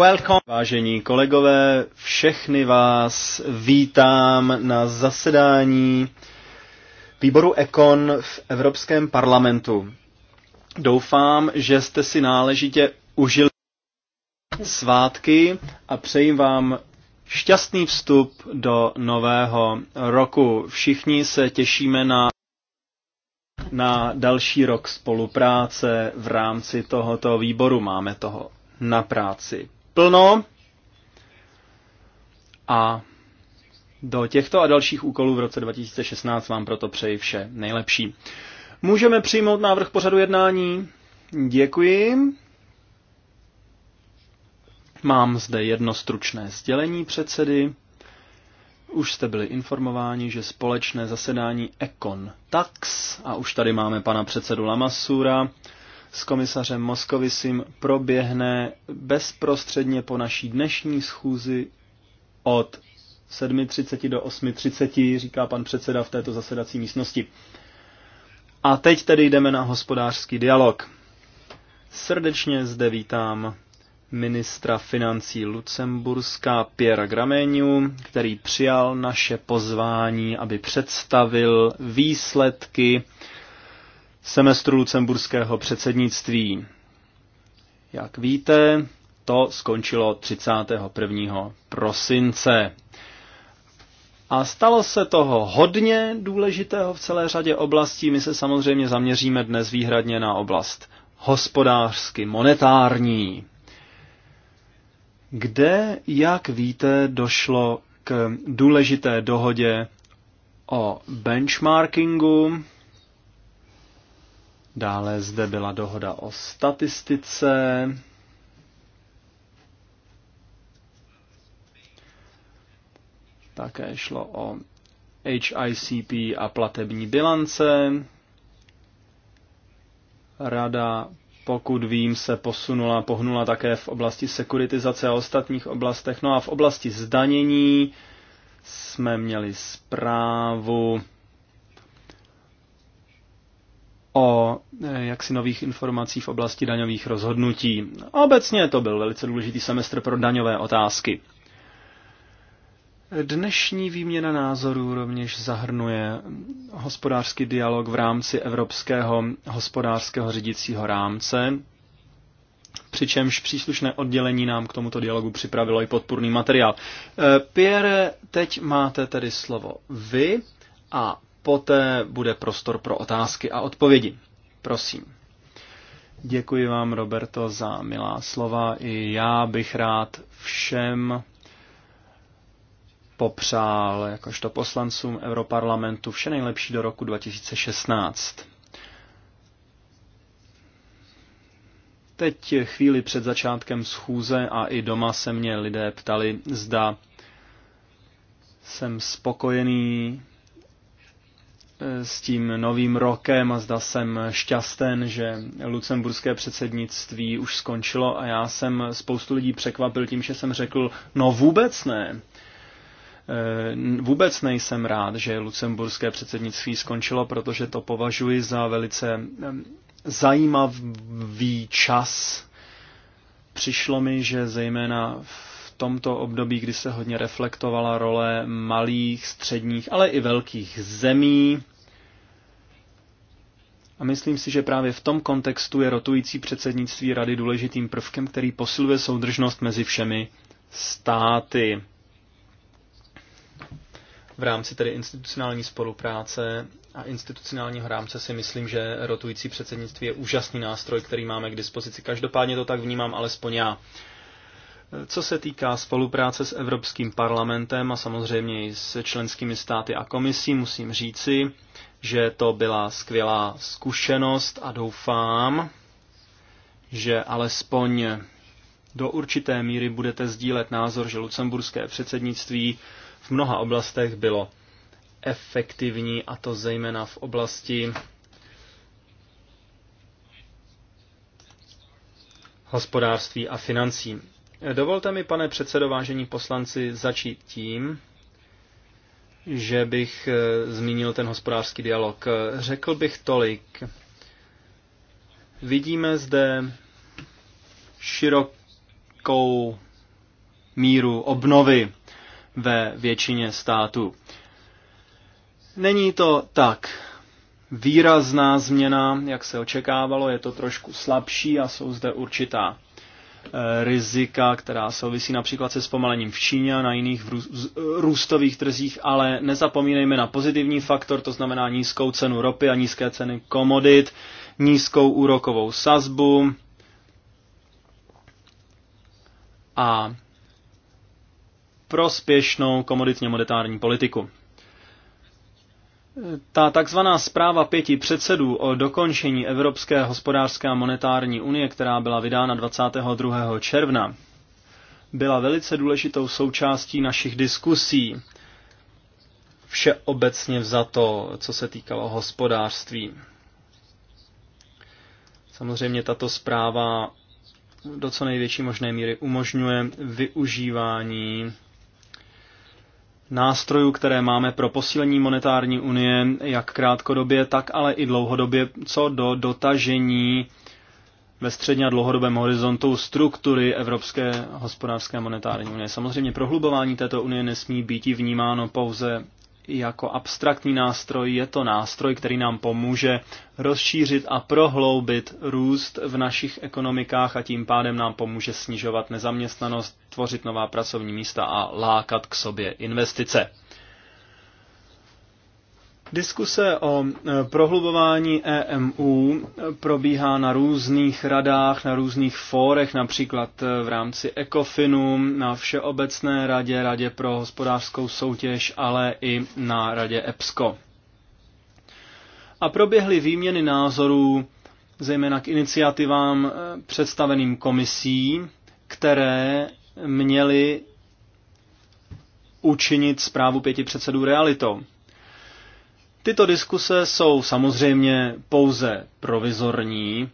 welcome. Vážení kolegové, všechny vás vítám na zasedání výboru Ekon v Evropském parlamentu. Doufám, že jste si náležitě užili svátky a přeji vám šťastný vstup do nového roku. Všichni se těšíme na na další rok spolupráce v rámci tohoto výboru. Máme toho na práci plno a do těchto a dalších úkolů v roce 2016 vám proto přeji vše nejlepší. Můžeme přijmout návrh pořadu jednání? Děkuji. Mám zde jedno stručné sdělení předsedy. Už jste byli informováni, že společné zasedání Econ Tax, a už tady máme pana předsedu Lamasura, s komisařem Moskovisim proběhne bezprostředně po naší dnešní schůzi od 7.30 do 8.30, říká pan předseda v této zasedací místnosti. A teď tedy jdeme na hospodářský dialog. Srdečně zde vítám ministra financí Lucemburska Piera Grameniu, který přijal naše pozvání, aby představil výsledky semestru lucemburského předsednictví. Jak víte, to skončilo 31. prosince. A stalo se toho hodně důležitého v celé řadě oblastí. My se samozřejmě zaměříme dnes výhradně na oblast hospodářsky monetární kde, jak víte, došlo k důležité dohodě o benchmarkingu. Dále zde byla dohoda o statistice. Také šlo o HICP a platební bilance. Rada pokud vím, se posunula, pohnula také v oblasti sekuritizace a ostatních oblastech. No a v oblasti zdanění jsme měli zprávu o eh, jaksi nových informací v oblasti daňových rozhodnutí. Obecně to byl velice důležitý semestr pro daňové otázky. Dnešní výměna názorů rovněž zahrnuje hospodářský dialog v rámci Evropského hospodářského řídícího rámce, přičemž příslušné oddělení nám k tomuto dialogu připravilo i podpůrný materiál. Eh, Pierre, teď máte tedy slovo vy a poté bude prostor pro otázky a odpovědi. Prosím. Děkuji vám, Roberto, za milá slova. I já bych rád všem popřál jakožto poslancům Europarlamentu vše nejlepší do roku 2016. Teď chvíli před začátkem schůze a i doma se mě lidé ptali, zda jsem spokojený eh, s tím novým rokem a zda jsem šťasten, že lucemburské předsednictví už skončilo a já jsem spoustu lidí překvapil tím, že jsem řekl, no vůbec ne. Eh, vůbec nejsem rád, že lucemburské předsednictví skončilo, protože to považuji za velice zajímavý čas. Přišlo mi, že zejména v tomto období, kdy se hodně reflektovala role malých, středních, ale i velkých zemí, a myslím si, že právě v tom kontextu je rotující předsednictví rady důležitým prvkem, který posiluje soudržnost mezi všemi státy v rámci tedy institucionální spolupráce a institucionálního rámce si myslím, že rotující předsednictví je úžasný nástroj, který máme k dispozici. Každopádně to tak vnímám alespoň já. Co se týká spolupráce s Evropským parlamentem a samozřejmě i s členskými státy a komisí, musím říci, že to byla skvělá zkušenost a doufám, že alespoň do určité míry budete sdílet názor, že lucemburské předsednictví v mnoha oblastech bylo efektivní, a to zejména v oblasti hospodářství a financí. Dovolte mi, pane předsedo, vážení poslanci, začít tím, že bych eh, zmínil ten hospodářský dialog. Řekl bych tolik. Vidíme zde širokou míru obnovy ve většině států. Není to tak výrazná změna, jak se očekávalo, je to trošku slabší a jsou zde určitá e, rizika, která souvisí například se zpomalením v Číně a na jiných e, růstových trzích, ale nezapomínejme na pozitivní faktor, to znamená nízkou cenu ropy a nízké ceny komodit, nízkou úrokovou sazbu a prospěšnou komoditně monetární politiku. Ta takzvaná zpráva pěti předsedů o dokončení Evropské hospodářské a monetární unie, která byla vydána 22. června, byla velice důležitou součástí našich diskusí všeobecně vzato, co se týkalo hospodářství. Samozřejmě tato zpráva do co největší možné míry umožňuje využívání nástrojů, které máme pro posílení monetární unie, jak krátkodobě, tak ale i dlouhodobě, co do dotažení ve středně a dlouhodobém horizontu struktury Evropské hospodářské monetární unie. Samozřejmě prohlubování této unie nesmí být vnímáno pouze jako abstraktní nástroj je to nástroj, který nám pomůže rozšířit a prohloubit růst v našich ekonomikách a tím pádem nám pomůže snižovat nezaměstnanost, tvořit nová pracovní místa a lákat k sobě investice. Diskuse o e, prohlubování EMU probíhá na různých radách, na různých fórech, například e, v rámci ECOFINu, na Všeobecné radě, Radě pro hospodářskou soutěž, ale i na Radě EPSCO. A proběhly výměny názorů zejména k iniciativám e, představeným komisí, které měly učinit zprávu pěti předsedů realitou. Tyto diskuse jsou samozřejmě pouze provizorní,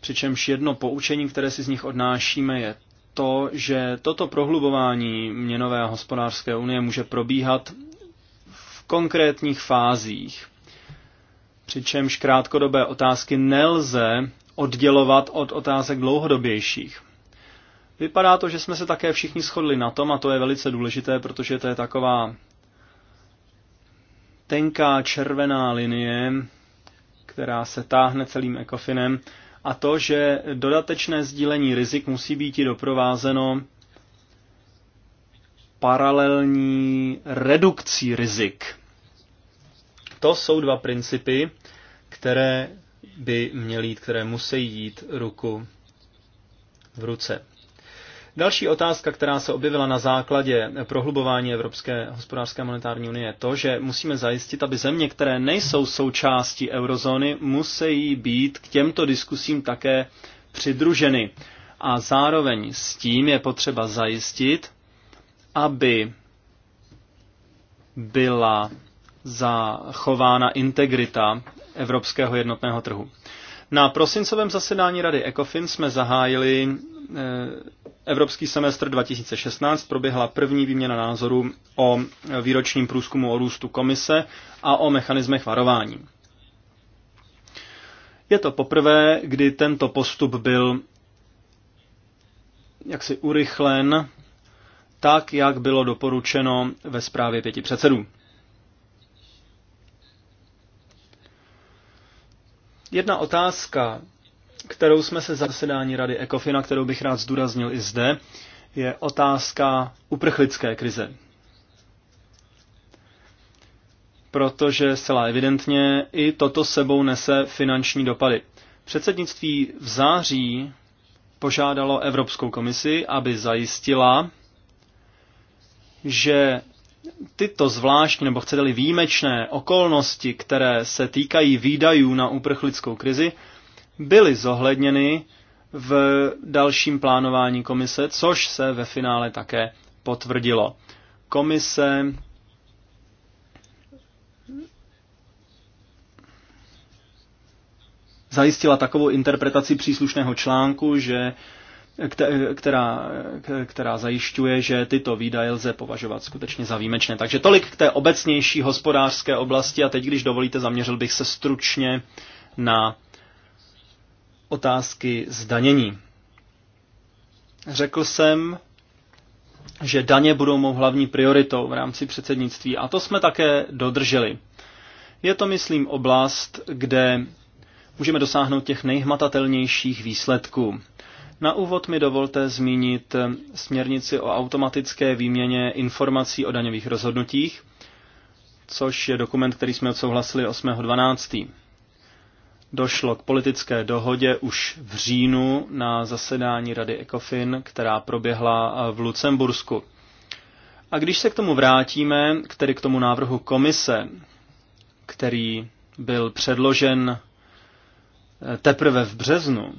přičemž jedno poučení, které si z nich odnášíme, je to, že toto prohlubování měnové a hospodářské unie může probíhat v konkrétních fázích, přičemž krátkodobé otázky nelze oddělovat od otázek dlouhodobějších. Vypadá to, že jsme se také všichni shodli na tom, a to je velice důležité, protože to je taková tenká červená linie, která se táhne celým ekofinem, a to, že dodatečné sdílení rizik musí být i doprovázeno paralelní redukcí rizik. To jsou dva principy, které by měly jít, které musí jít ruku v ruce. Další otázka, která se objevila na základě prohlubování Evropské hospodářské a monetární unie, je to, že musíme zajistit, aby země, které nejsou součástí eurozóny, musí být k těmto diskusím také přidruženy. A zároveň s tím je potřeba zajistit, aby byla zachována integrita evropského jednotného trhu. Na prosincovém zasedání Rady ECOFIN jsme zahájili eh, Evropský semestr 2016 proběhla první výměna názorů o výročním průzkumu o růstu komise a o mechanismech varování. Je to poprvé, kdy tento postup byl jaksi urychlen tak, jak bylo doporučeno ve zprávě pěti předsedů. Jedna otázka, kterou jsme se zasedání Rady Ekofina, kterou bych rád zdůraznil i zde, je otázka uprchlické krize. Protože zcela evidentně i toto sebou nese finanční dopady. Předsednictví v září požádalo Evropskou komisi, aby zajistila, že tyto zvláštní nebo chcete-li výjimečné okolnosti, které se týkají výdajů na uprchlickou krizi, byly zohledněny v dalším plánování komise, což se ve finále také potvrdilo. Komise zajistila takovou interpretaci příslušného článku, že která, která zajišťuje, že tyto výdaje lze považovat skutečně za výjimečné. Takže tolik k té obecnější hospodářské oblasti a teď, když dovolíte, zaměřil bych se stručně na otázky zdanění. Řekl jsem, že daně budou mou hlavní prioritou v rámci předsednictví a to jsme také dodrželi. Je to, myslím, oblast, kde můžeme dosáhnout těch nejhmatatelnějších výsledků. Na úvod mi dovolte zmínit směrnici o automatické výměně informací o daňových rozhodnutích, což je dokument, který jsme odsouhlasili 8.12 došlo k politické dohodě už v říjnu na zasedání Rady ECOFIN, která proběhla eh, v Lucembursku. A když se k tomu vrátíme, k tedy k tomu návrhu komise, který byl předložen eh, teprve v březnu,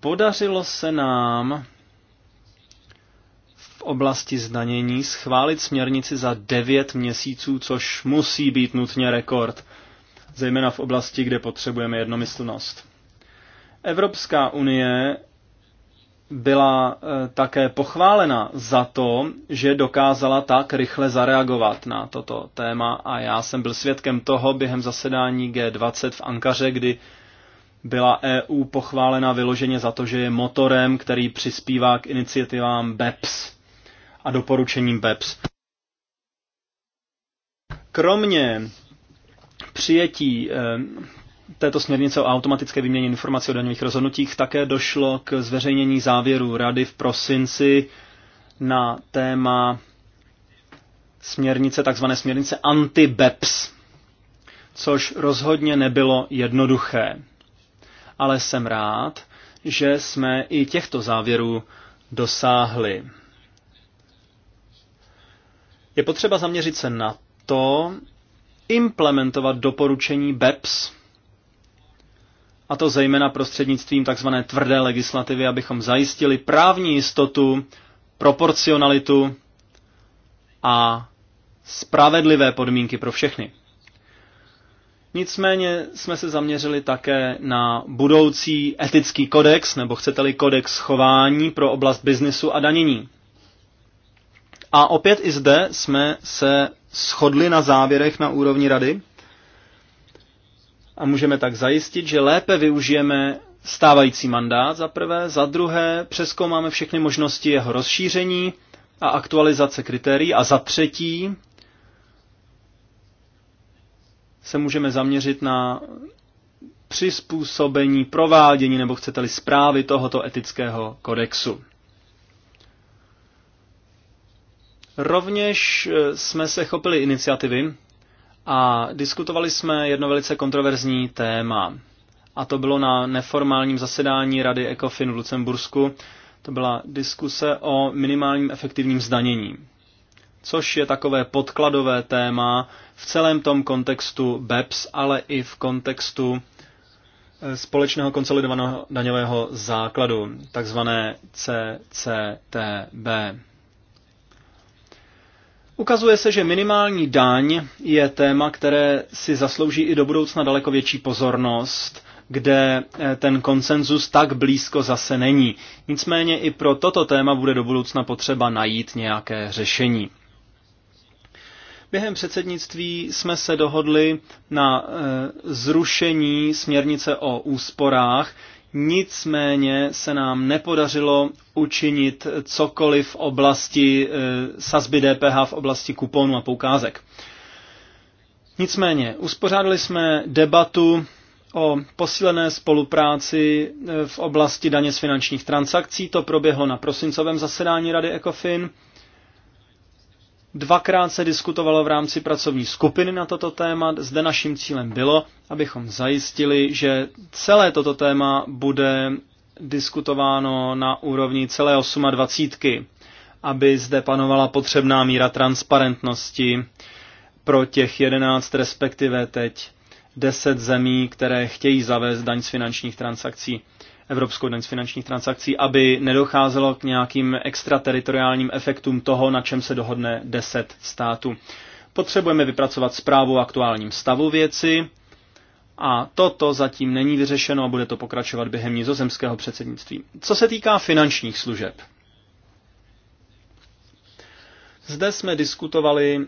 podařilo se nám v oblasti zdanění schválit směrnici za 9 měsíců, což musí být nutně rekord – zejména v oblasti, kde potřebujeme jednomyslnost. Evropská unie byla e, také pochválena za to, že dokázala tak rychle zareagovat na toto téma a já jsem byl svědkem toho během zasedání G20 v Ankaře, kdy byla EU pochválena vyloženě za to, že je motorem, který přispívá k iniciativám BEPS a doporučením BEPS. Kromě přijetí eh, této směrnice o automatické výměně informací o daňových rozhodnutích také došlo k zveřejnění závěru Rady v prosinci na téma směrnice, takzvané směrnice anti-BEPS, což rozhodně nebylo jednoduché. Ale jsem rád, že jsme i těchto závěrů dosáhli. Je potřeba zaměřit se na to, implementovat doporučení BEPS, a to zejména prostřednictvím tzv. tvrdé legislativy, abychom zajistili právní jistotu, proporcionalitu a spravedlivé podmínky pro všechny. Nicméně jsme se zaměřili také na budoucí etický kodex, nebo chcete-li kodex chování pro oblast biznesu a danění. A opět i zde jsme se shodli na závěrech na úrovni rady a můžeme tak zajistit, že lépe využijeme stávající mandát za prvé, za druhé přeskoumáme všechny možnosti jeho rozšíření a aktualizace kritérií a za třetí se můžeme zaměřit na přizpůsobení, provádění nebo chcete-li zprávy tohoto etického kodexu. Rovněž eh, jsme se chopili iniciativy a diskutovali jsme jedno velice kontroverzní téma. A to bylo na neformálním zasedání Rady ECOFIN v Lucembursku. To byla diskuse o minimálním efektivním zdanění, což je takové podkladové téma v celém tom kontextu BEPS, ale i v kontextu eh, společného konsolidovaného daňového základu, takzvané CCTB. Ukazuje se, že minimální daň je téma, které si zaslouží i do budoucna daleko větší pozornost, kde eh, ten konsenzus tak blízko zase není. Nicméně i pro toto téma bude do budoucna potřeba najít nějaké řešení. Během předsednictví jsme se dohodli na eh, zrušení směrnice o úsporách, Nicméně se nám nepodařilo učinit cokoliv v oblasti eh, sazby DPH v oblasti kuponů a poukázek. Nicméně, uspořádali jsme debatu o posílené spolupráci eh, v oblasti daně z finančních transakcí. To proběhlo na prosincovém zasedání Rady ECOFIN Dvakrát se diskutovalo v rámci pracovní skupiny na toto téma. Zde naším cílem bylo, abychom zajistili, že celé toto téma bude diskutováno na úrovni celé 28, aby zde panovala potřebná míra transparentnosti pro těch 11, respektive teď 10 zemí, které chtějí zavést daň z finančních transakcí. Evropskou daň z finančních transakcí, aby nedocházelo k nějakým extrateritoriálním efektům toho, na čem se dohodne 10 států. Potřebujeme vypracovat zprávu o aktuálním stavu věci a toto zatím není vyřešeno a bude to pokračovat během nizozemského předsednictví. Co se týká finančních služeb, zde jsme diskutovali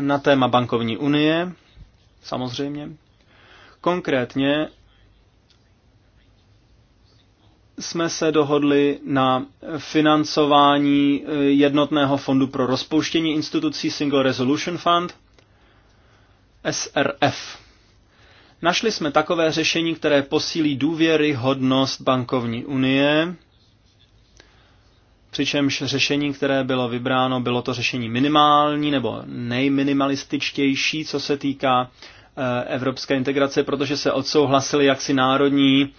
na téma bankovní unie, samozřejmě. Konkrétně jsme se dohodli na financování eh, jednotného fondu pro rozpouštění institucí Single Resolution Fund, SRF. Našli jsme takové řešení, které posílí důvěryhodnost bankovní unie, přičemž řešení, které bylo vybráno, bylo to řešení minimální nebo nejminimalističtější, co se týká eh, evropské integrace, protože se odsouhlasili jaksi národní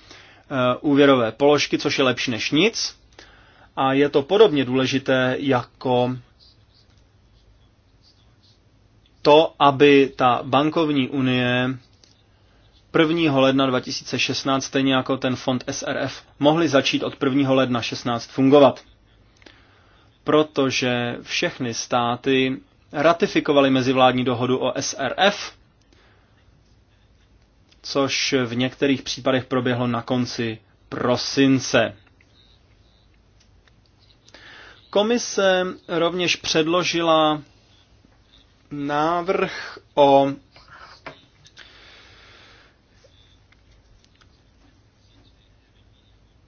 Eh, úvěrové položky, což je lepší než nic. A je to podobně důležité jako to, aby ta bankovní unie 1. ledna 2016, stejně jako ten fond SRF, mohly začít od 1. ledna 16 fungovat. Protože všechny státy ratifikovali mezivládní dohodu o SRF což v některých případech proběhlo na konci prosince. Komise rovněž předložila návrh o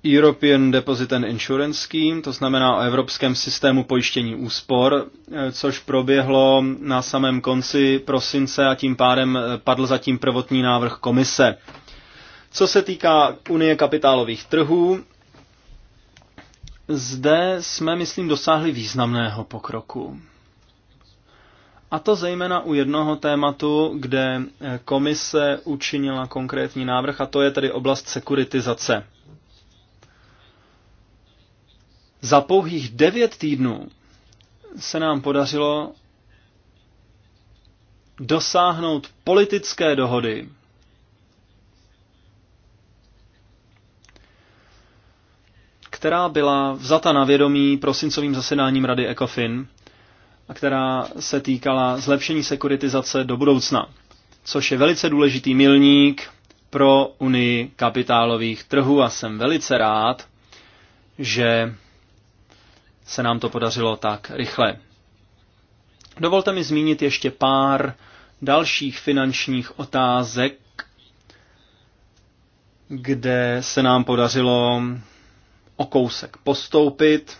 European Deposit and Insurance Scheme, to znamená o evropském systému pojištění úspor, eh, což proběhlo na samém konci prosince a tím pádem eh, padl zatím prvotní návrh komise. Co se týká Unie kapitálových trhů, zde jsme, myslím, dosáhli významného pokroku. A to zejména u jednoho tématu, kde eh, komise učinila konkrétní návrh, a to je tedy oblast sekuritizace. Za pouhých devět týdnů se nám podařilo dosáhnout politické dohody která byla vzata na vědomí prosincovým zasedáním Rady ECOFIN a která se týkala zlepšení sekuritizace do budoucna, což je velice důležitý milník pro Unii kapitálových trhů a jsem velice rád, že se nám to podařilo tak rychle. Dovolte mi zmínit ještě pár dalších finančních otázek, kde se nám podařilo o kousek postoupit.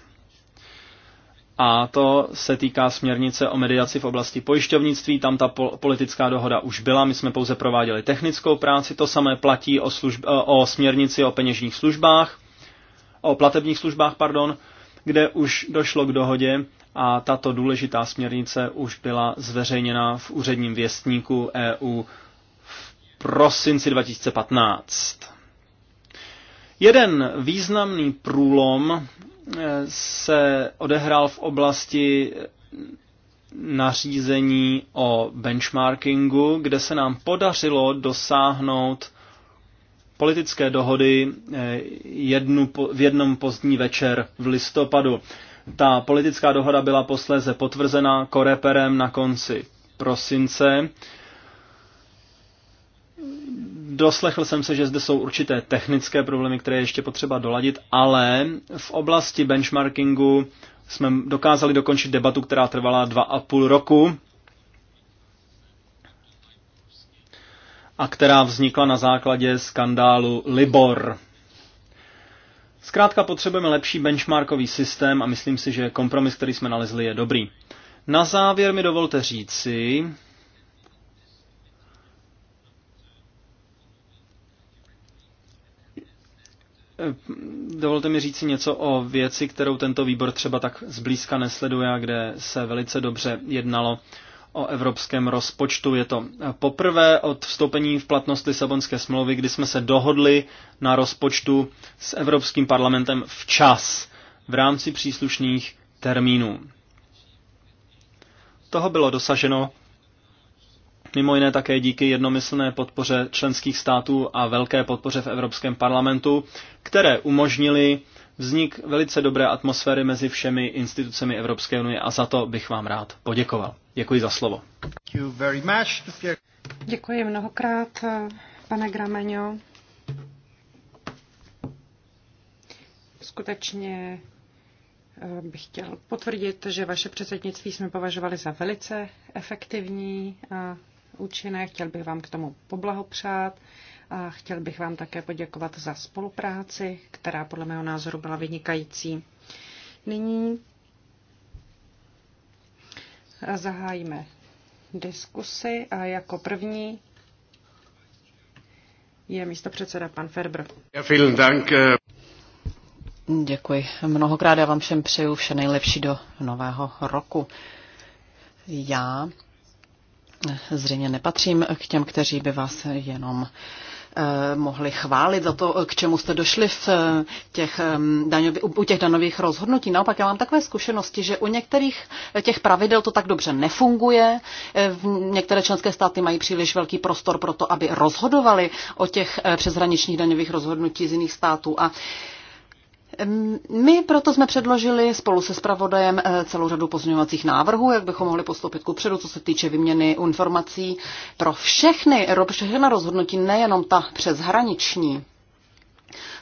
A to se týká směrnice o mediaci v oblasti pojišťovnictví. Tam ta politická dohoda už byla, my jsme pouze prováděli technickou práci. To samé platí o, služb, o směrnici o peněžních službách, o platebních službách, pardon kde už došlo k dohodě a tato důležitá směrnice už byla zveřejněna v úředním věstníku EU v prosinci 2015. Jeden významný průlom eh, se odehrál v oblasti nařízení o benchmarkingu, kde se nám podařilo dosáhnout politické dohody eh, jednu, v jednom pozdní večer v listopadu. Ta politická dohoda byla posléze potvrzena koreperem na konci prosince. Doslechl jsem se, že zde jsou určité technické problémy, které je ještě potřeba doladit, ale v oblasti benchmarkingu jsme dokázali dokončit debatu, která trvala dva a půl roku a která vznikla na základě skandálu Libor. Zkrátka potřebujeme lepší benchmarkový systém a myslím si, že kompromis, který jsme nalezli, je dobrý. Na závěr mi dovolte říci, Dovolte mi říci něco o věci, kterou tento výbor třeba tak zblízka nesleduje a kde se velice dobře jednalo o evropském rozpočtu. Je to poprvé od vstoupení v platnost Lisabonské smlouvy, kdy jsme se dohodli na rozpočtu s Evropským parlamentem včas v rámci příslušných termínů. Toho bylo dosaženo mimo jiné také díky jednomyslné podpoře členských států a velké podpoře v Evropském parlamentu, které umožnili vznik velice dobré atmosféry mezi všemi institucemi Evropské unie a za to bych vám rád poděkoval. Děkuji za slovo. Děkuji mnohokrát, pane Grameňo. Skutečně eh, bych chtěl potvrdit, že vaše předsednictví jsme považovali za velice efektivní a účinné. Chtěl bych vám k tomu poblahopřát a chtěl bych vám také poděkovat za spolupráci, která podle mého názoru byla vynikající. Nyní zahájíme diskusy a jako první je místo předseda pan Ferber. Ja, vielen Dank. Eh. Děkuji mnohokrát a vám všem přeju vše nejlepší do nového roku. Já zřejmě nepatřím k těm, kteří by vás jenom Eh, mohli chválit za to, k čemu jste došli v eh, těch daňový, u těch daňových rozhodnutí. Naopak já mám takové zkušenosti, že u některých těch pravidel to tak dobře nefunguje. Eh, některé členské státy mají příliš velký prostor pro to, aby rozhodovali o těch přeshraničních daňových rozhodnutí z jiných států. A my proto jsme předložili spolu se spravodajem eh, celou řadu pozměňovacích návrhů, jak bychom mohli postoupit ku předu, co se týče vyměny informací pro všechny, všechna rozhodnutí, nejenom ta přeshraniční.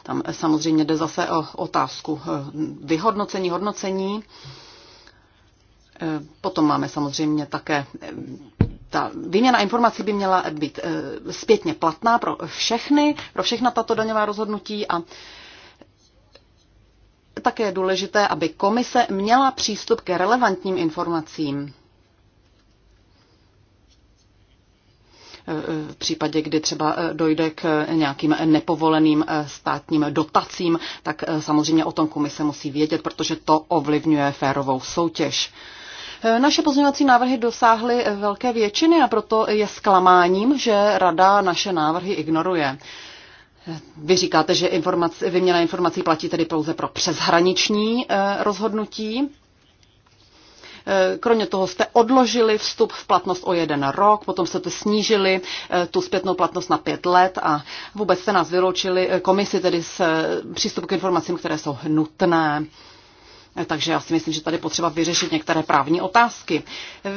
Tam eh, samozřejmě jde zase o otázku eh, vyhodnocení, hodnocení. Potom máme samozřejmě také ta výměna informací by měla být zpětně platná pro všechny, pro všechna tato daňová rozhodnutí a také důležité, aby komise měla přístup ke relevantním informacím. v případě, kdy třeba dojde k nějakým nepovoleným státním dotacím, tak samozřejmě o tom komise musí vědět, protože to ovlivňuje férovou soutěž. Naše pozměňovací návrhy dosáhly velké většiny a proto je zklamáním, že Rada naše návrhy ignoruje. Vy říkáte, že informace, vyměna informací platí tedy pouze pro přeshraniční eh, rozhodnutí. Eh, kromě toho jste odložili vstup v platnost o jeden rok, potom jste to snížili eh, tu zpětnou platnost na pět let a vůbec jste nás vyloučili komisi tedy s přístup k informacím, které jsou nutné. Takže já si myslím, že tady potřeba vyřešit některé právní otázky.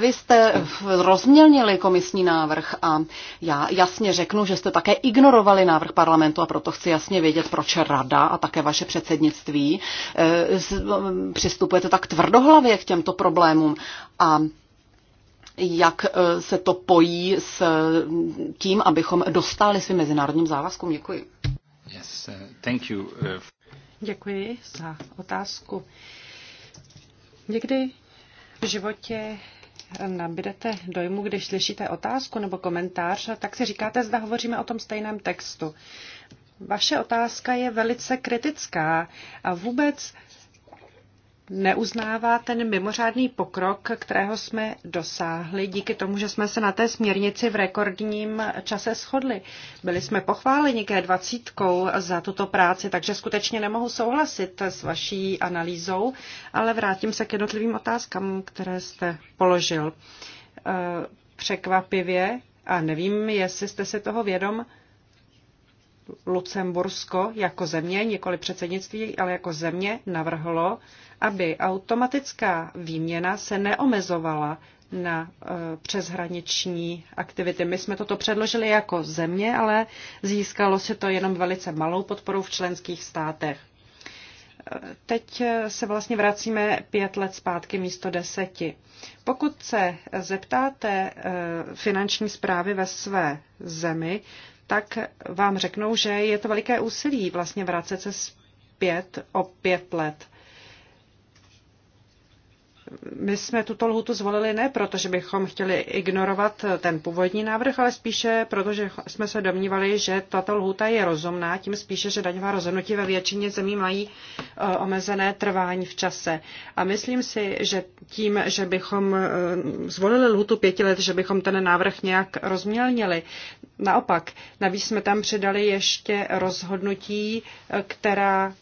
Vy jste rozmělnili komisní návrh a já jasně řeknu, že jste také ignorovali návrh parlamentu a proto chci jasně vědět, proč rada a také vaše předsednictví eh, eh, přistupujete tak tvrdohlavě k těmto problémům a jak eh, se to pojí s tím, abychom dostali svým mezinárodním závazkům. Děkuji. Yes, thank you. Děkuji za otázku. Někdy v životě nabídete dojmu, když slyšíte otázku nebo komentář, tak si říkáte, zda hovoříme o tom stejném textu. Vaše otázka je velice kritická a vůbec neuznává ten mimořádný pokrok, kterého jsme dosáhli díky tomu, že jsme se na té směrnici v rekordním čase shodli. Byli jsme pochváleni ke dvacítkou za tuto práci, takže skutečně nemohu souhlasit s vaší analýzou, ale vrátím se k jednotlivým otázkám, které jste položil. E, překvapivě, a nevím, jestli jste si toho vědom, Lucembursko jako země, nikoli předsednictví, ale jako země navrhlo aby automatická výměna se neomezovala na e, přeshraniční aktivity. My jsme toto předložili jako země, ale získalo se to jenom velice malou podporu v členských státech. E, teď e, se vlastně vracíme pět let zpátky místo deseti. Pokud se zeptáte finanční zprávy ve své zemi, tak vám řeknou, že je to veliké úsilí vlastně vracet se zpět o pět let my jsme tuto lhutu zvolili ne proto, že bychom chtěli ignorovat ten původní návrh, ale spíše proto, že jsme se domnívali, že tato lhuta je rozumná, tím spíše, že daňová rozhodnutí ve většině zemí mají e, omezené trvání v čase. A myslím si, že tím, že bychom e, zvolili lhutu pěti let, že bychom ten návrh nějak rozmělnili. Naopak, navíc jsme tam přidali ještě rozhodnutí, e, která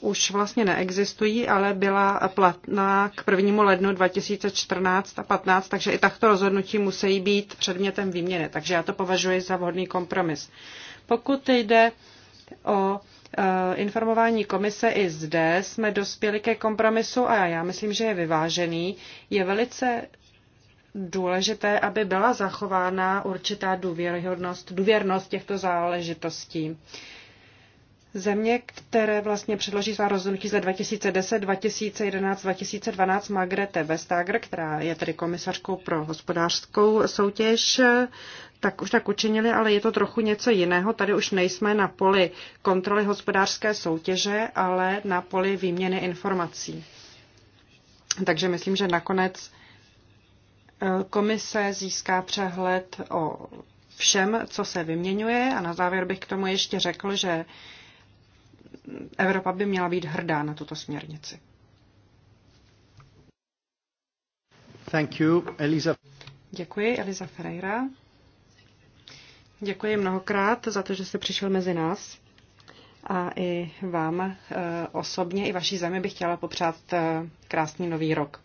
už vlastně neexistují, ale byla platná k 1. lednu 2014 a 15, takže i takto rozhodnutí musí být předmětem výměny. Takže já to považuji za vhodný kompromis. Pokud jde o e, informování komise i zde jsme dospěli ke kompromisu a já myslím, že je vyvážený. Je velice důležité, aby byla zachována určitá důvěrnost, důvěrnost těchto záležitostí. Země, které vlastně předloží svá rozhodnutí za 2010, 2011, 2012, Margrete Vestager, která je tedy komisařkou pro hospodářskou soutěž, tak už tak učinili, ale je to trochu něco jiného. Tady už nejsme na poli kontroly hospodářské soutěže, ale na poli výměny informací. Takže myslím, že nakonec eh, komise získá přehled o všem, co se vyměňuje a na závěr bych k tomu ještě řekl, že Evropa by měla být hrdá na tuto směrnici. Thank you, Elisa. Děkuji, Eliza Ferreira. Děkuji mnohokrát za to, že jste přišel mezi nás. A i vám eh, osobně, i vaší zemi bych chtěla popřát eh, krásný nový rok.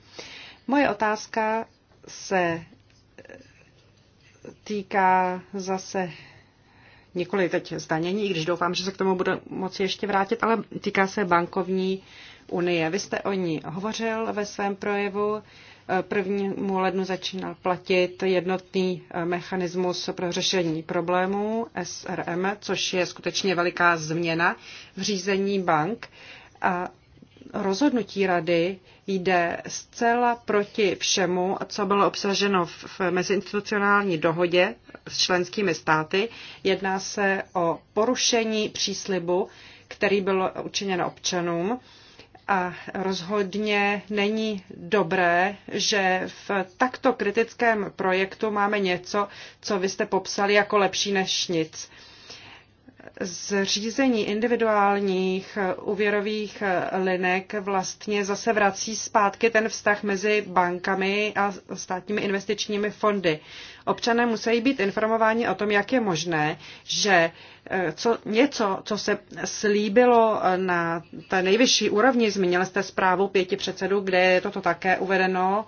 Moje otázka se eh, týká zase nikoli teď zdanění, i když doufám, že se k tomu bude moci ještě vrátit, ale týká se bankovní unie. Vy jste o ní hovořil ve svém projevu. 1. lednu začínal platit jednotný eh, mechanismus pro řešení problémů SRM, což je skutečně veliká změna v řízení bank. A rozhodnutí rady jde zcela proti všemu, co bylo obsaženo v meziinstitucionální dohodě s členskými státy. Jedná se o porušení příslibu, který byl učiněn občanům. A rozhodně není dobré, že v takto kritickém projektu máme něco, co vy jste popsali jako lepší než nic zřízení individuálních úvěrových linek vlastně zase vrací zpátky ten vztah mezi bankami a státními investičními fondy. Občané musí být informováni o tom, jak je možné, že eh, co, něco, co se slíbilo na té nejvyšší úrovni, zmínili jste zprávu pěti předsedů, kde je toto také uvedeno,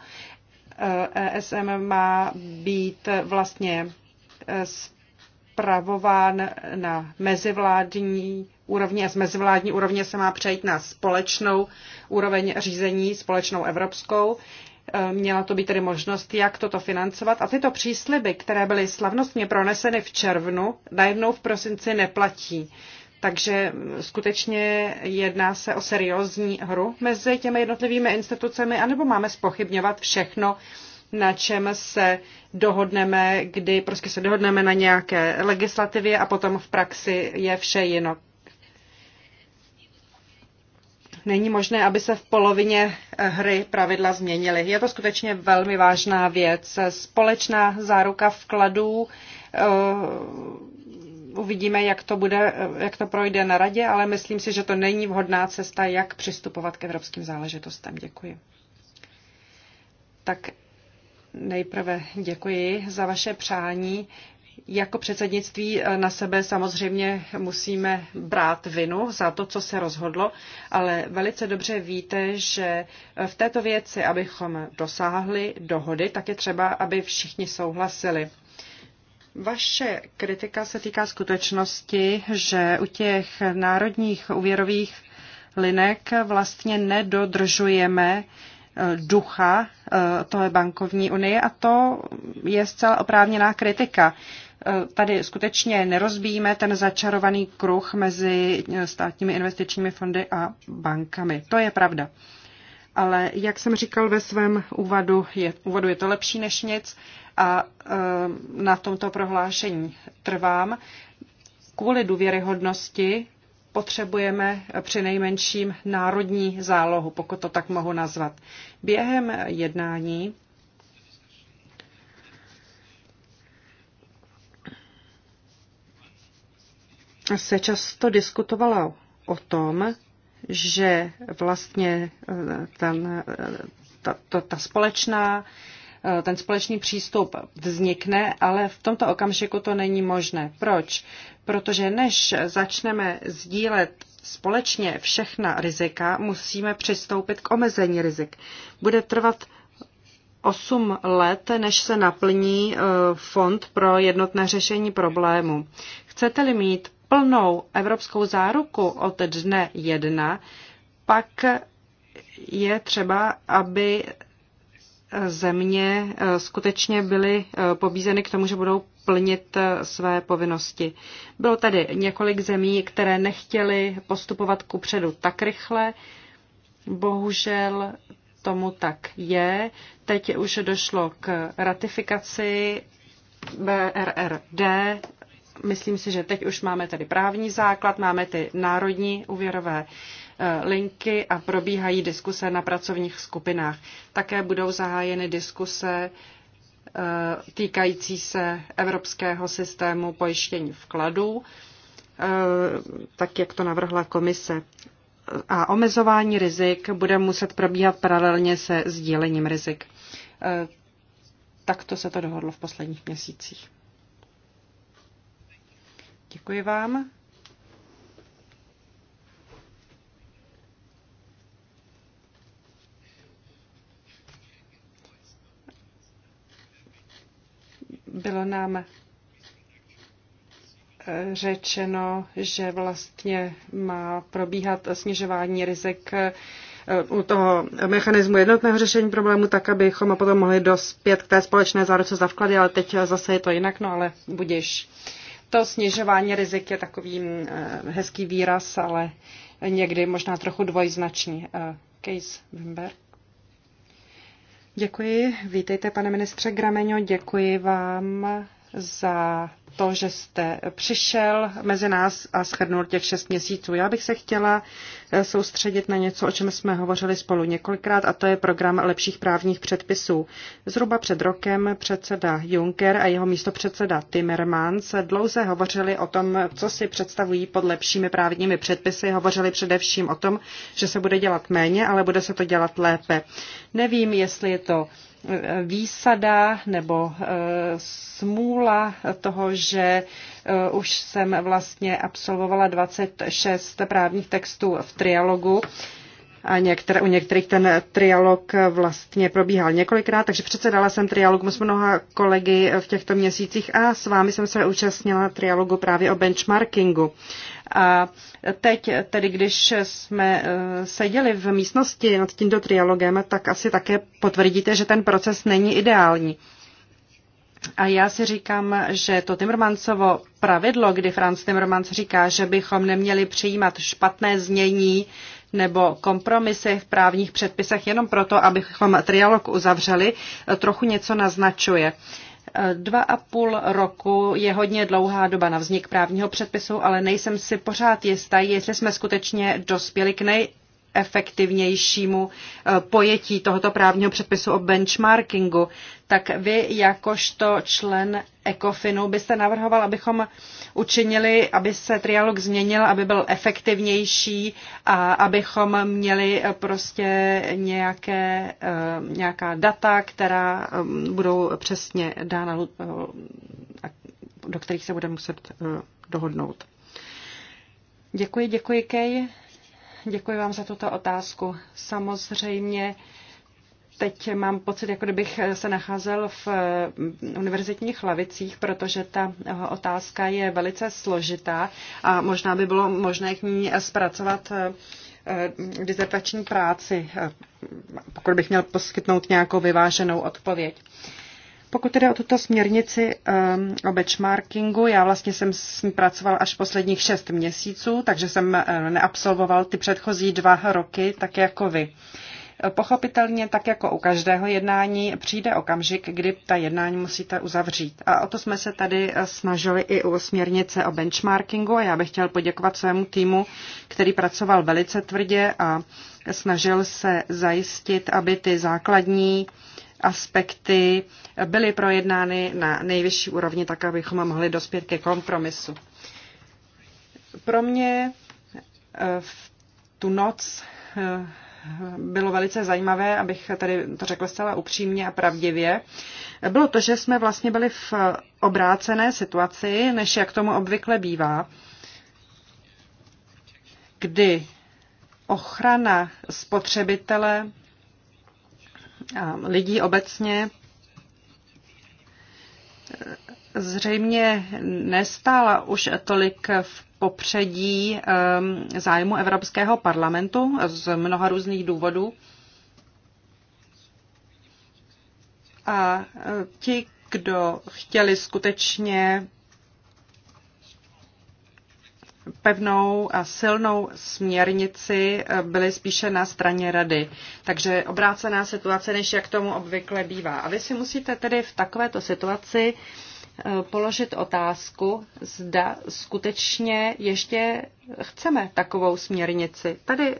ESM eh, e má být vlastně eh, připravován na mezivládní úrovni a z mezivládní úrovně se má přejít na společnou úroveň řízení, společnou evropskou. E, měla to být tedy možnost, jak toto financovat. A tyto přísliby, které byly slavnostně proneseny v červnu, najednou v prosinci neplatí. Takže skutečně jedná se o seriózní hru mezi těmi jednotlivými institucemi, anebo máme spochybňovat všechno, na čem se dohodneme, kdy prostě se dohodneme na nějaké legislativě a potom v praxi je vše jinak. Není možné, aby se v polovině hry pravidla změnily. Je to skutečně velmi vážná věc. Společná záruka vkladů eh, uvidíme, jak to, bude, eh, jak to projde na radě, ale myslím si, že to není vhodná cesta, jak přistupovat k evropským záležitostem. Děkuji. Tak Nejprve děkuji za vaše přání. Jako předsednictví na sebe samozřejmě musíme brát vinu za to, co se rozhodlo, ale velice dobře víte, že v této věci, abychom dosáhli dohody, tak je třeba, aby všichni souhlasili. Vaše kritika se týká skutečnosti, že u těch národních úvěrových linek vlastně nedodržujeme Eh, ducha eh, toho bankovní unie a to je zcela oprávněná kritika. Eh, tady skutečně nerozbíjíme ten začarovaný kruh mezi státními investičními fondy a bankami. To je pravda. Ale jak jsem říkal ve svém úvodu, je, úvodu je to lepší než nic a na tomto prohlášení trvám. Kvůli důvěryhodnosti potřebujeme při nejmenším národní zálohu, pokud to tak mohu nazvat. Během jednání se často diskutovalo o tom, že vlastně eh, ten, eh, ta, ta, ta společná, eh, ten společný přístup vznikne, ale v tomto okamžiku to není možné. Proč? protože než začneme sdílet společně všechna rizika, musíme přistoupit k omezení rizik. Bude trvat 8 let, než se naplní eh, fond pro jednotné řešení problému. Chcete-li mít plnou evropskou záruku od dne 1, pak je třeba, aby země eh, skutečně byly eh, pobízeny k tomu, že budou plnit eh, své povinnosti. Bylo tady několik zemí, které nechtěly postupovat ku předu tak rychle. Bohužel tomu tak je. Teď už došlo k ratifikaci BRRD. Myslím si, že teď už máme tady právní základ, máme ty národní úvěrové eh, linky a probíhají diskuse na pracovních skupinách. Také budou zahájeny diskuse Eh, týkající se evropského systému pojištění vkladů, eh, tak jak to navrhla komise. A omezování rizik bude muset probíhat paralelně se sdílením rizik. Eh, takto se to dohodlo v posledních měsících. Děkuji vám. Bylo nám eh, řečeno, že vlastně má probíhat snižování rizik eh, u toho mechanismu jednotného řešení problému, tak abychom potom mohli dospět k té společné záruce za vklady, ale teď zase je to jinak, no ale budiš. To snižování rizik je takový mm, eh, hezký výraz, ale někdy možná trochu dvojznačný. Case Wimberg. Děkuji. Vítejte, pane ministře Grameňo. Děkuji vám za to, že jste přišel mezi nás a schrnul těch šest měsíců. Já bych se chtěla eh, soustředit na něco, o čem jsme hovořili spolu několikrát, a to je program lepších právních předpisů. Zhruba před rokem předseda Juncker a jeho místo předseda Timmermans dlouze hovořili o tom, co si představují pod lepšími právními předpisy. Hovořili především o tom, že se bude dělat méně, ale bude se to dělat lépe. Nevím, jestli je to výsada nebo e, smůla toho, že e, už jsem vlastně absolvovala 26 právních textů v trialogu, a některé, u některých ten trialog vlastně probíhal několikrát, takže předsedala jsem trialogu s mnoha kolegy v těchto měsících a s vámi jsem se účastnila trialogu právě o benchmarkingu. A teď, tedy když jsme eh, seděli v místnosti nad tímto trialogem, tak asi také potvrdíte, že ten proces není ideální. A já si říkám, že to Timmermansovo pravidlo, kdy Franz Timmermans říká, že bychom neměli přijímat špatné znění nebo kompromisy v právních předpisech jenom proto, abychom trialog uzavřeli, trochu něco naznačuje. Dva a půl roku je hodně dlouhá doba na vznik právního předpisu, ale nejsem si pořád jistá, jestli jsme skutečně dospěli k nej efektivnějšímu eh, pojetí tohoto právního předpisu o benchmarkingu tak vy jakožto člen ECOFINu byste navrhoval, abychom učinili, aby se trialog změnil, aby byl efektivnější a abychom měli prostě nějaké, eh, nějaká data, která eh, budou přesně dána, eh, do kterých se budeme muset dohodnout. Děkuji, děkuji, Kej. Děkuji vám za tuto otázku. Samozřejmě teď mám pocit, jako kdybych se nacházel v eh, univerzitních lavicích, protože ta eh, otázka je velice složitá a možná by bylo možné k ní zpracovat eh, dizertační práci, pokud bych měl poskytnout nějakou vyváženou odpověď. Pokud jde o tuto směrnici um, o benchmarkingu, já vlastně jsem s ní pracoval až posledních šest měsíců, takže jsem neabsolvoval ty předchozí dva roky, tak jako vy. Pochopitelně, tak jako u každého jednání, přijde okamžik, kdy ta jednání musíte uzavřít. A o to jsme se tady eh, snažili i u směrnice o benchmarkingu. A Já bych chtěl poděkovat svému týmu, který pracoval velice tvrdě a snažil se zajistit, aby ty základní aspekty byly projednány na nejvyšší úrovni, tak abychom mohli dospět ke kompromisu. Pro mě eh, v tu noc eh, bylo velice zajímavé, abych tady to řekla zcela upřímně a pravdivě, bylo to, že jsme vlastně byli v obrácené situaci, než jak tomu obvykle bývá, kdy ochrana spotřebitele a lidí obecně zřejmě nestála už tolik v popředí ehm, zájmu Evropského parlamentu z mnoha různých důvodů. A eh, ti, kdo chtěli skutečně pevnou a silnou směrnici eh, byli spíše na straně rady. Takže obrácená situace, než jak tomu obvykle bývá. A vy si musíte tedy v takovéto situaci uh, Eh, položit otázku, zda skutečně ještě chceme takovou směrnici. Tady eh,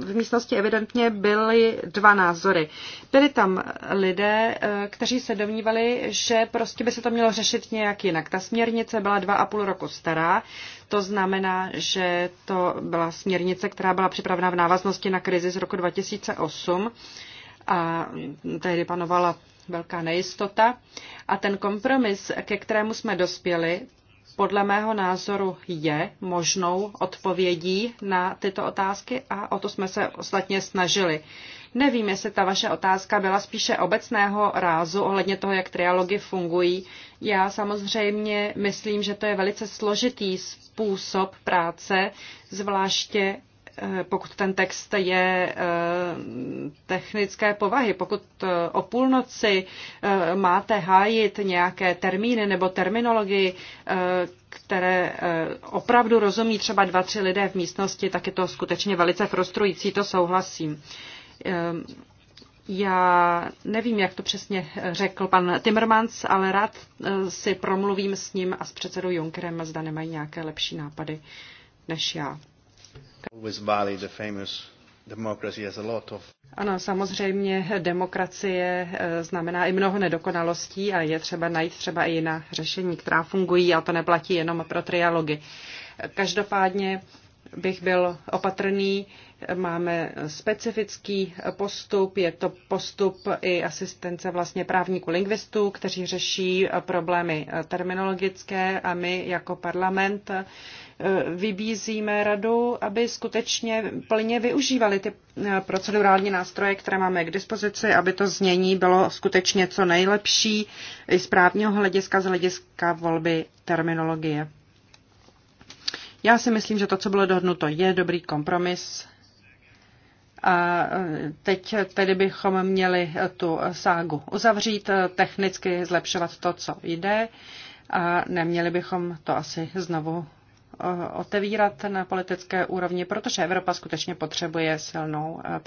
v místnosti evidentně byly dva názory. Byli tam lidé, eh, kteří se domnívali, že prostě by se to mělo řešit nějak jinak. Ta směrnice byla dva a půl roku stará, to znamená, že to byla směrnice, která byla připravena v návaznosti na krizi z roku 2008 a tehdy panovala velká nejistota a ten kompromis, ke kterému jsme dospěli, podle mého názoru je možnou odpovědí na tyto otázky a o to jsme se ostatně snažili. Nevím, jestli ta vaše otázka byla spíše obecného rázu ohledně toho, jak trialogy fungují. Já samozřejmě myslím, že to je velice složitý způsob práce, zvláště Eh, pokud ten text je eh, technické povahy, pokud eh, o půlnoci máte hájit nějaké termíny nebo terminologii, které opravdu rozumí třeba dva, tři lidé v místnosti, tak je to skutečně velice frustrující, to souhlasím. Já nevím, jak to přesně řekl pan Timmermans, ale rád si promluvím s ním a s předsedou Junkerem, zda nemají nějaké lepší nápady než já. Ano, samozřejmě demokracie eh, znamená i mnoho nedokonalostí a je třeba najít třeba i jiná řešení, která fungují a to neplatí jenom pro trialogy. Každopádně bych byl opatrný Máme specifický postup, je to postup i asistence vlastně právníků lingvistů, kteří řeší problémy terminologické a my jako parlament eh, vybízíme radu, aby skutečně plně využívali ty eh, procedurální nástroje, které máme k dispozici, aby to znění bylo skutečně co nejlepší i z právního hlediska, z hlediska volby terminologie. Já si myslím, že to, co bylo dohodnuto, je dobrý kompromis. A e, teď tedy bychom měli tu ságu uzavřít, technicky zlepšovat to, co jde a neměli bychom to asi znovu otevírat na politické úrovni, protože Evropa skutečně potřebuje silnou e,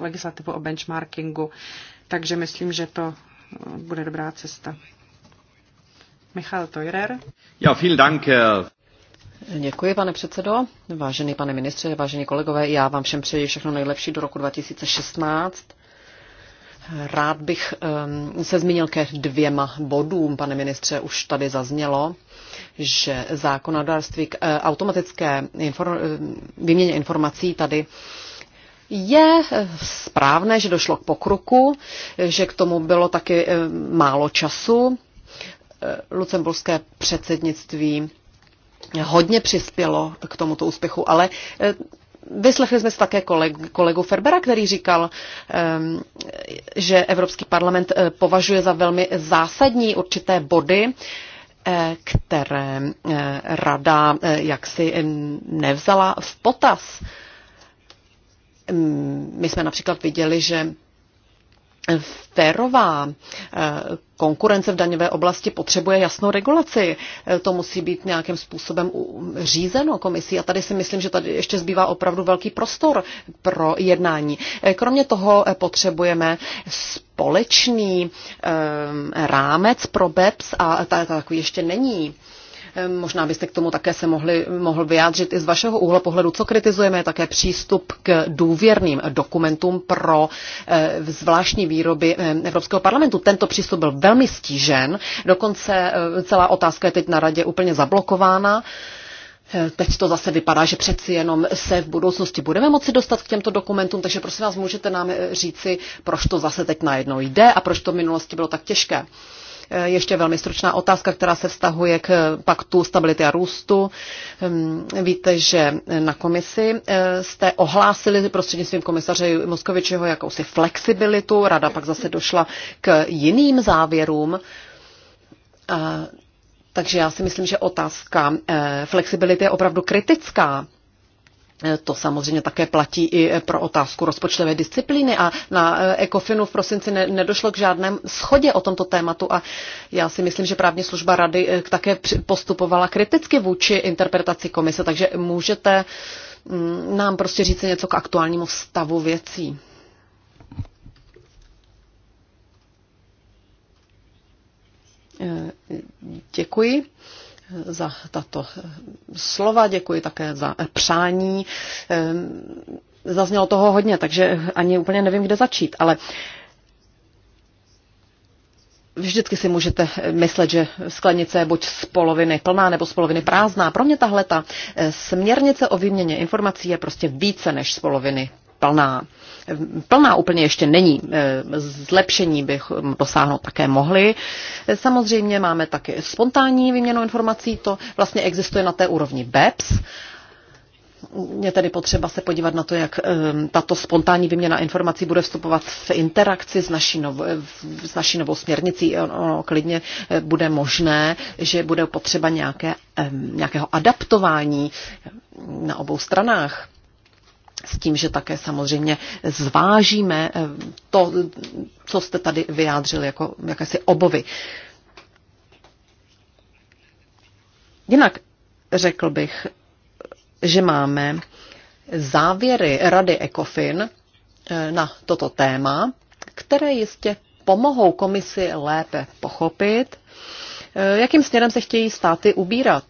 legislativu o benchmarkingu, takže myslím, že to e, bude dobrá cesta. Michal Teurer. Ja, vielen Dank. Děkuji, pane předsedo. Vážený pane ministře, vážení kolegové, já vám všem přeji všechno nejlepší do roku 2016. Rád bych um, se zmínil ke dvěma bodům, pane ministře, už tady zaznělo, že zákonodárství k uh, automatické inform- ehm, výměně informací tady je eh, správné, že došlo k pokroku, že k tomu bylo taky ehm, málo času. Eh, lucemburské předsednictví hodně přispělo k tomuto úspěchu, ale eh, Vyslechli jsme se také kolegu, kolegu Ferbera, který říkal, ehm, že Evropský parlament eh, považuje za velmi zásadní určité body, eh, které rada jaksi nevzala v potaz. My jsme například viděli, že férová eh, konkurence v daňové oblasti potřebuje jasnou regulaci. Eh, to musí být nějakým způsobem řízeno komisí a tady si myslím, že tady ještě zbývá opravdu velký prostor pro jednání. Eh, kromě toho potřebujeme společný rámec pro BEPS a takový ještě není. Možná byste k tomu také se mohli, mohl vyjádřit i z vašeho úhlu pohledu. Co kritizujeme, je také přístup k důvěrným dokumentům pro eh, zvláštní výroby eh, Evropského parlamentu. Tento přístup byl velmi stížen, dokonce eh, celá otázka je teď na radě úplně zablokována. Teď to zase vypadá, že přeci jenom se v budoucnosti budeme moci dostat k těmto dokumentům, takže prosím vás, můžete nám říci, proč to zase teď najednou jde a proč to v minulosti bylo tak těžké. Eh, ještě velmi stručná otázka, která se vztahuje k paktu stability a růstu. Hm, víte, že na komisi eh, jste ohlásili prostřednictvím komisaře Moskovičeho jakousi flexibilitu. Rada pak zase došla k jiným závěrům. Eh, takže já si myslím, že otázka flexibility je opravdu kritická. Eh, to samozřejmě také platí i eh, pro otázku rozpočtové disciplíny a na eh, ECOFINu v prosinci ne, nedošlo k žádném schodě o tomto tématu a já si myslím, že právní služba rady také postupovala kriticky vůči interpretaci komise, takže můžete mm, nám prostě říct něco k aktuálnímu stavu věcí. Děkuji za tato eh, slova, děkuji také za eh, přání. Eh, zaznělo toho hodně, takže ani úplně nevím, kde začít, ale vždycky si můžete myslet, že sklenice je buď z poloviny plná nebo z poloviny prázdná. Pro mě tahle ta směrnice o výměně informací je prostě více než z poloviny plná. Plná úplně ještě není. Eh, zlepšení bychom hm, dosáhnout také mohli. Samozřejmě máme také spontánní výměnu informací, to vlastně existuje na té úrovni BEPS. Je tedy potřeba se podívat na to, jak hm, tato spontánní výměna informací bude vstupovat v interakci s naší, novou, s naší novou směrnicí. Ono klidně eh, bude možné, že bude potřeba nějaké, hm, nějakého adaptování na obou stranách s tím, že také samozřejmě zvážíme eh, to, co jste tady vyjádřili jako jakési obovy. Jinak řekl bych, že máme závěry Rady ECOFIN eh, na toto téma, které jistě pomohou komisi lépe pochopit, eh, jakým směrem se chtějí státy ubírat.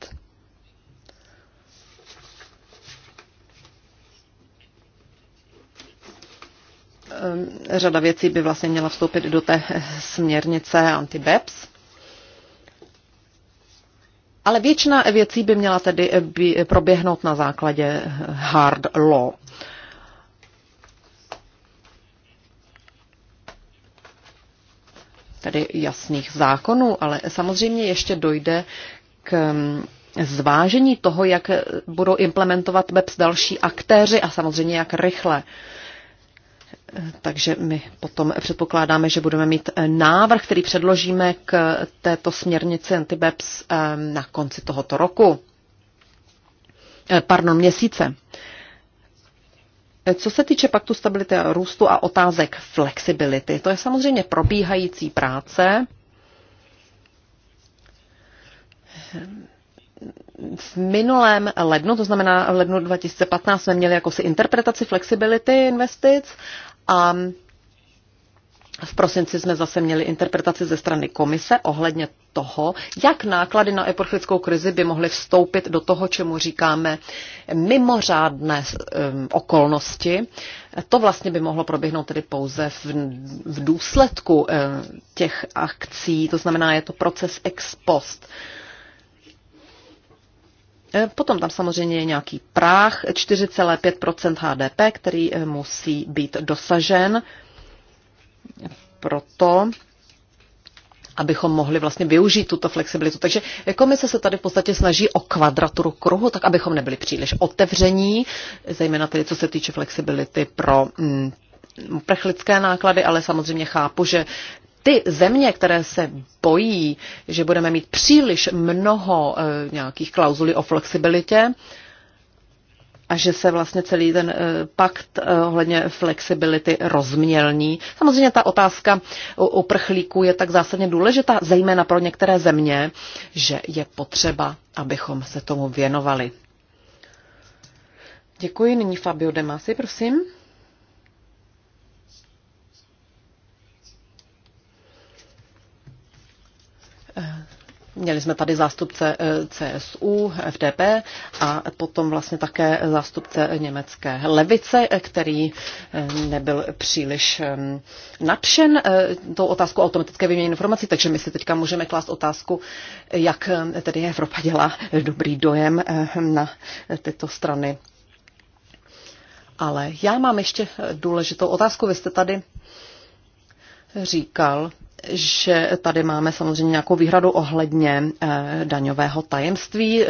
Ehm, řada věcí by vlastně měla vstoupit do té směrnice anti-BEPS. Ale většina věcí by měla tedy proběhnout na základě hard law. Tedy jasných zákonů, ale samozřejmě ještě dojde k ehm, zvážení toho, jak budou implementovat BEPS další aktéři a samozřejmě jak rychle. Uh, takže my potom předpokládáme, že budeme mít eh, návrh, který předložíme k této směrnici Antibeps eh, na konci tohoto roku. Eh, pardon, měsíce. Co se týče paktu stability a růstu a otázek flexibility, to je samozřejmě probíhající práce. V minulém lednu, to znamená lednu 2015, jsme měli jakousi interpretaci flexibility investic a v prosinci jsme zase měli interpretaci ze strany komise ohledně toho, jak náklady na eporchlickou krizi by mohly vstoupit do toho, čemu říkáme mimořádné um, okolnosti. To vlastně by mohlo proběhnout tedy pouze v, v důsledku um, těch akcí, to znamená, je to proces ex post. Um, E, potom tam samozřejmě je nějaký práh 4,5 HDP, který e, musí být dosažen proto, abychom mohli vlastně využít tuto flexibilitu. Takže komise se tady v podstatě snaží o kvadraturu kruhu, tak abychom nebyli příliš otevření, zejména tedy co se týče flexibility pro mm, prchlické náklady, ale samozřejmě chápu, že ty země, které se bojí, že budeme mít příliš mnoho eh, nějakých klauzulí o flexibilitě, a že se vlastně celý ten eh, pakt eh, ohledně flexibility rozmělní. Samozřejmě ta otázka uprchlíků je tak zásadně důležitá, zejména pro některé země, že je potřeba, abychom se tomu věnovali. Děkuji. Nyní Fabio Demasi, prosím. Měli jsme tady zástupce eh, CSU, FDP a potom vlastně také zástupce německé levice, eh, který eh, nebyl příliš ehm, nadšen tou otázkou automatické výměny informací, takže my si teďka můžeme klást otázku, jak tedy Evropa dělá dobrý dojem na tyto strany. Ale já mám ještě důležitou otázku. Vy jste tady říkal, že tady máme samozřejmě nějakou výhradu ohledně eh, daňového tajemství.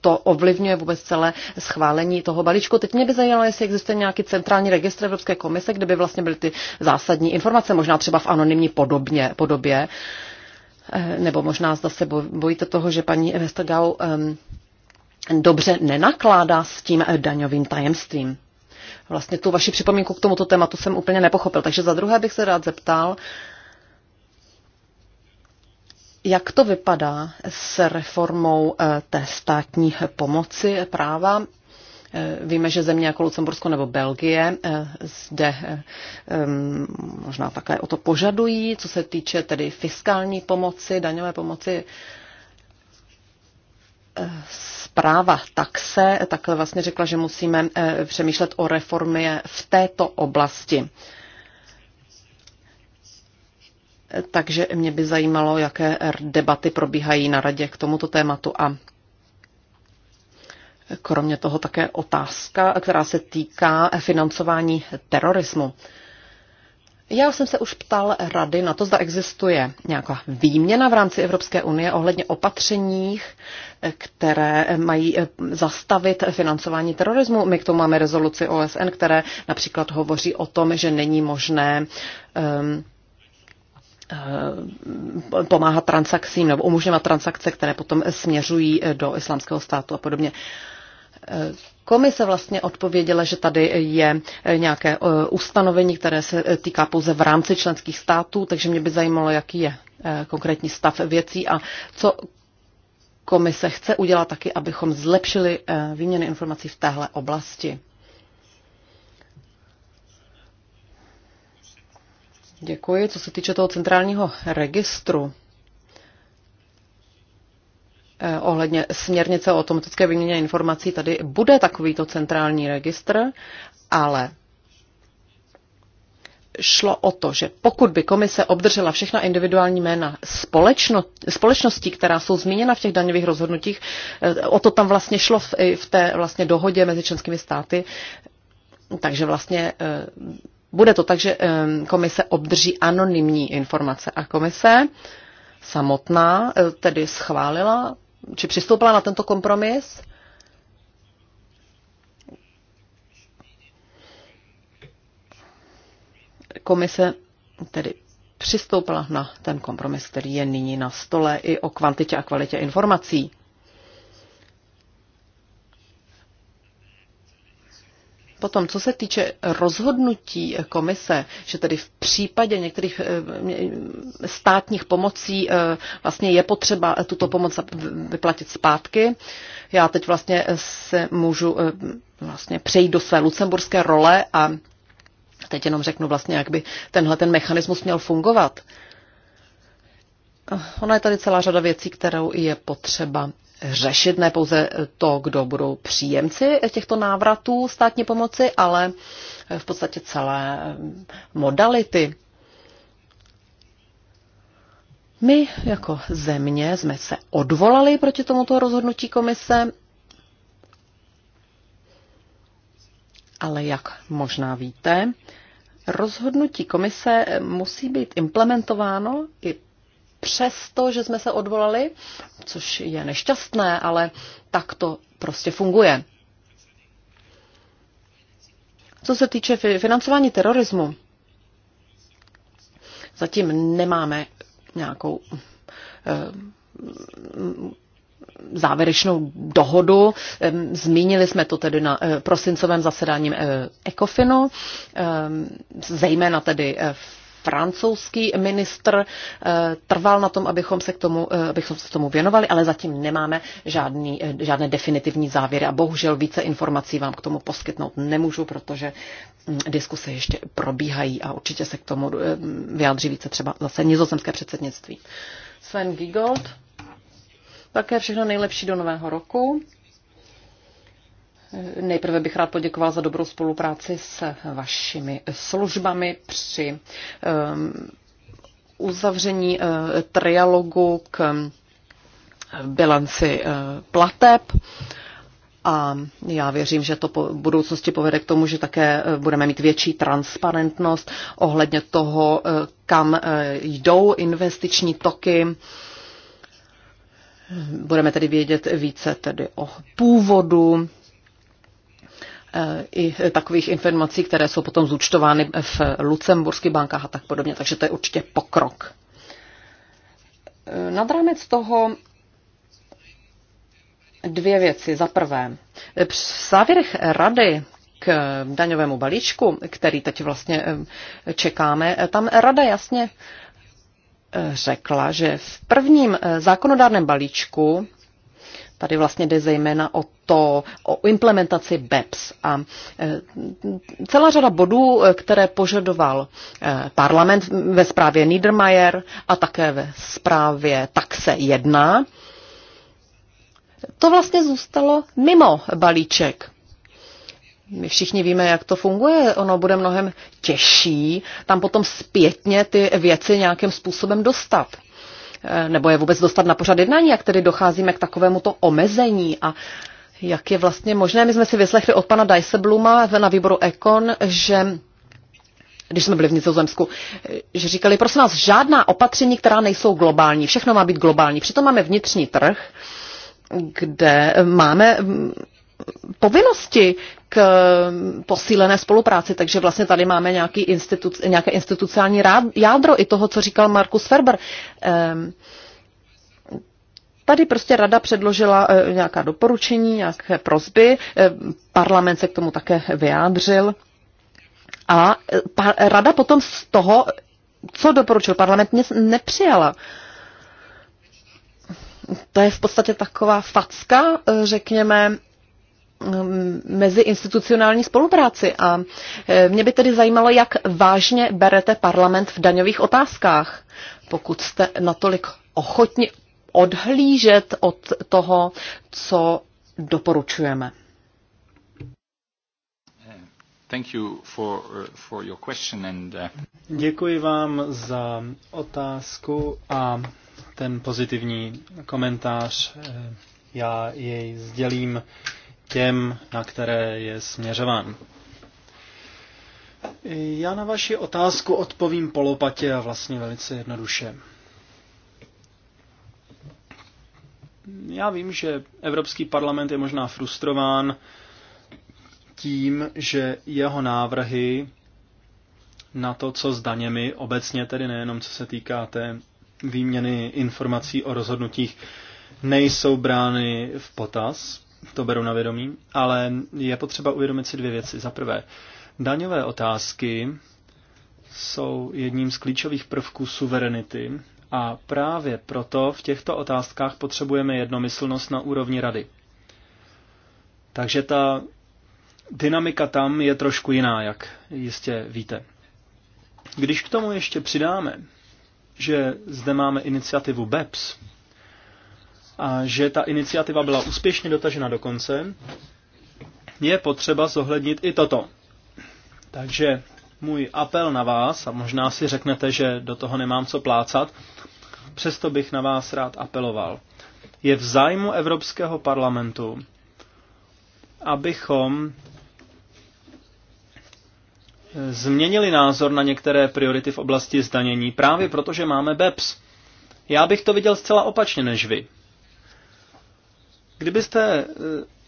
To ovlivňuje vůbec celé schválení toho balíčku. Teď mě by zajímalo, jestli existuje nějaký centrální registr Evropské komise, kde by vlastně byly ty zásadní informace, možná třeba v anonymní podobně, podobě. Eh, nebo možná zda se bojíte toho, že paní um, dobře nenakládá s tím eh, daňovým tajemstvím vlastně tu vaši připomínku k tomuto tématu jsem úplně nepochopil. Takže za druhé bych se rád zeptal, jak to vypadá s reformou eh, té státní pomoci eh, práva? Eh, víme, že země jako Lucembursko nebo Belgie zde možná také o to požadují, co se týče tedy fiskální pomoci, daňové pomoci zpráva taxe takhle vlastně řekla, že musíme přemýšlet o reformě v této oblasti takže mě by zajímalo, jaké debaty probíhají na radě k tomuto tématu a kromě toho také otázka, která se týká financování terorismu. Já jsem se už ptal rady na to, zda existuje nějaká výměna v rámci Evropské unie ohledně opatřeních, které mají zastavit financování terorismu. My k tomu máme rezoluci OSN, které například hovoří o tom, že není možné um, Eh, pomáhat transakcím nebo umožňovat transakce, které potom směřují eh, do islámského státu a podobně. Eh, komise vlastně odpověděla, že tady je nějaké ustanovení, které se týká pouze v rámci členských států, takže mě by zajímalo, jaký je konkrétní stav věcí a co komise chce udělat taky, abychom zlepšili výměny informací v téhle oblasti. Děkuji. Co se týče toho centrálního registru, eh, ohledně směrnice o automatické výměně informací, tady bude takovýto centrální registr, ale šlo o to, že pokud by komise obdržela všechna individuální jména společno, společností, která jsou zmíněna v těch daňových rozhodnutích, eh, o to tam vlastně šlo v, v té vlastně dohodě mezi členskými státy, takže vlastně eh, bude to tak, že komise obdrží anonymní informace a komise samotná e, tedy schválila či přistoupila na tento kompromis. Komise tedy přistoupila na ten kompromis, který je nyní na stole i o kvantitě a kvalitě informací. Potom, co se týče rozhodnutí komise, že tedy v případě některých eh, státních pomocí eh, vlastně je potřeba tuto pomoc vyplatit zpátky, já teď vlastně se můžu eh, vlastně přejít do své lucemburské role a teď jenom řeknu vlastně, jak by tenhle ten mechanismus měl fungovat. Ona je tady celá řada věcí, kterou je potřeba řešit ne pouze to, kdo budou příjemci těchto návratů státní pomoci, ale v podstatě celé eh, modality. My jako země jsme se odvolali proti tomuto rozhodnutí komise, ale jak možná víte, rozhodnutí komise musí být implementováno i přesto, že jsme se odvolali, což je nešťastné, ale tak to prostě funguje. Co se týče financování terorismu, zatím nemáme nějakou eh, závěrečnou dohodu. Eh, zmínili jsme to tedy na eh, prosincovém zasedáním ECOFINu, zejména tedy francouzský ministr eh, trval na tom, abychom se, k tomu, eh, abychom se k tomu věnovali, ale zatím nemáme žádný, eh, žádné definitivní závěry a bohužel více informací vám k tomu poskytnout nemůžu, protože hm, diskuse ještě probíhají a určitě se k tomu vyjádří více třeba zase nizozemské předsednictví. Sven Giegold, také všechno nejlepší do nového roku. Nejprve bych rád poděkoval za dobrou spolupráci s vašimi službami při um, uzavření uh, trialogu k bilanci uh, plateb. A já věřím, že to v budoucnosti povede k tomu, že také uh, budeme mít větší transparentnost ohledně toho, kam jdou investiční toky. Budeme tedy vědět více tedy o původu i takových informací, které jsou potom zúčtovány v lucemburských bankách a tak podobně. Takže to je určitě pokrok. Nad rámec toho dvě věci. Za prvé, v závěrech rady k daňovému balíčku, který teď vlastně čekáme, tam rada jasně eh, řekla, že v prvním eh, zákonodárném balíčku Tady vlastně jde zejména o to, o implementaci BEPS. A e, celá řada bodů, e, které požadoval e, parlament ve zprávě Niedermayer a také ve zprávě Taxe 1, to vlastně zůstalo mimo balíček. My všichni víme, jak to funguje. Ono bude mnohem těžší tam potom zpětně ty věci nějakým způsobem dostat. Eh, nebo je vůbec dostat na pořad jednání, jak tedy docházíme k takovému to omezení a jak je vlastně možné. My jsme si vyslechli od pana Dijsselbluma na výboru Ekon, že když jsme byli v Nizozemsku, eh, že říkali, prosím nás, žádná opatření, která nejsou globální, všechno má být globální. Přitom máme vnitřní trh, kde máme mm, povinnosti k eh, posílené spolupráci. Takže vlastně tady máme nějaký institu, nějaké institucionální jádro i toho, co říkal Markus Ferber. Ehm, tady prostě rada předložila eh, nějaká doporučení, nějaké prozby, ehm, parlament se k tomu také vyjádřil a eh, rada potom z toho, co doporučil parlament, nic nepřijala to je v podstatě taková facka, řekněme, meziinstitucionální spolupráci. A e, mě by tedy zajímalo, jak vážně berete parlament v daňových otázkách, pokud jste natolik ochotni odhlížet od toho, co doporučujeme. For, uh, for and... Uh, Děkuji vám za otázku a ten pozitivní komentář. E, já jej sdělím těm, na které je směřován. Já na vaši otázku odpovím polopatě a vlastně velice jednoduše. Já vím, že Evropský parlament je možná frustrován tím, že jeho návrhy na to, co s daněmi, obecně tedy nejenom co se týká té výměny informací o rozhodnutích, nejsou brány v potaz to beru na vědomí, ale je potřeba uvědomit si dvě věci. Za prvé, daňové otázky jsou jedním z klíčových prvků suverenity a právě proto v těchto otázkách potřebujeme jednomyslnost na úrovni rady. Takže ta dynamika tam je trošku jiná, jak jistě víte. Když k tomu ještě přidáme, že zde máme iniciativu BEPS, a že ta iniciativa byla úspěšně dotažena do konce, je potřeba zohlednit i toto. Takže můj apel na vás, a možná si řeknete, že do toho nemám co plácat, přesto bych na vás rád apeloval. Je v zájmu Evropského parlamentu, abychom eh, změnili názor na některé priority v oblasti zdanění právě protože máme BEPS. Já bych to viděl zcela opačně než vy. Kdybyste eh,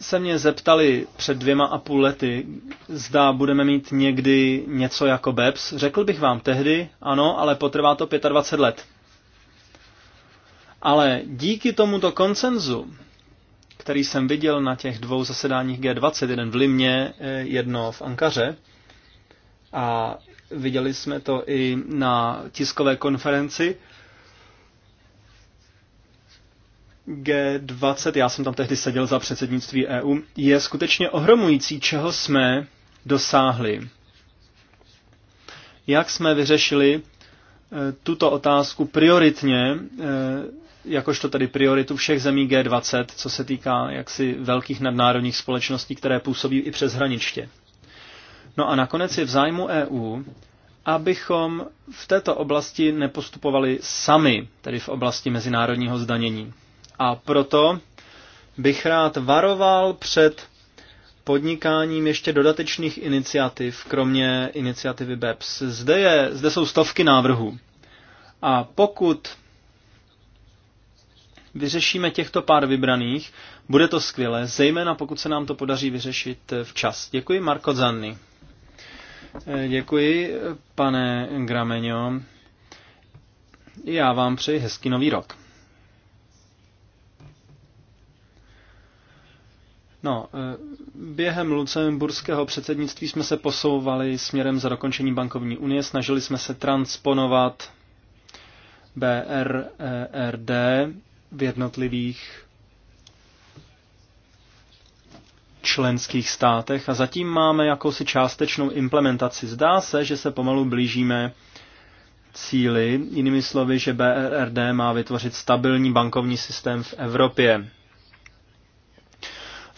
se mě zeptali před dvěma a půl lety, zda budeme mít někdy něco jako BEPS, řekl bych vám tehdy, ano, ale potrvá to 25 let. Ale díky tomuto konsenzu, který jsem viděl na těch dvou zasedáních G20, jeden v Limě, eh, jedno v Ankaře, a viděli jsme to i na tiskové konferenci, G20, já jsem tam tehdy seděl za předsednictví EU, je skutečně ohromující, čeho jsme dosáhli. Jak jsme vyřešili e, tuto otázku prioritně, e, jakožto tedy prioritu všech zemí G20, co se týká jaksi velkých nadnárodních společností, které působí i přes hraničtě. No a nakonec je v zájmu EU, abychom v této oblasti nepostupovali sami, tedy v oblasti mezinárodního zdanění. A proto bych rád varoval před podnikáním ještě dodatečných iniciativ, kromě iniciativy BEPS. Zde, je, zde jsou stovky návrhů. A pokud vyřešíme těchto pár vybraných, bude to skvělé, zejména pokud se nám to podaří vyřešit včas. Děkuji, Marko Zanny. Eh, děkuji, pane Grameňo. Já vám přeji hezký nový rok. No, e, během lucemburského předsednictví jsme se posouvali směrem za dokončení bankovní unie, snažili jsme se transponovat BRRD e v jednotlivých členských státech a zatím máme jakousi částečnou implementaci. Zdá se, že se pomalu blížíme cíli, jinými slovy, že BRRD e má vytvořit stabilní bankovní systém v Evropě.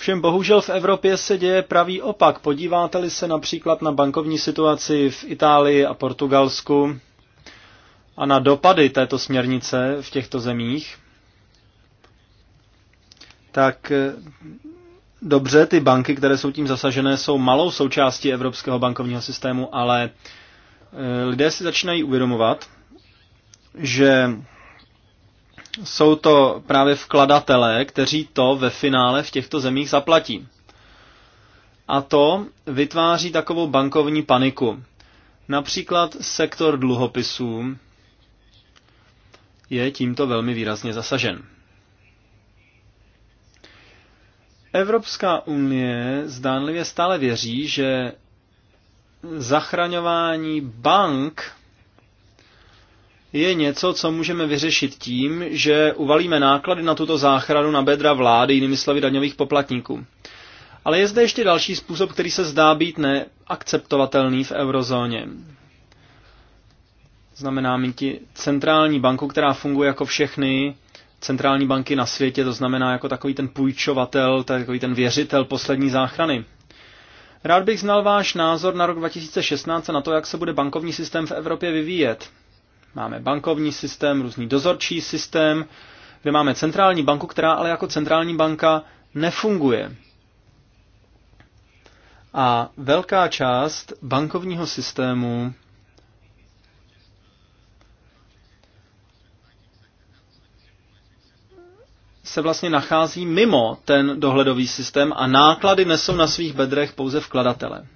Všem bohužel v Evropě se děje pravý opak. Podíváte-li se například na bankovní situaci v Itálii a Portugalsku a na dopady této směrnice v těchto zemích, tak eh, dobře, ty banky, které jsou tím zasažené, jsou malou součástí evropského bankovního systému, ale eh, lidé si začínají uvědomovat, že jsou to právě vkladatelé, kteří to ve finále v těchto zemích zaplatí. A to vytváří takovou bankovní paniku. Například sektor dluhopisů je tímto velmi výrazně zasažen. Evropská unie zdánlivě stále věří, že zachraňování bank je něco, co můžeme vyřešit tím, že uvalíme náklady na tuto záchranu na bedra vlády, jinými slovy daňových poplatníků. Ale je zde ještě další způsob, který se zdá být neakceptovatelný v eurozóně. Znamená ti centrální banku, která funguje jako všechny centrální banky na světě, to znamená jako takový ten půjčovatel, takový ten věřitel poslední záchrany. Rád bych znal váš názor na rok 2016 a na to, jak se bude bankovní systém v Evropě vyvíjet. Máme bankovní systém, různý dozorčí systém, kde máme centrální banku, která ale jako centrální banka nefunguje. A velká část bankovního systému se vlastně nachází mimo ten dohledový systém a náklady nesou na svých bedrech pouze vkladatele.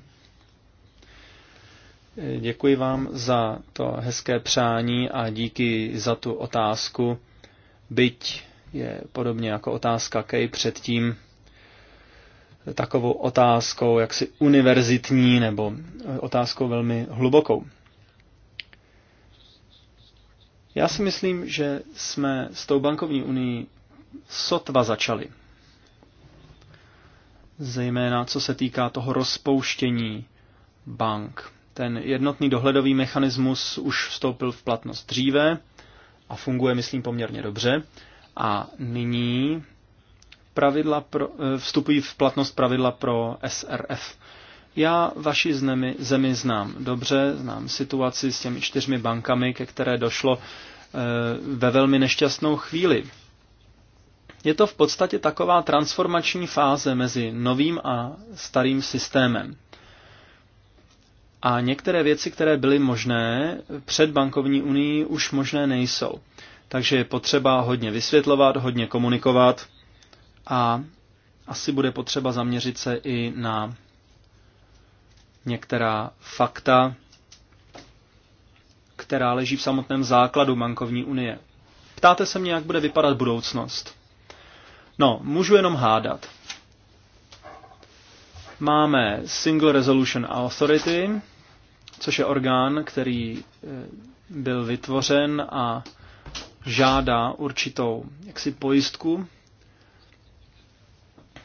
Děkuji vám za to hezké přání a díky za tu otázku. Byť je podobně jako otázka Kej předtím takovou otázkou jaksi univerzitní nebo otázkou velmi hlubokou. Já si myslím, že jsme s tou bankovní unii sotva začali. Zejména co se týká toho rozpouštění bank. Ten jednotný dohledový mechanismus už vstoupil v platnost dříve a funguje, myslím, poměrně dobře. A nyní pravidla pro, eh, vstupují v platnost pravidla pro SRF. Já vaši zemi, zemi znám dobře, znám situaci s těmi čtyřmi bankami, ke které došlo eh, ve velmi nešťastnou chvíli. Je to v podstatě taková transformační fáze mezi novým a starým systémem. A některé věci, které byly možné před bankovní unii, už možné nejsou. Takže je potřeba hodně vysvětlovat, hodně komunikovat a asi bude potřeba zaměřit se i na některá fakta, která leží v samotném základu bankovní unie. Ptáte se mě, jak bude vypadat budoucnost. No, můžu jenom hádat. Máme Single Resolution Authority, což je orgán, který eh, byl vytvořen a žádá určitou jaksi pojistku.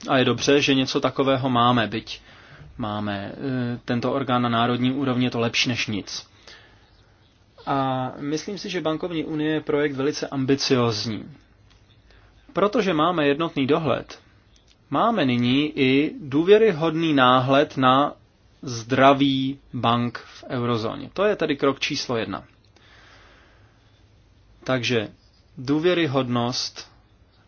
A je dobře, že něco takového máme, byť máme eh, tento orgán na národní úrovni, je to lepší než nic. A myslím si, že bankovní unie je projekt velice ambiciozní. Protože máme jednotný dohled, máme nyní i důvěryhodný náhled na zdraví bank v eurozóně. To je tedy krok číslo jedna. Takže důvěryhodnost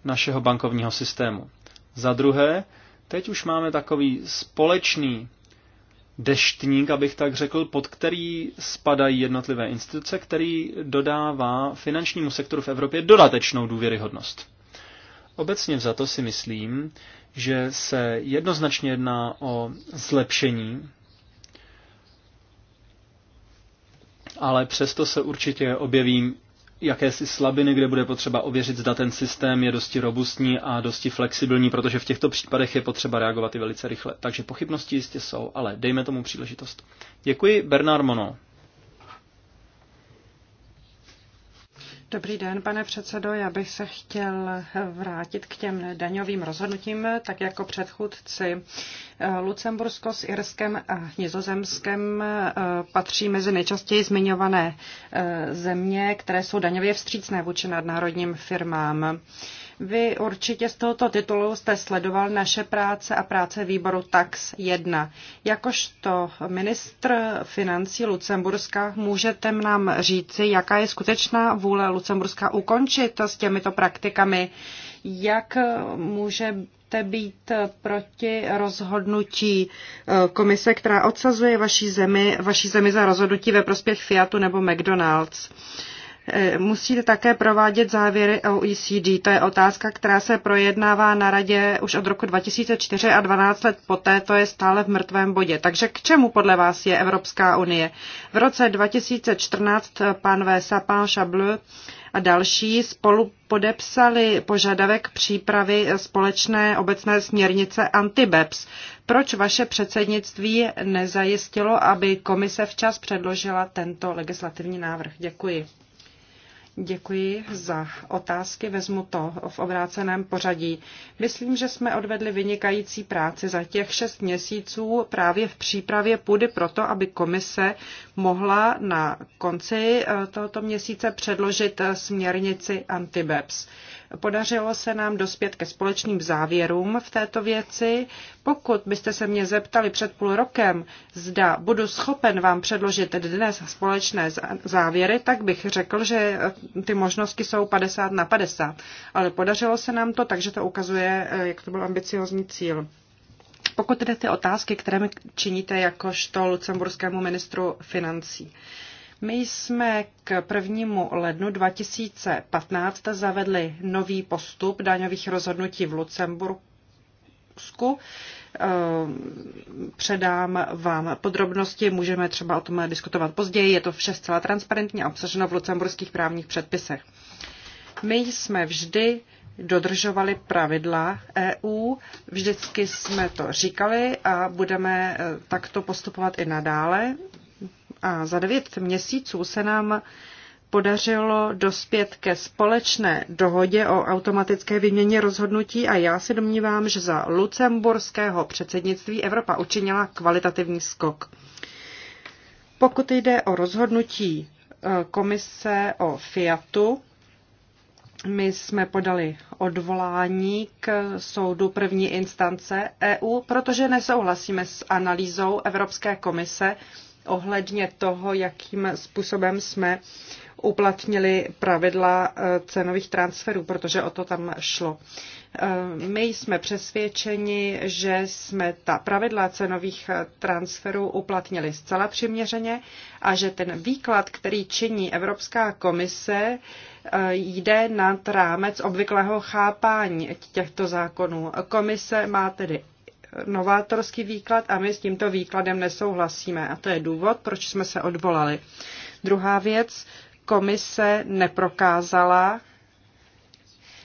našeho bankovního systému. Za druhé, teď už máme takový společný deštník, abych tak řekl, pod který spadají jednotlivé instituce, který dodává finančnímu sektoru v Evropě dodatečnou důvěryhodnost. Obecně vzato si myslím, že se jednoznačně jedná o zlepšení ale přesto se určitě objeví jakési slabiny, kde bude potřeba ověřit, zda ten systém je dosti robustní a dosti flexibilní, protože v těchto případech je potřeba reagovat i velice rychle. Takže pochybnosti jistě jsou, ale dejme tomu příležitost. Děkuji, Bernard Mono. Dobrý den, pane předsedo. Já bych se chtěl vrátit k těm daňovým rozhodnutím, tak jako předchůdci. Lucembursko s Irskem a Nizozemskem eh, patří mezi nejčastěji zmiňované eh, země, které jsou daňově vstřícné vůči nadnárodním firmám. Vy určitě z tohoto titulu jste sledoval naše práce a práce výboru TAX 1. Jakožto ministr financí Lucemburska můžete nám říci, jaká je skutečná vůle Lucemburska ukončit s těmito praktikami, jak může být proti rozhodnutí eh, komise, která odsazuje vaší zemi, vaší zemi za rozhodnutí ve prospěch Fiatu nebo McDonald's. Eh, musíte také provádět závěry OECD. To je otázka, která se projednává na radě už od roku 2004 a 12 let poté to je stále v mrtvém bodě. Takže k čemu podle vás je Evropská unie? V roce 2014 pan Vesa, pan Chableux a další spolu podepsali požadavek přípravy společné obecné směrnice Antibeps. Proč vaše předsednictví nezajistilo, aby komise včas předložila tento legislativní návrh? Děkuji. Děkuji za otázky, vezmu to v obráceném pořadí. Myslím, že jsme odvedli vynikající práci za těch šest měsíců právě v přípravě půdy proto, aby komise mohla na konci eh, tohoto měsíce předložit eh, směrnici Antibeps. Podařilo se nám dospět ke společným závěrům v této věci. Pokud byste se mě zeptali před půl rokem, zda budu schopen vám předložit dnes společné závěry, tak bych řekl, že ty možnosti jsou 50 na 50. Ale podařilo se nám to, takže to ukazuje, eh, jak to byl ambiciozní cíl. Pokud jde ty otázky, které mi činíte jakožto lucemburskému ministru financí. Uh, my jsme k 1. lednu 2015 zavedli nový postup daňových rozhodnutí v Lucembursku. Eh, předám vám podrobnosti, můžeme třeba o tom diskutovat později. Je to vše zcela transparentně a obsaženo v lucemburských právních předpisech. My jsme vždy dodržovali pravidla EU, vždycky jsme to říkali a budeme eh, takto postupovat i nadále. A za devět měsíců se nám podařilo dospět ke společné dohodě o automatické vyměně rozhodnutí a já si domnívám, že za lucemburského předsednictví Evropa učinila kvalitativní skok. Pokud jde o rozhodnutí eh, komise o Fiatu, my jsme podali odvolání k soudu první instance EU, protože nesouhlasíme s analýzou Evropské komise, ohledně toho, jakým způsobem jsme uplatnili pravidla eh, cenových transferů, protože o to tam šlo. Eh, my jsme přesvědčeni, že jsme ta pravidla cenových eh, transferů uplatnili zcela přiměřeně a že ten výklad, který činí Evropská komise, jde nad rámec obvyklého chápání těchto zákonů. Komise má tedy novátorský výklad a my s tímto výkladem nesouhlasíme. A to je důvod, proč jsme se odvolali. Druhá věc, komise neprokázala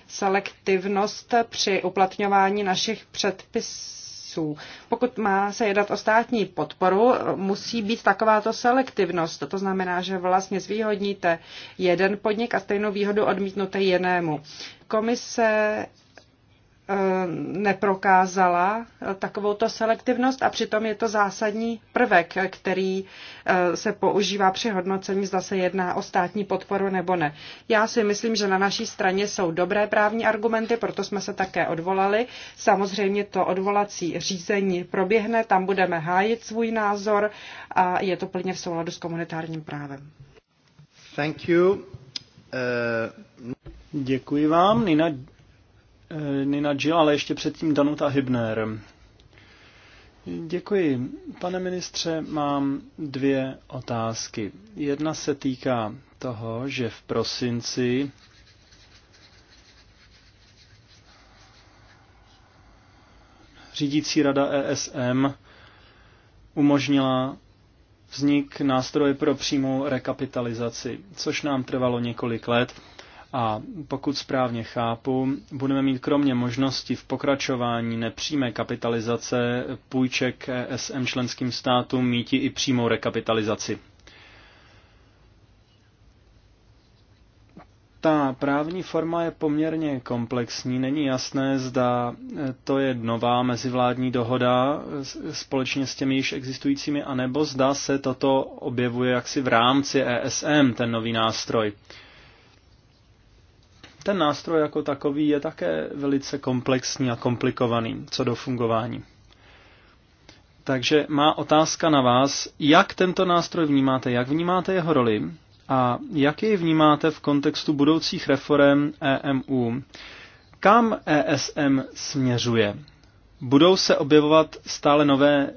selektivnost při uplatňování našich předpisů. Pokud má se jednat o státní podporu, musí být takováto selektivnost. To znamená, že vlastně zvýhodníte jeden podnik a stejnou výhodu odmítnete jinému. Komise Eh, neprokázala eh, to selektivnost a přitom je to zásadní prvek, který eh, se používá při hodnocení, zda se jedná o státní podporu nebo ne. Já si myslím, že na naší straně jsou dobré právní argumenty, proto jsme se také odvolali. Samozřejmě to odvolací řízení proběhne, tam budeme hájit svůj názor a je to plně v souladu s komunitárním právem. Thank you. Uh... Děkuji vám. Nina Nina Jill, ale ještě předtím Danuta Hybner. Děkuji. Pane ministře, mám dvě otázky. Jedna se týká toho, že v prosinci řídící rada ESM umožnila vznik nástroje pro přímou rekapitalizaci, což nám trvalo několik let a pokud správně chápu, budeme mít kromě možnosti v pokračování nepřímé kapitalizace půjček e SM členským státům míti i přímou rekapitalizaci. Ta právní forma je poměrně komplexní. Není jasné, zda to je nová mezivládní dohoda společně s těmi již existujícími, anebo zda se toto objevuje jaksi v rámci ESM, ten nový nástroj. Ten nástroj jako takový je také velice komplexní a komplikovaný co do fungování. Takže má otázka na vás, jak tento nástroj vnímáte, jak vnímáte jeho roli a jak jej vnímáte v kontextu budoucích reform EMU. Kam ESM směřuje? Budou se objevovat stále nové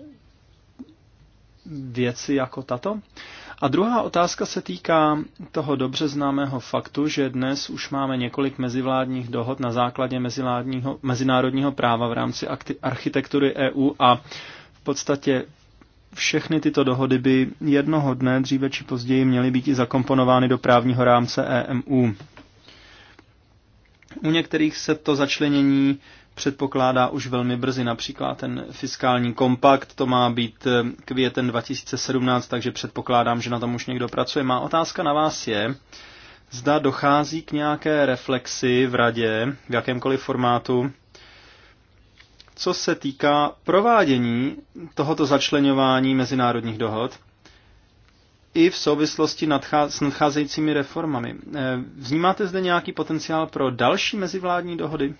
věci jako tato? A druhá otázka se týká toho dobře známého faktu, že dnes už máme několik mezivládních dohod na základě mezinárodního práva v rámci architektury EU a v podstatě všechny tyto dohody by jednoho dne, dříve či později, měly být i zakomponovány do právního rámce EMU. U některých se to začlenění předpokládá už velmi brzy, například ten fiskální kompakt, to má být eh, květen 2017, takže předpokládám, že na tom už někdo pracuje. Má otázka na vás je, zda dochází k nějaké reflexi v radě, v jakémkoliv formátu, co se týká provádění tohoto začlenování mezinárodních dohod i v souvislosti nadchá- s nadcházejícími reformami. Eh, vnímáte zde nějaký potenciál pro další mezivládní dohody?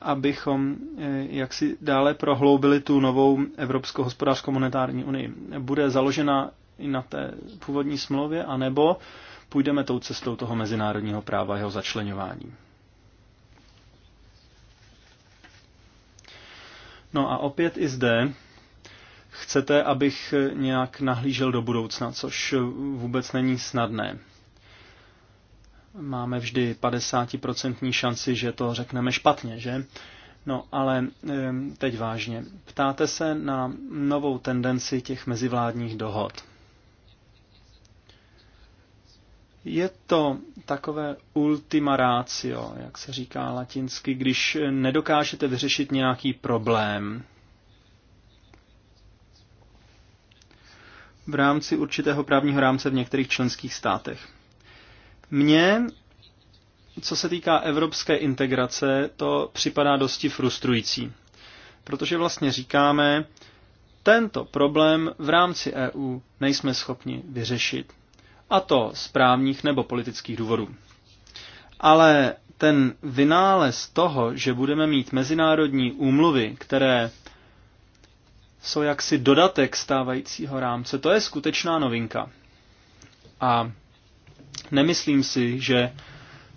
abychom eh, jak si dále prohloubili tu novou Evropskou hospodářskou monetární unii. Bude založena i na té původní smlouvě, anebo půjdeme tou cestou toho mezinárodního práva jeho začlenování. No a opět i zde chcete, abych nějak nahlížel do budoucna, což vůbec není snadné máme vždy 50% šanci, že to řekneme špatně, že? No ale teď vážně. Ptáte se na novou tendenci těch mezivládních dohod. Je to takové ultima ratio, jak se říká latinsky, když nedokážete vyřešit nějaký problém v rámci určitého právního rámce v některých členských státech. Mně, co se týká evropské integrace, to připadá dosti frustrující, protože vlastně říkáme, tento problém v rámci EU nejsme schopni vyřešit. A to z právních nebo politických důvodů. Ale ten vynález toho, že budeme mít mezinárodní úmluvy, které jsou jaksi dodatek stávajícího rámce, to je skutečná novinka. A Nemyslím si, že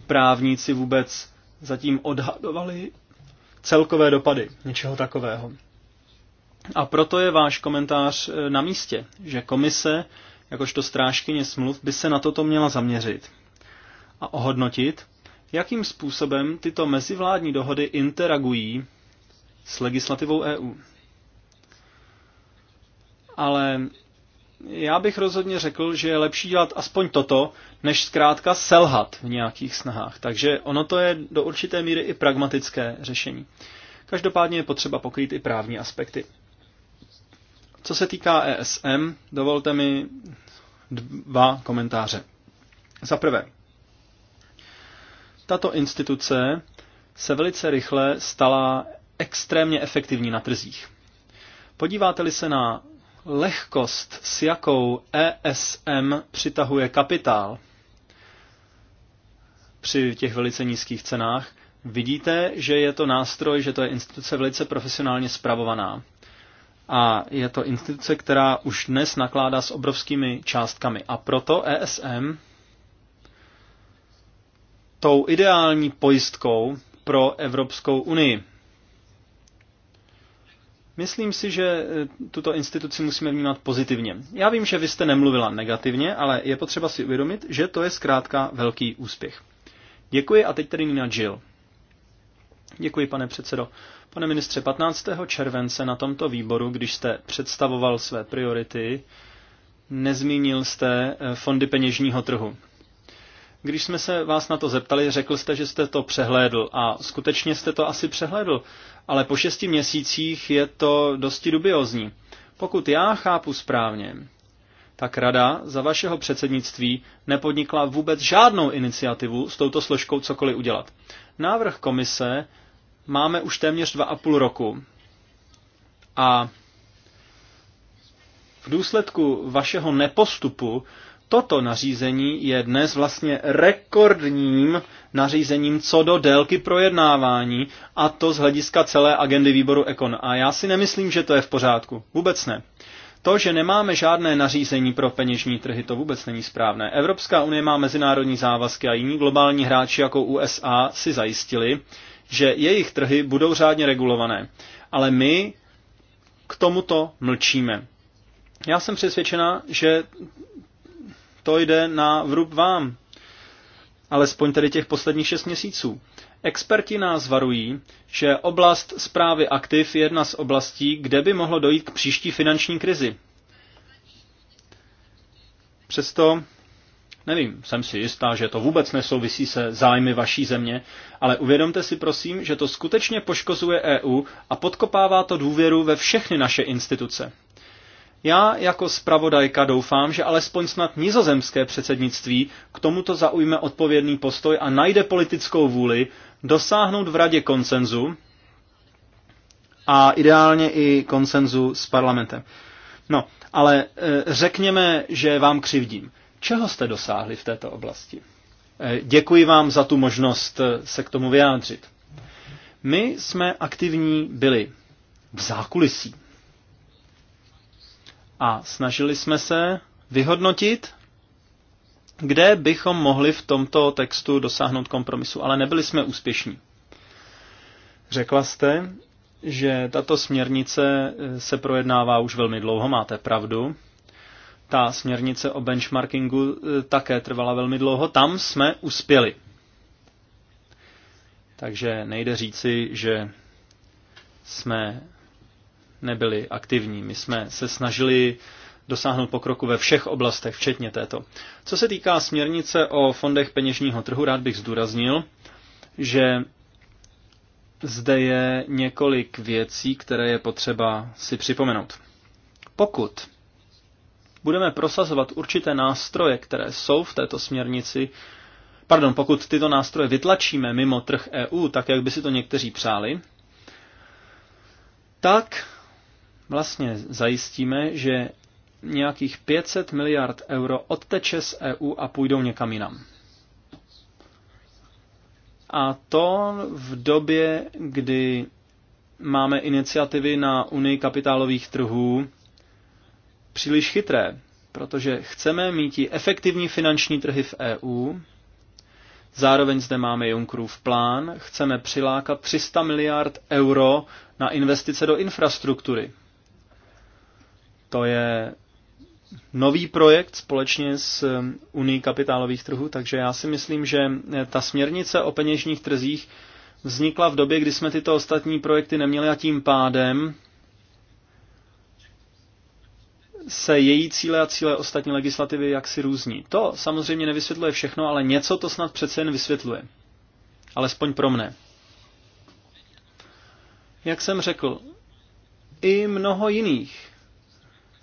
právníci vůbec zatím odhadovali celkové dopady něčeho takového. A proto je váš komentář eh, na místě, že komise, jakožto strážkyně smluv, by se na toto měla zaměřit a ohodnotit, jakým způsobem tyto mezivládní dohody interagují s legislativou EU. Ale já bych rozhodně řekl, že je lepší dělat aspoň toto, než zkrátka selhat v nějakých snahách. Takže ono to je do určité míry i pragmatické řešení. Každopádně je potřeba pokrýt i právní aspekty. Co se týká ESM, dovolte mi dva komentáře. Za prvé, tato instituce se velice rychle stala extrémně efektivní na trzích. Podíváte-li se na lehkost, s jakou ESM přitahuje kapitál při těch velice nízkých cenách, vidíte, že je to nástroj, že to je instituce velice profesionálně spravovaná. A je to instituce, která už dnes nakládá s obrovskými částkami. A proto ESM tou ideální pojistkou pro Evropskou unii. Myslím si, že e, tuto instituci musíme vnímat pozitivně. Já vím, že vy jste nemluvila negativně, ale je potřeba si uvědomit, že to je zkrátka velký úspěch. Děkuji a teď tedy Nina Jill. Děkuji, pane předsedo. Pane ministře, 15. července na tomto výboru, když jste představoval své priority, nezmínil jste e, fondy peněžního trhu. Když jsme se vás na to zeptali, řekl jste, že jste to přehlédl a skutečně jste to asi přehlédl, ale po šesti měsících je to dosti dubiozní. Pokud já chápu správně, tak rada za vašeho předsednictví nepodnikla vůbec žádnou iniciativu s touto složkou cokoliv udělat. Návrh komise máme už téměř dva a půl roku. A v důsledku vašeho nepostupu toto nařízení je dnes vlastně rekordním nařízením co do délky projednávání a to z hlediska celé agendy výboru Ekon. A já si nemyslím, že to je v pořádku. Vůbec ne. To, že nemáme žádné nařízení pro peněžní trhy, to vůbec není správné. Evropská unie má mezinárodní závazky a jiní globální hráči jako USA si zajistili, že jejich trhy budou řádně regulované. Ale my k tomuto mlčíme. Já jsem přesvědčena, že to jde na vrub vám. Alespoň tedy těch posledních šest měsíců. Experti nás varují, že oblast zprávy aktiv je jedna z oblastí, kde by mohlo dojít k příští finanční krizi. Přesto, nevím, jsem si jistá, že to vůbec nesouvisí se zájmy vaší země, ale uvědomte si prosím, že to skutečně poškozuje EU a podkopává to důvěru ve všechny naše instituce. Já jako zpravodajka doufám, že alespoň snad nizozemské předsednictví k tomuto zaujme odpovědný postoj a najde politickou vůli dosáhnout v radě konsenzu a ideálně i konsenzu s parlamentem. No, ale e, řekněme, že vám křivdím. Čeho jste dosáhli v této oblasti? E, děkuji vám za tu možnost e, se k tomu vyjádřit. My jsme aktivní byli v zákulisí a snažili jsme se vyhodnotit, kde bychom mohli v tomto textu dosáhnout kompromisu, ale nebyli jsme úspěšní. Řekla jste, že tato směrnice eh, se projednává už velmi dlouho, máte pravdu. Ta směrnice o benchmarkingu eh, také trvala velmi dlouho, tam jsme uspěli. Takže nejde říci, že jsme nebyli aktivní. My jsme se snažili dosáhnout pokroku ve všech oblastech, včetně této. Co se týká směrnice o fondech peněžního trhu, rád bych zdůraznil, že zde je několik věcí, které je potřeba si připomenout. Pokud budeme prosazovat určité nástroje, které jsou v této směrnici, pardon, pokud tyto nástroje vytlačíme mimo trh EU, tak jak by si to někteří přáli, tak vlastně zajistíme, že nějakých 500 miliard euro odteče z EU a půjdou někam jinam. A to v době, kdy máme iniciativy na Unii kapitálových trhů příliš chytré, protože chceme mít i efektivní finanční trhy v EU, zároveň zde máme Junckerův plán, chceme přilákat 300 miliard euro na investice do infrastruktury. To je nový projekt společně s um, Unii kapitálových trhů, takže já si myslím, že eh, ta směrnice o peněžních trzích vznikla v době, kdy jsme tyto ostatní projekty neměli a tím pádem se její cíle a cíle ostatní legislativy jaksi různí. To samozřejmě nevysvětluje všechno, ale něco to snad přece jen vysvětluje. Alespoň pro mne. Jak jsem řekl, i mnoho jiných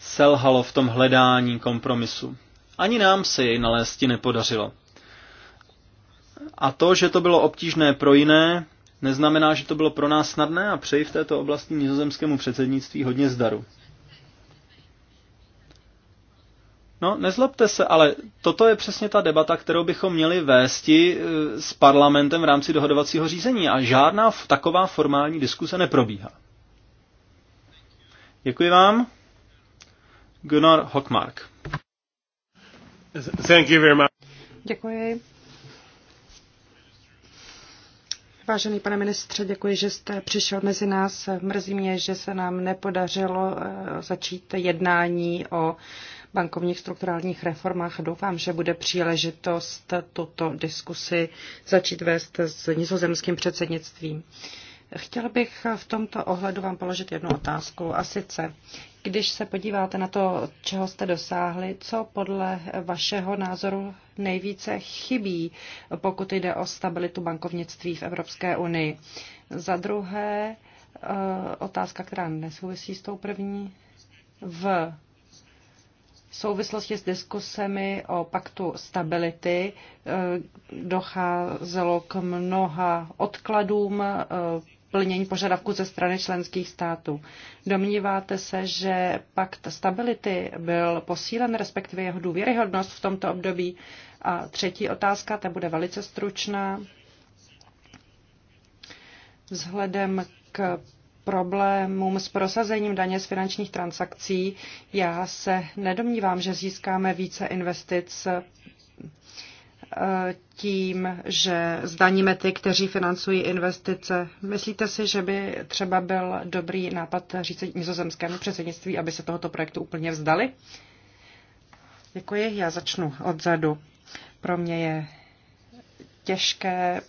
selhalo v tom hledání kompromisu. Ani nám se jej nalézti nepodařilo. A to, že to bylo obtížné pro jiné, neznamená, že to bylo pro nás snadné a přeji v této oblasti nizozemskému předsednictví hodně zdaru. No, nezlobte se, ale toto je přesně ta debata, kterou bychom měli vésti eh, s parlamentem v rámci dohodovacího řízení a žádná taková formální diskuse neprobíhá. Děkuji vám. Gunnar Hockmark. Thank you very much. Děkuji. Vážený pane ministře, děkuji, že jste přišel mezi nás. Mrzí mě, že se nám nepodařilo eh, začít jednání o bankovních strukturálních reformách. Doufám, že bude příležitost tuto diskusi začít vést s nizozemským předsednictvím. Chtěl bych v tomto ohledu vám položit jednu otázku a sice, když se podíváte na to, čeho jste dosáhli, co podle vašeho názoru nejvíce chybí, pokud jde o stabilitu bankovnictví v Evropské unii? Za druhé, eh, otázka, která nesouvisí s tou první, v souvislosti s diskusemi o paktu stability eh, docházelo k mnoha odkladům eh, plnění požadavků ze strany členských států. Domníváte se, že pakt stability byl posílen, respektive jeho důvěryhodnost v tomto období? A třetí otázka, ta bude velice stručná. Vzhledem k problémům s prosazením daně z finančních transakcí, já se nedomnívám, že získáme více investic tím, že zdaníme ty, kteří financují investice. Myslíte si, že by třeba byl dobrý nápad říct nizozemskému předsednictví, aby se tohoto projektu úplně vzdali? Děkuji, já začnu odzadu. Pro mě je těžké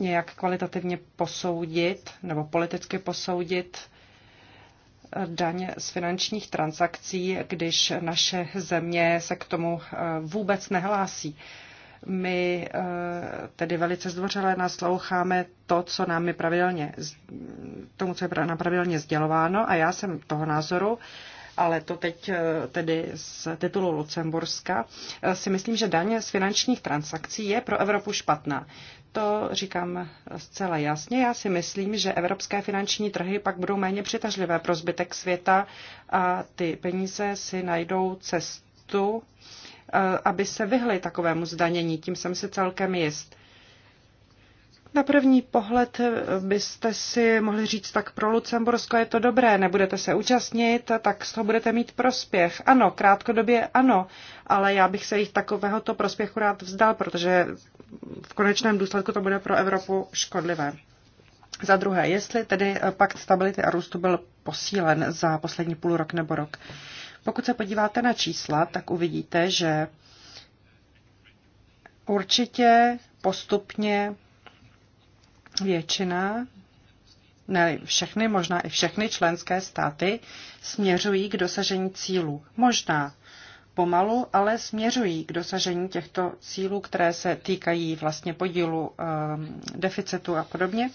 nějak kvalitativně posoudit nebo politicky posoudit daň z finančních transakcí, když naše země se k tomu eh, vůbec nehlásí. My eh, tedy velice zdvořile nasloucháme to, co nám je pravidelně, tomu, co je nám pravidelně sdělováno a já jsem toho názoru, ale to teď eh, tedy z titulu Lucemburska, eh, si myslím, že daně z finančních transakcí je pro Evropu špatná. To říkám zcela jasně. Já si myslím, že evropské finanční trhy pak budou méně přitažlivé pro zbytek světa a ty peníze si najdou cestu Eh, aby se vyhly takovému zdanění. Tím jsem si celkem jist. Na první pohled eh, byste si mohli říct, tak pro Lucembursko je to dobré, nebudete se účastnit, tak z toho budete mít prospěch. Ano, krátkodobě ano, ale já bych se jich takovéhoto prospěchu rád vzdal, protože v konečném důsledku to bude pro Evropu škodlivé. Za druhé, jestli tedy eh, pakt stability a růstu byl posílen za poslední půl rok nebo rok. Pokud se podíváte na čísla, tak uvidíte, že určitě postupně většina, ne všechny, možná i všechny členské státy směřují k dosažení cílů. Možná pomalu, ale směřují k dosažení těchto cílů, které se týkají vlastně podílu um, deficitu a podobně. Uh,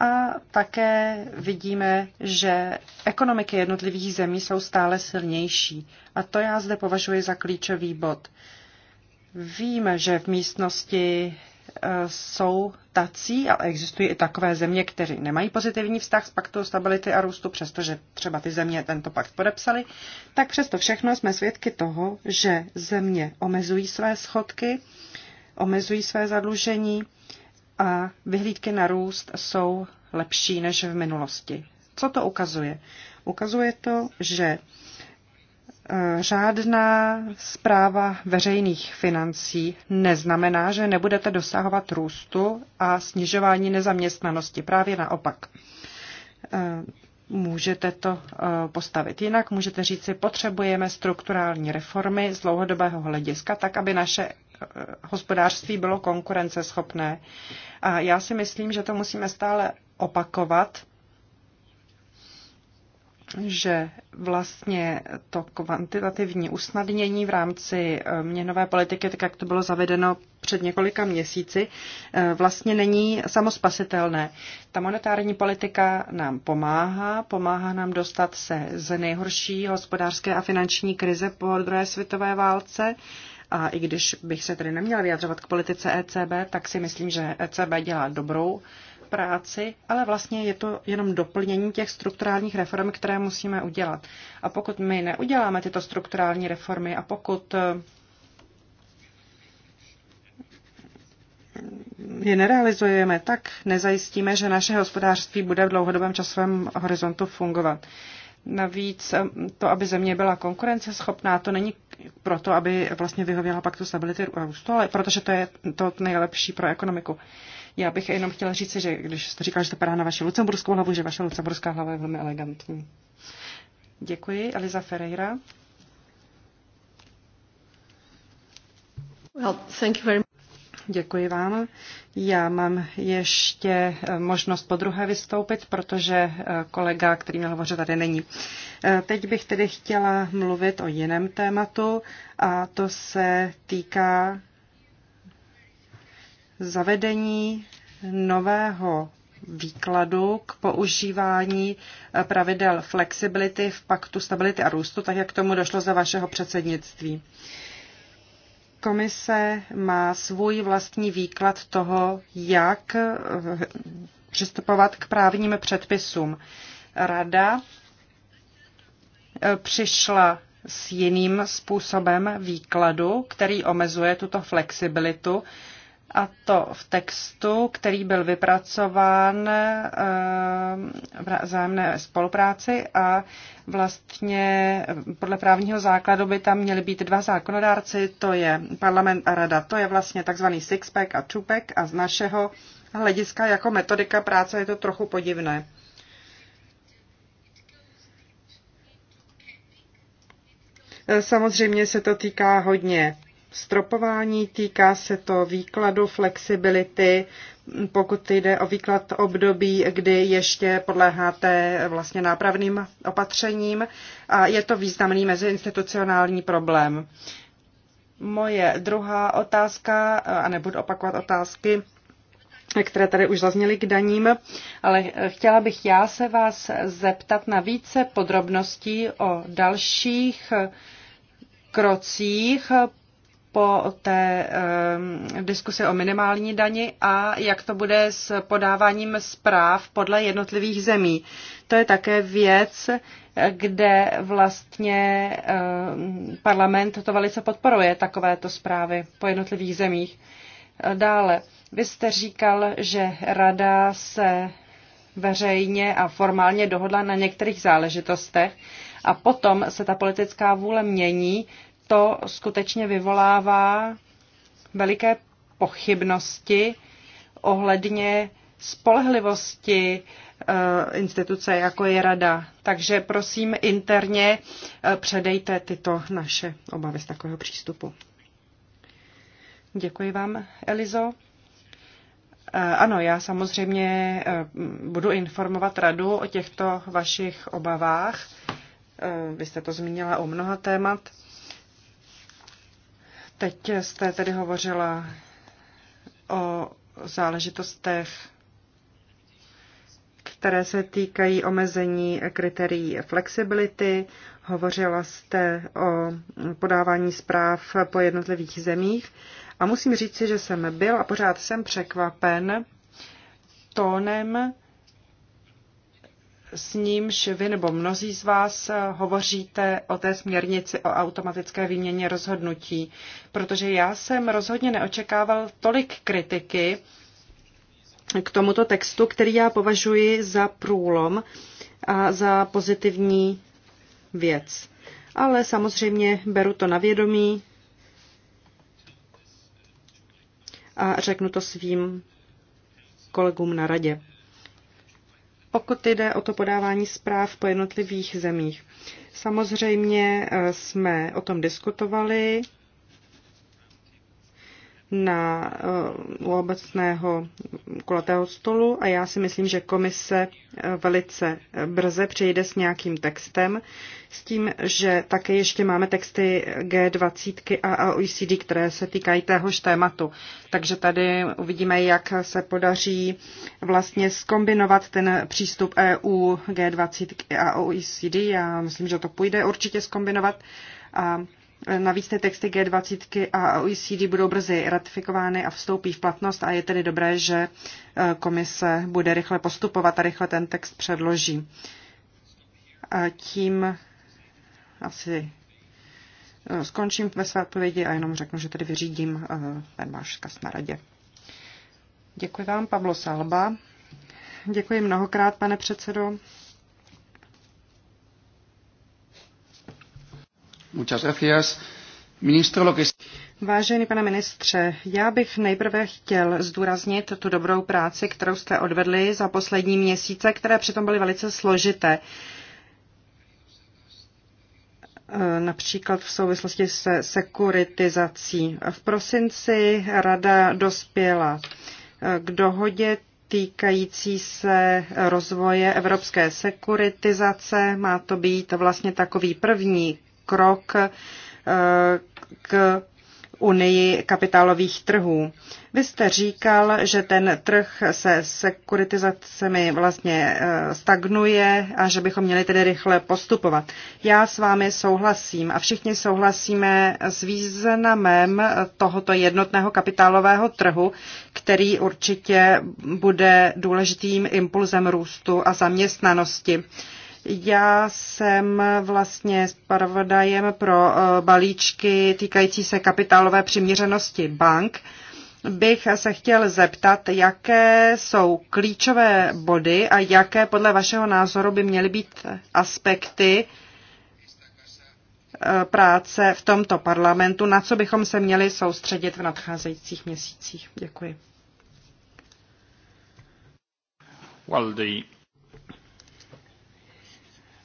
a také vidíme, že ekonomiky jednotlivých zemí jsou stále silnější. A to já zde považuji za klíčový bod. Víme, že v místnosti e, jsou tací, ale existují i takové země, které nemají pozitivní vztah s paktu stability a růstu, přestože třeba ty země tento pakt podepsaly, tak přesto všechno jsme svědky toho, že země omezují své schodky, omezují své zadlužení a vyhlídky na růst jsou lepší než v minulosti. Co to ukazuje? Ukazuje to, že řádná e, zpráva veřejných financí neznamená, že nebudete dosahovat růstu a snižování nezaměstnanosti. Právě naopak. E, můžete to e, postavit jinak, můžete říct si, potřebujeme strukturální reformy z dlouhodobého hlediska, tak aby naše Eh, hospodářství bylo konkurenceschopné. A já si myslím, že to musíme stále opakovat, že vlastně to kvantitativní usnadnění v rámci eh, měnové politiky, tak jak to bylo zavedeno před několika měsíci, eh, vlastně není samospasitelné. Ta monetární politika nám pomáhá, pomáhá nám dostat se z nejhorší hospodářské a finanční krize po druhé světové válce, a i když bych se tedy neměla vyjadřovat k politice ECB, tak si myslím, že ECB dělá dobrou práci, ale vlastně je to jenom doplnění těch strukturálních reform, které musíme udělat. A pokud my neuděláme tyto strukturální reformy a pokud eh, je nerealizujeme, tak nezajistíme, že naše hospodářství bude v dlouhodobém časovém horizontu fungovat. Navíc eh, to, aby země byla konkurenceschopná, to není proto, aby vlastně vyhověla tu stability růstu, ale protože to je to nejlepší pro ekonomiku. Já bych jenom chtěla říct, že když jste říkal, že to padá na vaši lucemburskou hlavu, že vaše lucemburská hlava je velmi elegantní. Děkuji. Eliza Ferreira. Well, thank you very Děkuji vám. Já mám ještě eh, možnost podruhé vystoupit, protože eh, kolega, který měl hovořit, tady není. Eh, teď bych tedy chtěla mluvit o jiném tématu a to se týká zavedení nového výkladu k používání pravidel flexibility v paktu stability a růstu, tak jak tomu došlo za vašeho předsednictví. Komise má svůj vlastní výklad toho, jak eh, přistupovat k právním předpisům. Rada eh, přišla s jiným způsobem výkladu, který omezuje tuto flexibilitu a to v textu, který byl vypracován eh, v zájemné spolupráci a vlastně podle právního základu by tam měly být dva zákonodárci, to je parlament a rada, to je vlastně takzvaný sixpack a čupek a z našeho hlediska jako metodika práce je to trochu podivné. Eh, samozřejmě se to týká hodně stropování, týká se to výkladu flexibility, pokud jde o výklad období, kdy ještě podléháte vlastně nápravným opatřením a je to významný meziinstitucionální problém. Moje druhá otázka, a nebudu opakovat otázky, které tady už zazněly k daním, ale chtěla bych já se vás zeptat na více podrobností o dalších krocích po té eh, diskusi o minimální dani a jak to bude s podáváním zpráv podle jednotlivých zemí. To je také věc, kde vlastně eh, parlament to velice podporuje, takovéto zprávy po jednotlivých zemích. Eh, dále, vy jste říkal, že rada se veřejně a formálně dohodla na některých záležitostech a potom se ta politická vůle mění to skutečně vyvolává veliké pochybnosti ohledně spolehlivosti eh, instituce, jako je rada. Takže prosím interně eh, předejte tyto naše obavy z takového přístupu. Děkuji vám, Elizo. Eh, ano, já samozřejmě budu informovat radu o těchto vašich obavách. Vy jste to zmínila u mnoha témat. Teď jste tedy hovořila o záležitostech, které se týkají omezení kritérií flexibility. Hovořila jste o podávání zpráv po jednotlivých zemích. A musím říci, že jsem byl a pořád jsem překvapen tónem s nímž vy nebo mnozí z vás hovoříte o té směrnici o automatické výměně rozhodnutí, protože já jsem rozhodně neočekával tolik kritiky k tomuto textu, který já považuji za průlom a za pozitivní věc. Ale samozřejmě beru to na vědomí a řeknu to svým kolegům na radě pokud jde o to podávání zpráv po jednotlivých zemích. Samozřejmě eh, jsme o tom diskutovali na eh, u obecného kulatého stolu a já si myslím, že komise eh, velice eh, brze přejde s nějakým textem, s tím, že také ještě máme texty G20 a OECD, které se týkají téhož tématu. Takže tady uvidíme, jak se podaří vlastně skombinovat ten přístup EU, G20 a OECD. Já myslím, že to půjde určitě skombinovat. A Navíc ty texty G20 a OECD budou brzy ratifikovány a vstoupí v platnost a je tedy dobré, že e, komise bude rychle postupovat a rychle ten text předloží. A tím asi e, skončím ve své odpovědi a jenom řeknu, že tedy vyřídím e, ten váš zkaz na radě. Děkuji vám, Pablo Salba. Děkuji mnohokrát, pane předsedo. Muchas gracias. Ministro, lo que... Vážený pane ministře, já bych nejprve chtěl zdůraznit tu dobrou práci, kterou jste odvedli za poslední měsíce, které přitom byly velice složité. E, například v souvislosti se sekuritizací. V prosinci rada dospěla e, k dohodě týkající se rozvoje evropské sekuritizace. Má to být vlastně takový první krok eh, k unii kapitálových trhů. Vy jste říkal, že ten trh se sekuritizacemi vlastně eh, stagnuje a že bychom měli tedy rychle postupovat. Já s vámi souhlasím a všichni souhlasíme s významem tohoto jednotného kapitálového trhu, který určitě bude důležitým impulzem růstu a zaměstnanosti. Já jsem vlastně zpravodajem pro eh, balíčky týkající se kapitálové přiměřenosti bank. Bych se chtěl zeptat, jaké jsou klíčové body a jaké podle vašeho názoru by měly být aspekty eh, práce v tomto parlamentu, na co bychom se měli soustředit v nadcházejících měsících. Děkuji. Well, the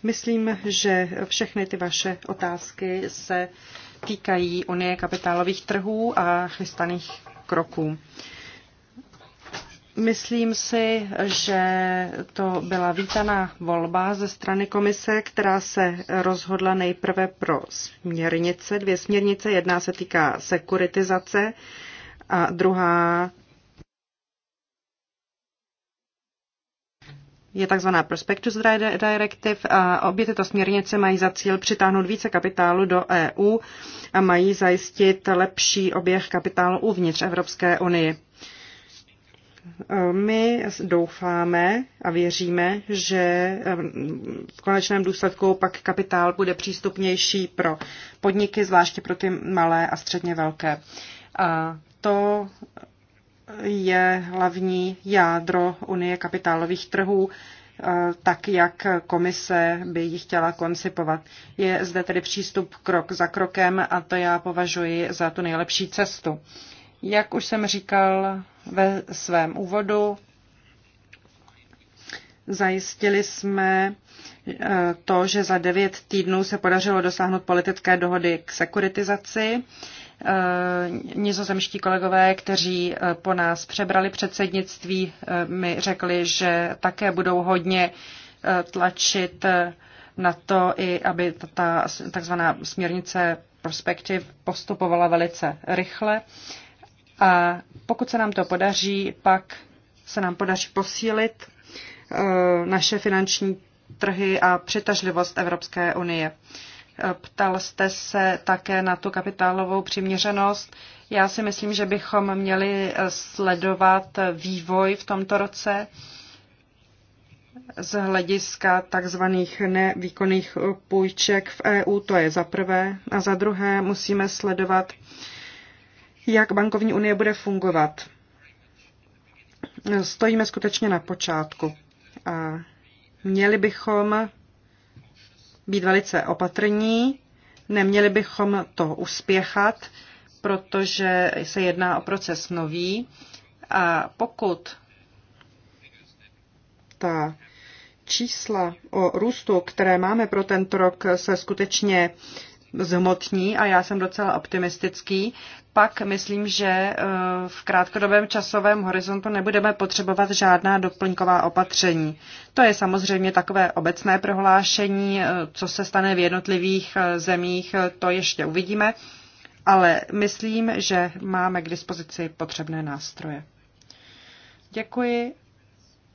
Myslím, že všechny ty vaše otázky se týkají Unie kapitálových trhů a chystaných kroků. Myslím si, že to byla vítaná volba ze strany komise, která se rozhodla nejprve pro směrnice, dvě směrnice. Jedna se týká sekuritizace a druhá je tzv. Prospectus Directive a obě tyto směrnice mají za cíl přitáhnout více kapitálu do EU a mají zajistit lepší oběh kapitálu uvnitř Evropské unie. My doufáme a věříme, že v konečném důsledku pak kapitál bude přístupnější pro podniky, zvláště pro ty malé a středně velké. A to je hlavní jádro Unie kapitálových trhů, eh, tak jak komise by ji chtěla koncipovat. Je zde tedy přístup krok za krokem a to já považuji za tu nejlepší cestu. Jak už jsem říkal ve svém úvodu, zajistili jsme eh, to, že za devět týdnů se podařilo dosáhnout politické dohody k sekuritizaci. Eh, nizozemští kolegové, kteří eh, po nás přebrali předsednictví, eh, mi řekli, že také budou hodně tlačit na to, i aby ta takzvaná směrnice Perspective postupovala velice rychle. A pokud se nám to podaří, pak se nám podaří posílit naše finanční trhy a přitažlivost Evropské unie. Ptal jste se také na tu kapitálovou přiměřenost. Já si myslím, že bychom měli sledovat vývoj v tomto roce z hlediska takzvaných nevýkonných půjček v EU, to je za prvé. A za druhé musíme sledovat, jak bankovní unie bude fungovat. Stojíme skutečně na počátku. A měli bychom být velice opatrní, neměli bychom to uspěchat, protože se jedná o proces nový a pokud ta čísla o růstu, které máme pro tento rok, se skutečně zhmotní a já jsem docela optimistický, pak myslím, že eh, v krátkodobém časovém horizontu nebudeme potřebovat žádná doplňková opatření. To je samozřejmě takové obecné prohlášení, eh, co se stane v jednotlivých eh, zemích, to ještě uvidíme, ale myslím, že máme k dispozici potřebné nástroje. Děkuji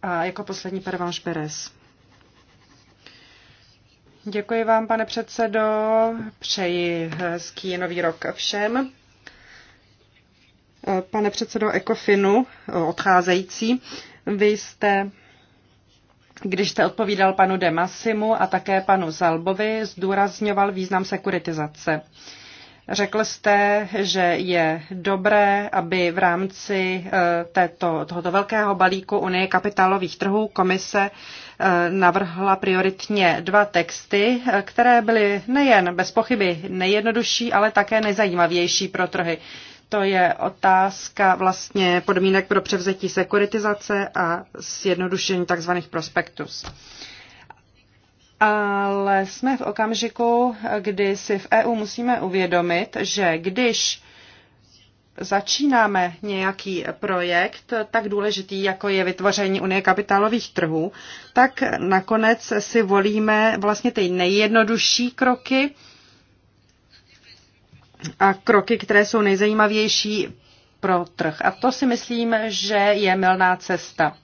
a jako poslední Pervanš Beres. Děkuji vám, pane předsedo. Přeji hezký nový rok všem. Pane předsedo Ekofinu, odcházející, vy jste, když jste odpovídal panu Demasimu a také panu Zalbovi, zdůrazňoval význam sekuritizace. Řekl jste, že je dobré, aby v rámci eh, této, tohoto velkého balíku Unie kapitálových trhů komise Eh, navrhla prioritně dva texty, eh, které byly nejen bez pochyby nejjednodušší, ale také nejzajímavější pro trhy. To je otázka vlastně podmínek pro převzetí sekuritizace a zjednodušení tzv. prospektus. Ale jsme v okamžiku, kdy si v EU musíme uvědomit, že když začínáme nějaký projekt tak důležitý, jako je vytvoření Unie kapitálových trhů, tak nakonec si volíme vlastně ty nejjednodušší kroky a kroky, které jsou nejzajímavější pro trh. A to si myslím, že je milná cesta.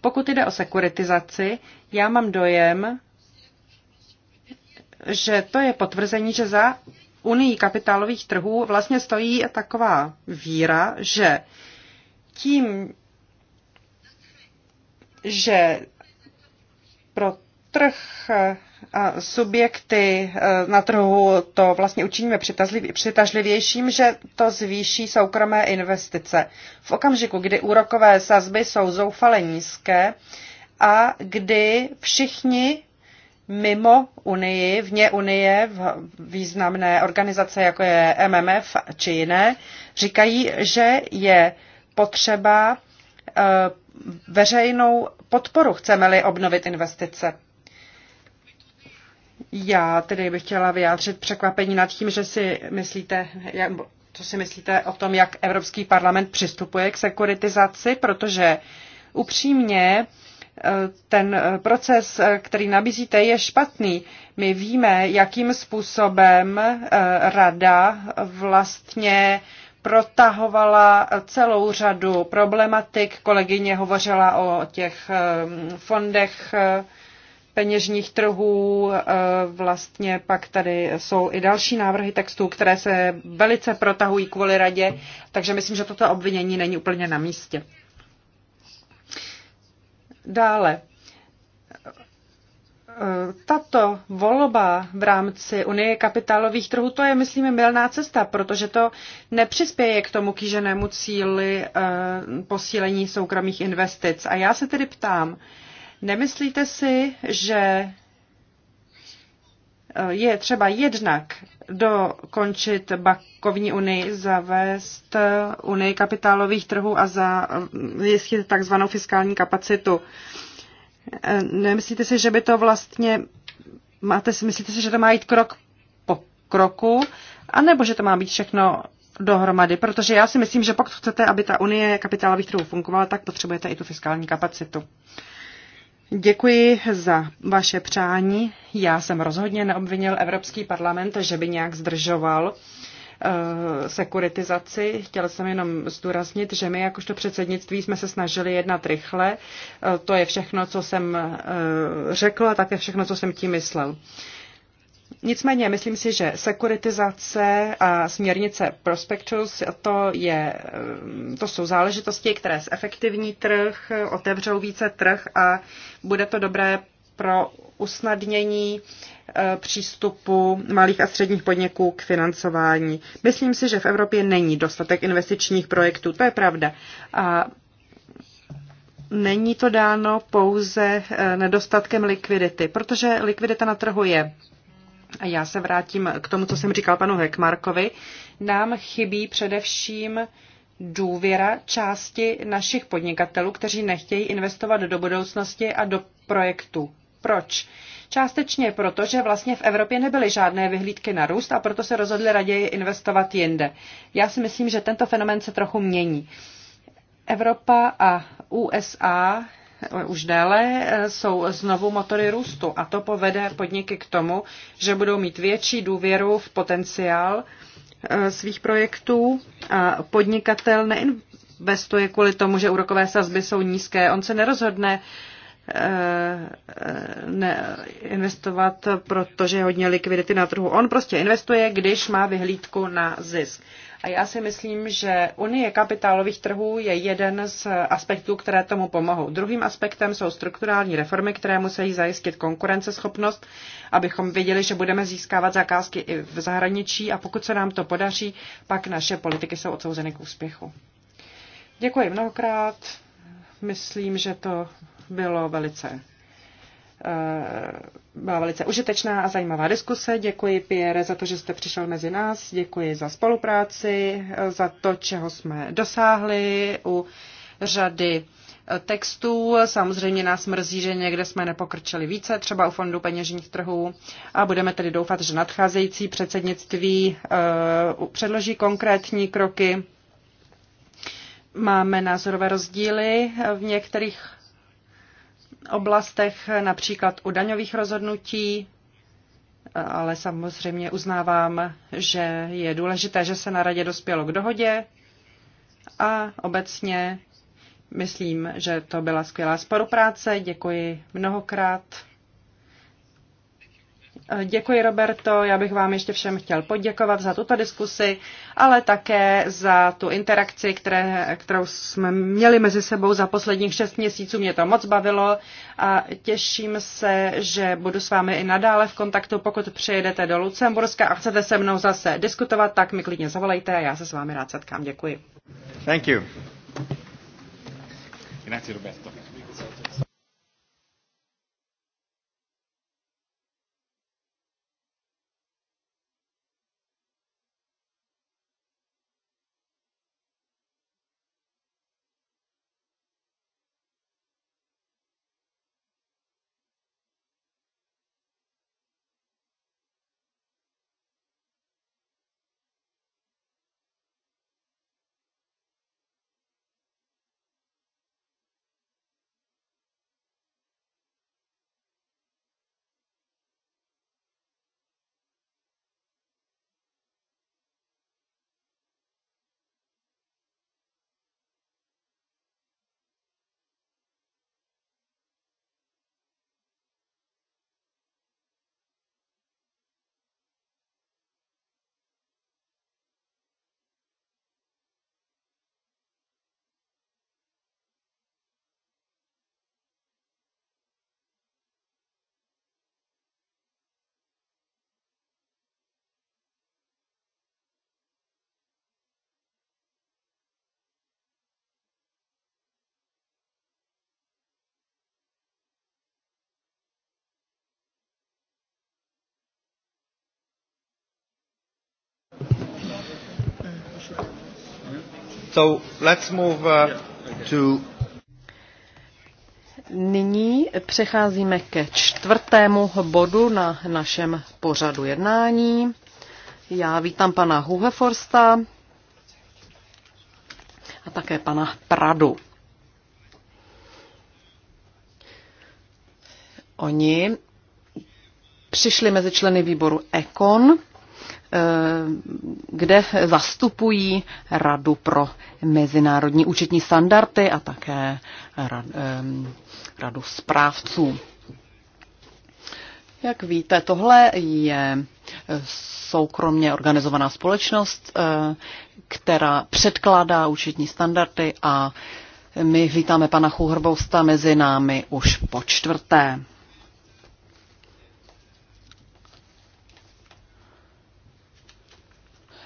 Pokud jde o sekuritizaci, já mám dojem, že to je potvrzení, že za unii kapitálových trhů vlastně stojí taková víra, že tím, že pro trh a subjekty e, na trhu to vlastně učiníme přitažlivějším, že to zvýší soukromé investice. V okamžiku, kdy úrokové sazby jsou zoufale nízké a kdy všichni mimo Unii, vně Unie, v významné organizace jako je MMF či jiné, říkají, že je potřeba eh, veřejnou podporu, chceme-li obnovit investice. Já tedy bych chtěla vyjádřit překvapení nad tím, že si myslíte, jak, co si myslíte o tom, jak Evropský parlament přistupuje k sekuritizaci, protože upřímně ten proces, který nabízíte, je špatný. My víme, jakým způsobem eh, rada vlastně protahovala celou řadu problematik. Kolegyně hovořila o těch eh, fondech eh, peněžních trhů. Vlastně pak tady jsou i další návrhy textů, které se velice protahují kvůli radě, takže myslím, že toto obvinění není úplně na místě. Dále, tato volba v rámci Unie kapitálových trhů, to je, myslím, milná cesta, protože to nepřispěje k tomu kýženému cíli eh, posílení soukromých investic. A já se tedy ptám, nemyslíte si, že je třeba jednak dokončit bankovní unii, zavést unii kapitálových trhů a zajistit takzvanou fiskální kapacitu. Nemyslíte si, že by to vlastně, máte si, myslíte si, že to má jít krok po kroku, anebo že to má být všechno dohromady? Protože já si myslím, že pokud chcete, aby ta unie kapitálových trhů fungovala, tak potřebujete i tu fiskální kapacitu. Děkuji za vaše přání. Já jsem rozhodně neobvinil Evropský parlament, že by nějak zdržoval eh, sekuritizaci. Chtěla jsem jenom zdůraznit, že my jakožto předsednictví jsme se snažili jednat rychle. Eh, to je všechno, co jsem eh, řekl a také všechno, co jsem tím myslel. Nicméně myslím si, že sekuritizace a směrnice prospectus, to, je, eh, to jsou záležitosti, které zefektivní trh, otevřou více trh a bude to dobré pro usnadnění eh, přístupu malých a středních podniků k financování. Myslím si, že v Evropě není dostatek investičních projektů, to je pravda. A není to dáno pouze eh, nedostatkem likvidity, protože likvidita na trhu je. A já se vrátím k tomu, co jsem říkal panu Hekmarkovi. Nám chybí především důvěra části našich podnikatelů, kteří nechtějí investovat do budoucnosti a do projektu. Proč? Částečně proto, že vlastně v Evropě nebyly žádné vyhlídky na růst a proto se rozhodli raději investovat jinde. Já si myslím, že tento fenomen se trochu mění. Evropa a USA už déle, eh, jsou znovu motory růstu a to povede podniky k tomu, že budou mít větší důvěru v potenciál eh, svých projektů a podnikatel neinvestuje kvůli tomu, že úrokové sazby jsou nízké. On se nerozhodne eh, ne, investovat, protože je hodně likvidity na trhu. On prostě investuje, když má vyhlídku na zisk. A já si myslím, že Unie kapitálových trhů je jeden z aspektů, které tomu pomohou. Druhým aspektem jsou strukturální reformy, které musí zajistit konkurenceschopnost, abychom věděli, že budeme získávat zakázky i v zahraničí a pokud se nám to podaří, pak naše politiky jsou odsouzeny k úspěchu. Děkuji mnohokrát. Myslím, že to bylo velice Eh, byla velice užitečná a zajímavá diskuse. Děkuji, Pierre, za to, že jste přišel mezi nás. Děkuji za spolupráci, eh, za to, čeho jsme dosáhli u řady eh, textů. Samozřejmě nás mrzí, že někde jsme nepokrčili více, třeba u Fondu peněžních trhů. A budeme tedy doufat, že nadcházející předsednictví předloží konkrétní kroky. Máme názorové rozdíly v některých oblastech, například u daňových rozhodnutí, ale samozřejmě uznávám, že je důležité, že se na radě dospělo k dohodě a obecně myslím, že to byla skvělá spolupráce. Děkuji mnohokrát Děkuji, Roberto. Já bych vám ještě všem chtěl poděkovat za tuto diskusi, ale také za tu interakci, které, kterou jsme měli mezi sebou za posledních šest měsíců. Mě to moc bavilo a těším se, že budu s vámi i nadále v kontaktu. Pokud přijedete do Lucemburska a chcete se mnou zase diskutovat, tak mi klidně zavolejte a já se s vámi rád setkám. Děkuji. Thank you. Grazie, Roberto. So let's move uh, to... Nyní přecházíme ke čtvrtému bodu na našem pořadu jednání. Já vítám pana Hugeforsta a také pana Pradu. Oni přišli mezi členy výboru Ekon Eh, kde zastupují Radu pro mezinárodní účetní standardy a také eh, Radu správců. Jak víte, tohle je soukromně organizovaná společnost, eh, která předkládá účetní standardy a my vítáme pana Chuhrbousta mezi námi už po čtvrté.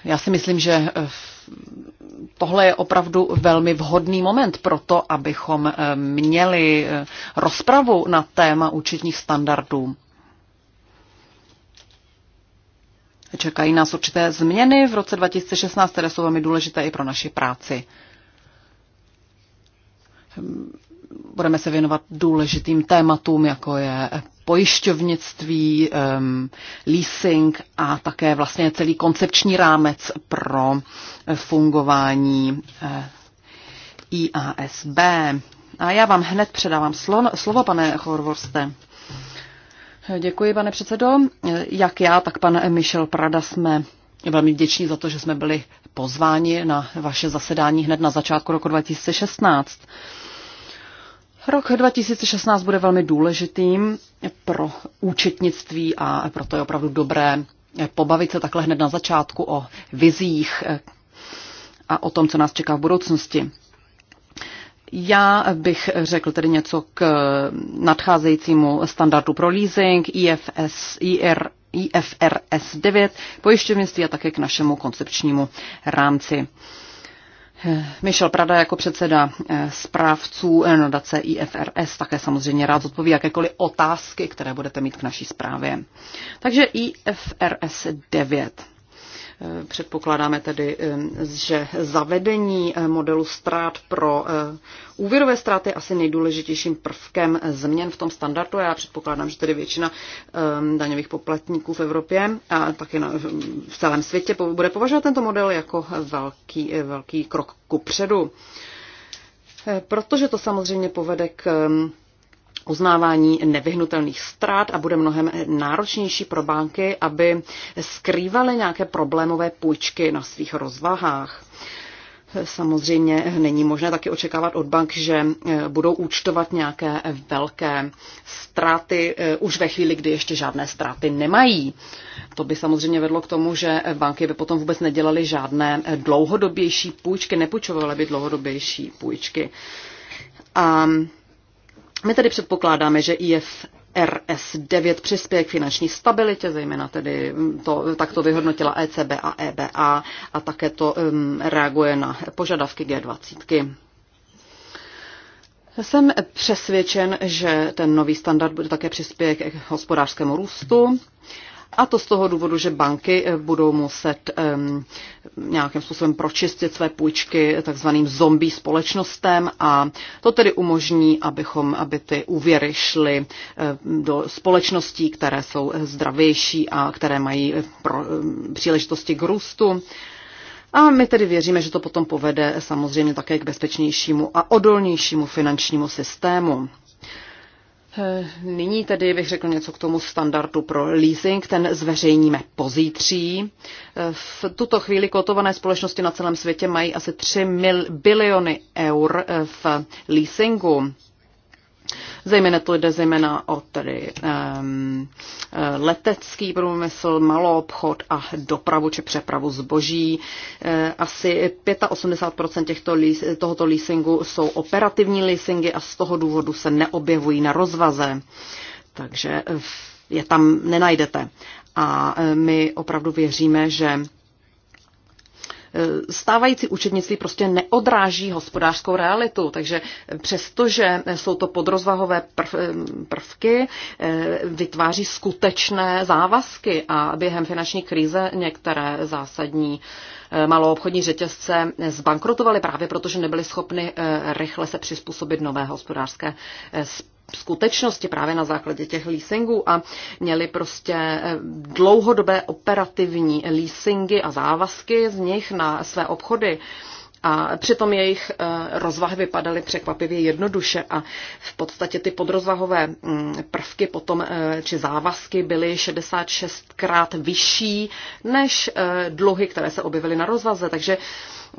Já si myslím, že eh, tohle je opravdu velmi vhodný moment pro to, abychom eh, měli eh, rozpravu na téma účetních standardů. Čekají nás určité změny v roce 2016, které jsou velmi důležité i pro naši práci budeme se věnovat důležitým tématům, jako je pojišťovnictví, leasing a také vlastně celý koncepční rámec pro fungování eh, IASB. A já vám hned předávám slovo, slovo pane Horvorste. Děkuji, pane předsedo. Jak já, tak pan Michel Prada jsme velmi vděční za to, že jsme byli pozváni na vaše zasedání hned na začátku roku 2016. Rok 2016 bude velmi důležitým pro účetnictví a proto je opravdu dobré pobavit se takhle hned na začátku o vizích a o tom, co nás čeká v budoucnosti. Já bych řekl tedy něco k nadcházejícímu standardu pro leasing, IFS, IR, IFRS 9, pojišťovnictví a také k našemu koncepčnímu rámci. Michel Prada jako předseda eh, správců eh, nadace IFRS také samozřejmě rád odpoví jakékoliv otázky, které budete mít k naší zprávě. Takže IFRS 9. Předpokládáme tedy, eh, že zavedení eh, modelu ztrát pro eh, úvěrové ztráty je asi nejdůležitějším prvkem změn v tom standardu. Já předpokládám, že tedy většina daňových poplatníků v Evropě a taky v celém světě bude považovat tento model jako velký, velký krok ku předu. Protože to samozřejmě povede k uznávání nevyhnutelných ztrát a bude mnohem náročnější pro banky, aby skrývaly nějaké problémové půjčky na svých rozvahách. Samozřejmě není možné taky očekávat od bank, že eh, budou účtovat nějaké velké ztráty eh, už ve chvíli, kdy ještě žádné ztráty nemají. To by samozřejmě vedlo k tomu, že banky by potom vůbec nedělaly žádné dlouhodobější půjčky, nepůjčovaly by dlouhodobější půjčky. A my tedy předpokládáme, že IF RS9 přispěje k finanční stabilitě, zejména tedy mm, to, tak to vyhodnotila ECB a EBA a také to um, reaguje na požadavky G20. Jsem přesvědčen, že ten nový standard bude také přispěje k hospodářskému růstu a to z toho důvodu, že banky eh, budou muset um, nějakým způsobem pročistit své půjčky takzvaným zombie společnostem a to tedy umožní, abychom, aby ty úvěry šly eh, do společností, které jsou eh, zdravější a které mají pro, příležitosti k růstu. A my tedy věříme, že to potom povede samozřejmě také k bezpečnějšímu a odolnějšímu finančnímu systému. Eh, nyní tedy bych řekl něco k tomu standardu pro leasing, ten zveřejníme pozítří. Eh, v tuto chvíli kotované společnosti na celém světě mají asi 3 mil- biliony eur eh, v leasingu. Zejména to jde zejména o tedy, um, letecký průmysl, malou obchod a dopravu či přepravu zboží. Eh, asi 85% těchto, tohoto leasingu jsou operativní leasingy a z toho důvodu se neobjevují na rozvaze. Takže je tam nenajdete. A eh, my opravdu věříme, že E, stávající účetnictví prostě neodráží hospodářskou realitu, takže přestože jsou to podrozvahové e, prvky, e, vytváří skutečné závazky a během finanční krize některé zásadní maloobchodní řetězce zbankrotovaly právě proto, že nebyly schopny rychle se přizpůsobit nové hospodářské společnosti skutečnosti právě na základě těch leasingů a měli prostě eh, dlouhodobé operativní leasingy a závazky z nich na své obchody. A přitom jejich eh, rozvahy vypadaly překvapivě jednoduše a v podstatě ty podrozvahové mm, prvky potom, eh, či závazky byly 66krát vyšší než dluhy, které se objevily na rozvaze. Takže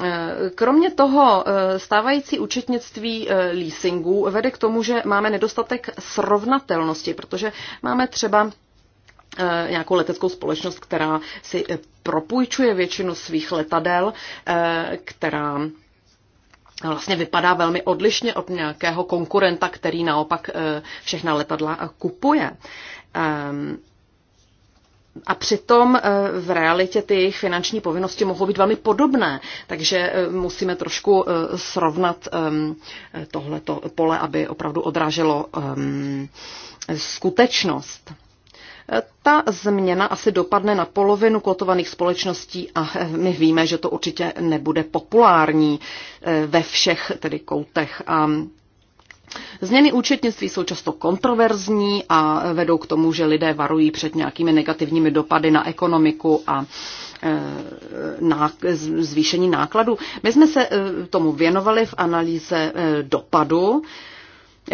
Eh, kromě toho eh, stávající účetnictví eh, leasingu vede k tomu, že máme nedostatek srovnatelnosti, protože máme třeba nějakou leteckou společnost, která si propůjčuje většinu svých letadel, která vlastně vypadá velmi odlišně od nějakého konkurenta, který naopak všechna letadla kupuje. Ehm, a přitom eh, v realitě ty jejich finanční povinnosti mohou být velmi podobné, takže eh, musíme trošku eh, srovnat ehm, tohleto pole, aby opravdu odráželo ehm, skutečnost. Ta změna asi dopadne na polovinu kotovaných společností a my víme, že to určitě nebude populární ve všech tedy koutech. A Změny účetnictví jsou často kontroverzní a vedou k tomu, že lidé varují před nějakými negativními dopady na ekonomiku a e, na zvýšení nákladů. My jsme se e, tomu věnovali v analýze e, dopadu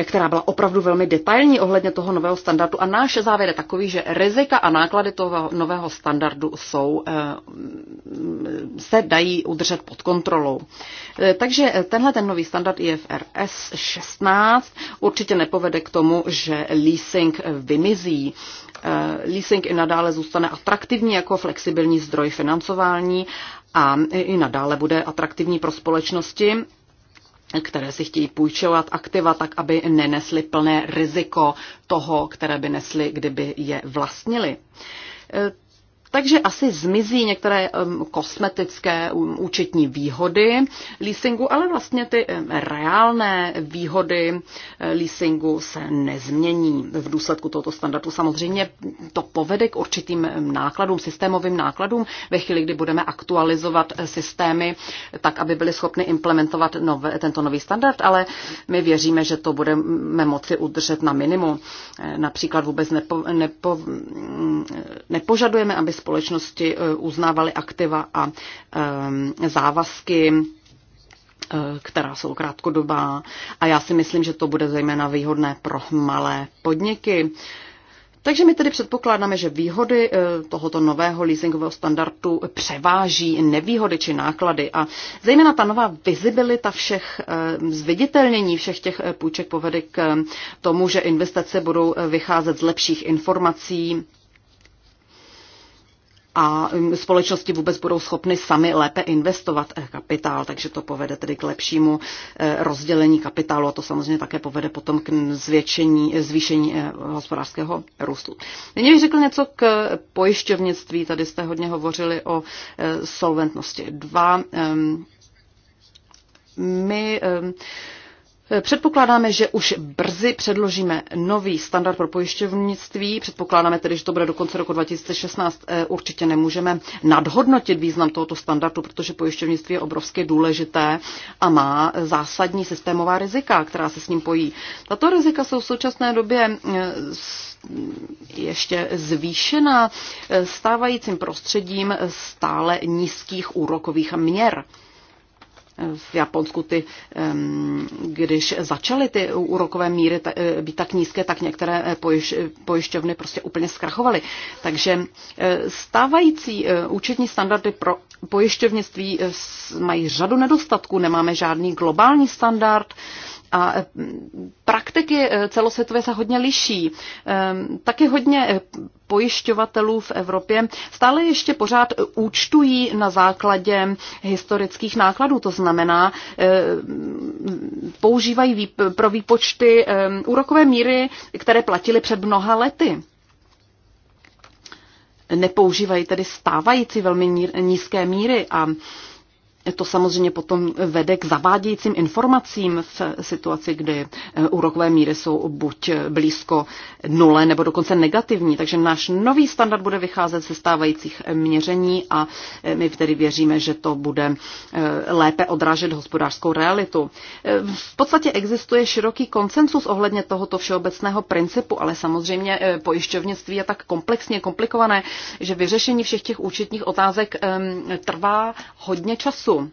která byla opravdu velmi detailní ohledně toho nového standardu a náš závěr je takový, že rizika a náklady toho nového standardu jsou, eh, mm, se dají udržet pod kontrolou. Eh, takže tenhle ten nový standard IFRS 16 určitě nepovede k tomu, že leasing vymizí. Eh, leasing i nadále zůstane atraktivní jako flexibilní zdroj financování a i nadále bude atraktivní pro společnosti, které si chtějí půjčovat aktiva tak, aby nenesly plné riziko toho, které by nesly, kdyby je vlastnili. Takže asi zmizí některé kosmetické účetní výhody leasingu, ale vlastně ty reálné výhody eh, leasingu se nezmění v důsledku tohoto standardu. Samozřejmě to povede k určitým nákladům, systémovým nákladům ve chvíli, kdy budeme aktualizovat eh, systémy tak, aby byly schopny implementovat nové, tento nový standard, ale my věříme, že to budeme moci udržet na minimum. Eh, například vůbec nepo, nepo, mm, nepožadujeme, aby společnosti eh, uznávaly aktiva a eh, závazky eh, která jsou krátkodobá a já si myslím, že to bude zejména výhodné pro malé podniky. Takže my tedy předpokládáme, že výhody tohoto nového leasingového standardu převáží nevýhody či náklady a zejména ta nová vizibilita všech zviditelnění všech těch půjček povede k tomu, že investice budou vycházet z lepších informací, a mm, společnosti vůbec budou schopny sami lépe investovat eh, kapitál, takže to povede tedy k lepšímu eh, rozdělení kapitálu a to samozřejmě také povede potom k zvětšení, zvýšení eh, hospodářského růstu. Nyní bych řekl něco k pojišťovnictví, tady jste hodně hovořili o solventnosti Dva, ehm, My ehm, Předpokládáme, že už brzy předložíme nový standard pro pojišťovnictví. Předpokládáme tedy, že to bude do konce roku 2016. Eh, určitě nemůžeme nadhodnotit význam tohoto standardu, protože pojišťovnictví je obrovsky důležité a má zásadní systémová rizika, která se s ním pojí. Tato rizika jsou v současné době eh, ještě zvýšena eh, stávajícím prostředím stále nízkých úrokových měr v Japonsku ty, když začaly ty úrokové míry e, být tak nízké, tak některé e, e, pojišťovny prostě úplně zkrachovaly. Takže stávající účetní standardy pro pojišťovnictví mají řadu nedostatků, nemáme žádný globální standard, a e, praktiky e, celosvětově se hodně liší. E, taky hodně pojišťovatelů v Evropě stále ještě pořád účtují na základě historických nákladů. To znamená, používají pro výpočty úrokové míry, které platili před mnoha lety nepoužívají tedy stávající velmi nízké míry a to samozřejmě potom vede k zavádějícím informacím v situaci, kdy eh, úrokové míry jsou buď blízko nule nebo dokonce negativní. Takže náš nový standard bude vycházet ze stávajících eh, měření a eh, my tedy věříme, že to bude lépe odrážet hospodářskou realitu. V podstatě existuje široký konsensus ohledně tohoto všeobecného principu, ale samozřejmě pojišťovnictví je tak komplexně komplikované, že vyřešení všech těch účetních otázek ehm, trvá hodně času sportu.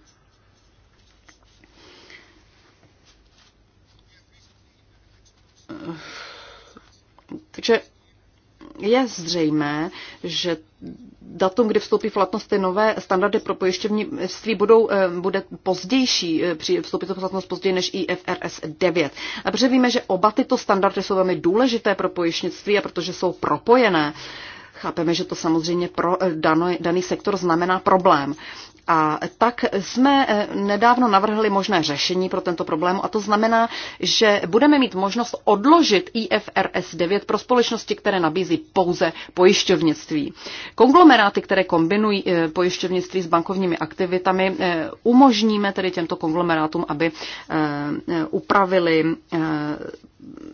Takže je zřejmé, že datum, kdy vstoupí v platnost ty nové standardy pro pojišťovnictví, budou, eh, bude pozdější, eh, při vstoupit v platnost později než IFRS 9. A protože víme, že oba tyto standardy jsou velmi důležité pro pojišťnictví a protože jsou propojené, Chápeme, že to samozřejmě pro eh, dano, daný sektor znamená problém. A tak jsme eh, nedávno navrhli možné řešení pro tento problém a to znamená, že budeme mít možnost odložit IFRS 9 pro společnosti, které nabízí pouze pojišťovnictví. Konglomeráty, které kombinují eh, pojišťovnictví s bankovními aktivitami, umožníme tedy těmto konglomerátům, aby upravili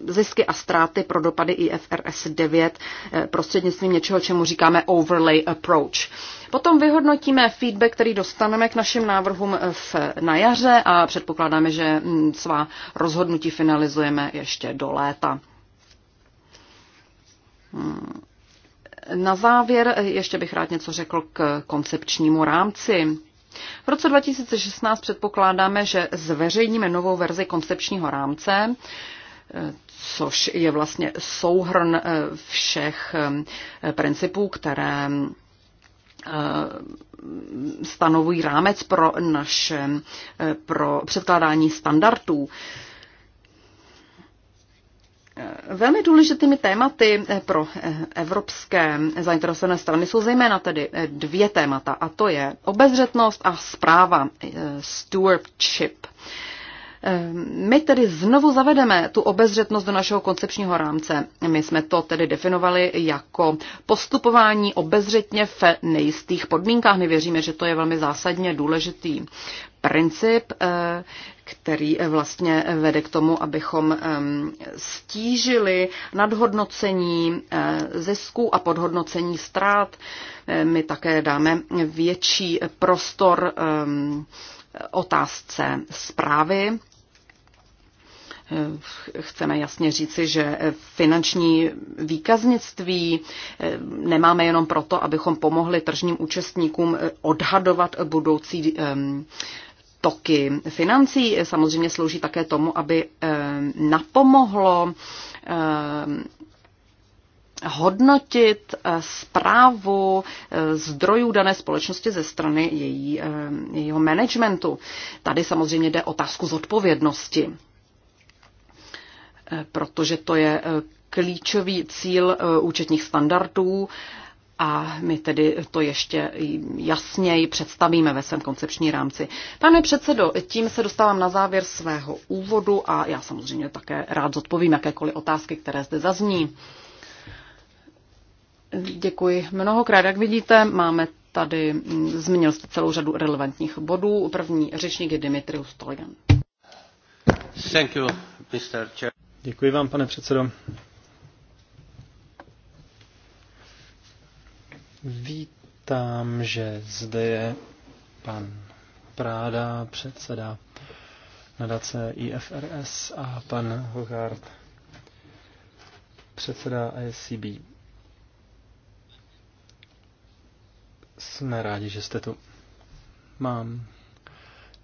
zisky a ztráty pro dopady IFRS 9 eh, prostřednictvím něčeho, čemu říkáme overlay approach. Potom vyhodnotíme feedback, který dostaneme k našim návrhům v, na jaře a předpokládáme, že mm, svá rozhodnutí finalizujeme ještě do léta. Hmm. Na závěr eh, ještě bych rád něco řekl k koncepčnímu rámci. V roce 2016 předpokládáme, že zveřejníme novou verzi koncepčního rámce, což je vlastně souhrn eh, všech eh, principů, které eh, stanovují rámec pro naše pro předkládání standardů. Velmi důležitými tématy pro evropské zainteresované strany jsou zejména tedy dvě témata, a to je obezřetnost a zpráva, stewardship. Eh, my tedy znovu zavedeme tu obezřetnost do našeho koncepčního rámce. My jsme to tedy definovali jako postupování obezřetně v nejistých podmínkách. My věříme, že to je velmi zásadně důležitý princip, eh, který vlastně vede k tomu, abychom ehm, stížili nadhodnocení eh, zisků a podhodnocení ztrát. My také dáme větší prostor ehm, otázce zprávy. Chceme jasně říci, že finanční výkaznictví eh, nemáme jenom proto, abychom pomohli tržním účastníkům eh, odhadovat budoucí ehm, toky financí. Samozřejmě slouží také tomu, aby ehm, napomohlo ehm, hodnotit eh, zprávu eh, zdrojů dané společnosti ze strany její, eh, jejího managementu. Tady samozřejmě jde otázku zodpovědnosti, protože to je klíčový cíl účetních standardů a my tedy to ještě jasněji představíme ve svém koncepční rámci. Pane předsedo, tím se dostávám na závěr svého úvodu a já samozřejmě také rád zodpovím jakékoliv otázky, které zde zazní. Děkuji mnohokrát. Jak vidíte, máme tady, mm, zmínil jste celou řadu relevantních bodů. První řečník je Dimitrius Tolian. Thank you, Mr. Chair. Děkuji vám, pane předsedo. Vítám, že zde je pan Práda, předseda nadace IFRS a pan Hogard, předseda ICB. Jsme rádi, že jste tu. Mám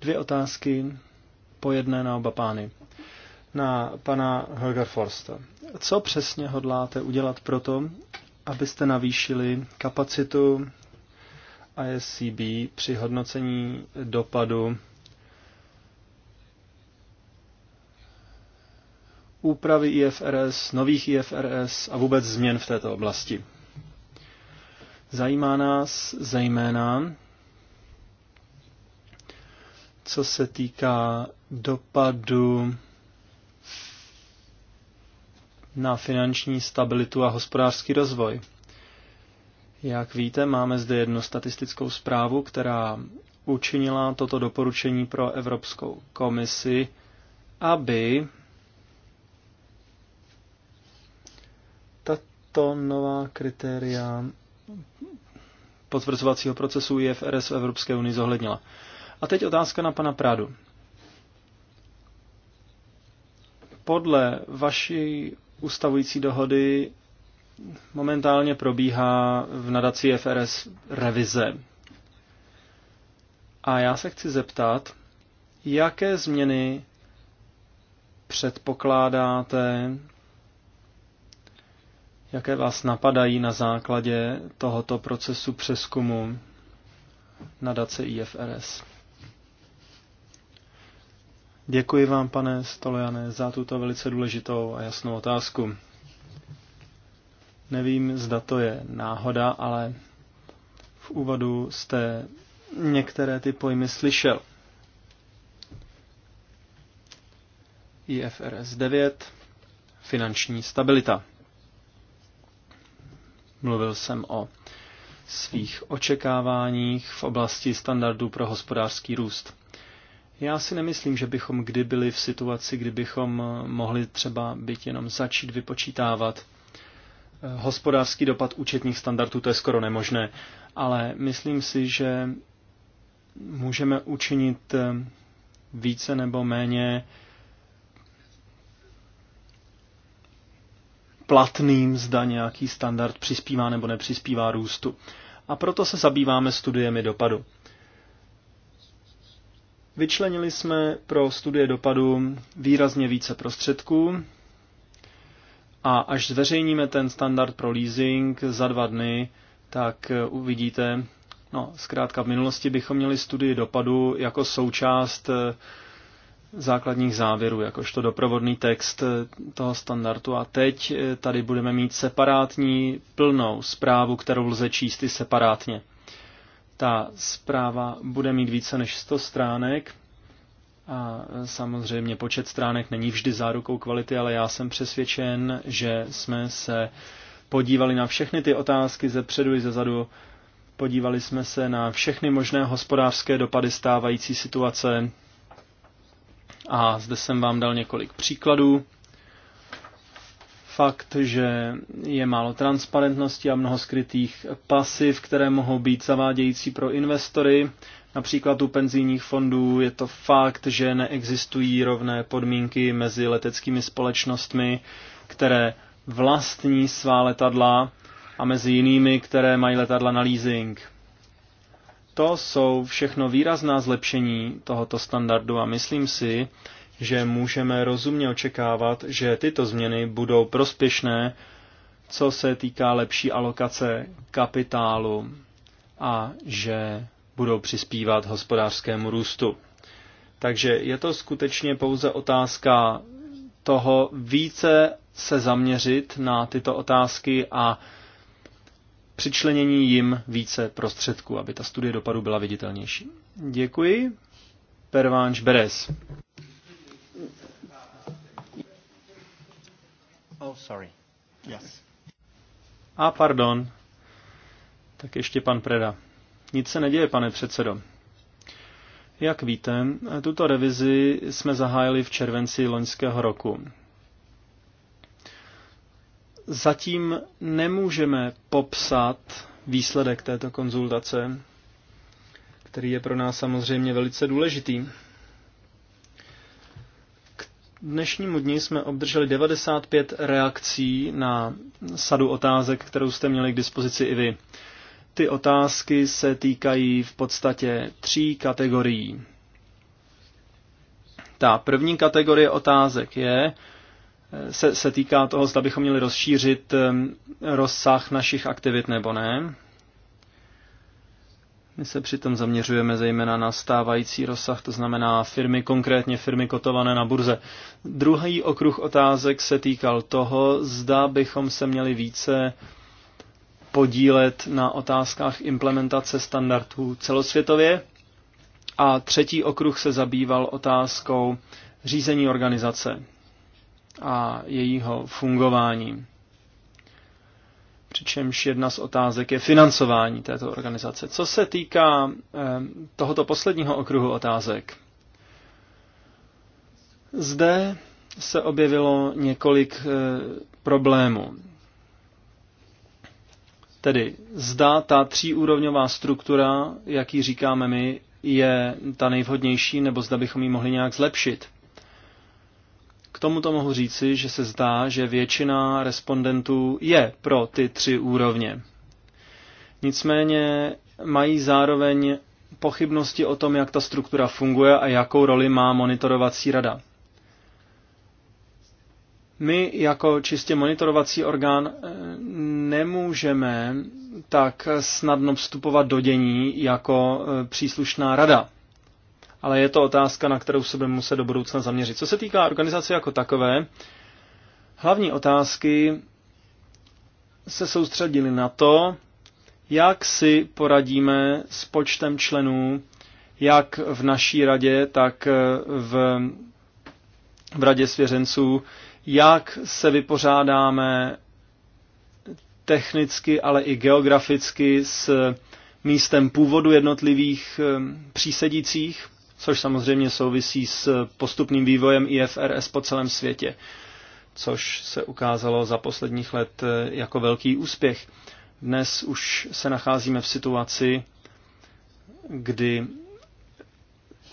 dvě otázky, po jedné na oba pány. Na pana Holger Forsta. Co přesně hodláte udělat pro to, abyste navýšili kapacitu ISCB při hodnocení dopadu úpravy IFRS, nových IFRS a vůbec změn v této oblasti. Zajímá nás zejména, co se týká dopadu na finanční stabilitu a hospodářský rozvoj. Jak víte, máme zde jednu statistickou zprávu, která učinila toto doporučení pro Evropskou komisi, aby tato nová kritéria potvrzovacího procesu IFRS v Evropské unii zohlednila. A teď otázka na pana Prádu. Podle vaší ustavující dohody momentálně probíhá v nadaci FRS revize. A já se chci zeptat, jaké změny předpokládáte jaké vás napadají na základě tohoto procesu přeskumu nadace IFRS. Děkuji vám, pane Stolojane, za tuto velice důležitou a jasnou otázku. Nevím, zda to je náhoda, ale v úvodu jste některé ty pojmy slyšel. IFRS 9, finanční stabilita. Mluvil jsem o svých očekáváních v oblasti standardů pro hospodářský růst. Já si nemyslím, že bychom kdy byli v situaci, kdybychom mohli třeba byt jenom začít vypočítávat eh, hospodářský dopad účetních standardů, to je skoro nemožné, ale myslím si, že můžeme učinit eh, více nebo méně platným, zda nějaký standard přispívá nebo nepřispívá růstu. A proto se zabýváme studiemi dopadu. Vyčlenili jsme pro studie dopadu výrazně více prostředků a až zveřejníme ten standard pro leasing za dva dny, tak uvidíte, no zkrátka v minulosti bychom měli studii dopadu jako součást základních závěrů, jakožto doprovodný text eh, toho standardu. A teď eh, tady budeme mít separátní plnou zprávu, kterou lze číst i separátně. Ta zpráva bude mít více než 100 stránek a eh, samozřejmě počet stránek není vždy zárukou kvality, ale já jsem přesvědčen, že jsme se podívali na všechny ty otázky ze předu i ze zadu, podívali jsme se na všechny možné hospodářské dopady stávající situace, a zde jsem vám dal několik příkladů. Fakt, že je málo transparentnosti a mnoho skrytých pasiv, které mohou být zavádějící pro investory. Například u penzijních fondů je to fakt, že neexistují rovné podmínky mezi leteckými společnostmi, které vlastní svá letadla a mezi jinými, které mají letadla na leasing. To jsou všechno výrazná zlepšení tohoto standardu a myslím si, že můžeme rozumně očekávat, že tyto změny budou prospěšné, co se týká lepší alokace kapitálu a že budou přispívat hospodářskému růstu. Takže je to skutečně pouze otázka toho více se zaměřit na tyto otázky a přičlenění jim více prostředků, aby ta studie dopadu byla viditelnější. Děkuji. Pervánč Beres. Oh, sorry. Yes. A pardon. Tak ještě pan Preda. Nic se neděje, pane předsedo. Jak víte, tuto revizi jsme zahájili v červenci loňského roku. Zatím nemůžeme popsat výsledek této konzultace, který je pro nás samozřejmě velice důležitý. K dnešnímu dni jsme obdrželi 95 reakcí na sadu otázek, kterou jste měli k dispozici i vy. Ty otázky se týkají v podstatě tří kategorií. Ta první kategorie otázek je, se, se týká toho, zda bychom měli rozšířit rozsah našich aktivit nebo ne. My se přitom zaměřujeme zejména na stávající rozsah, to znamená firmy, konkrétně firmy kotované na burze. Druhý okruh otázek se týkal toho, zda bychom se měli více podílet na otázkách implementace standardů celosvětově. A třetí okruh se zabýval otázkou řízení organizace a jejího fungování. Přičemž jedna z otázek je financování této organizace. Co se týká eh, tohoto posledního okruhu otázek, zde se objevilo několik eh, problémů. Tedy zda ta tříúrovňová struktura, jak ji říkáme my, je ta nejvhodnější, nebo zda bychom ji mohli nějak zlepšit tomuto mohu říci, že se zdá, že většina respondentů je pro ty tři úrovně. Nicméně mají zároveň pochybnosti o tom, jak ta struktura funguje a jakou roli má monitorovací rada. My jako čistě monitorovací orgán eh, nemůžeme tak snadno vstupovat do dění jako eh, příslušná rada ale je to otázka, na kterou se budeme muset do budoucna zaměřit. Co se týká organizace jako takové, hlavní otázky se soustředily na to, jak si poradíme s počtem členů, jak v naší radě, tak v, v radě svěřenců, jak se vypořádáme technicky, ale i geograficky s místem původu jednotlivých eh, přísedících což samozřejmě souvisí s postupným vývojem IFRS po celém světě, což se ukázalo za posledních let eh, jako velký úspěch. Dnes už se nacházíme v situaci, kdy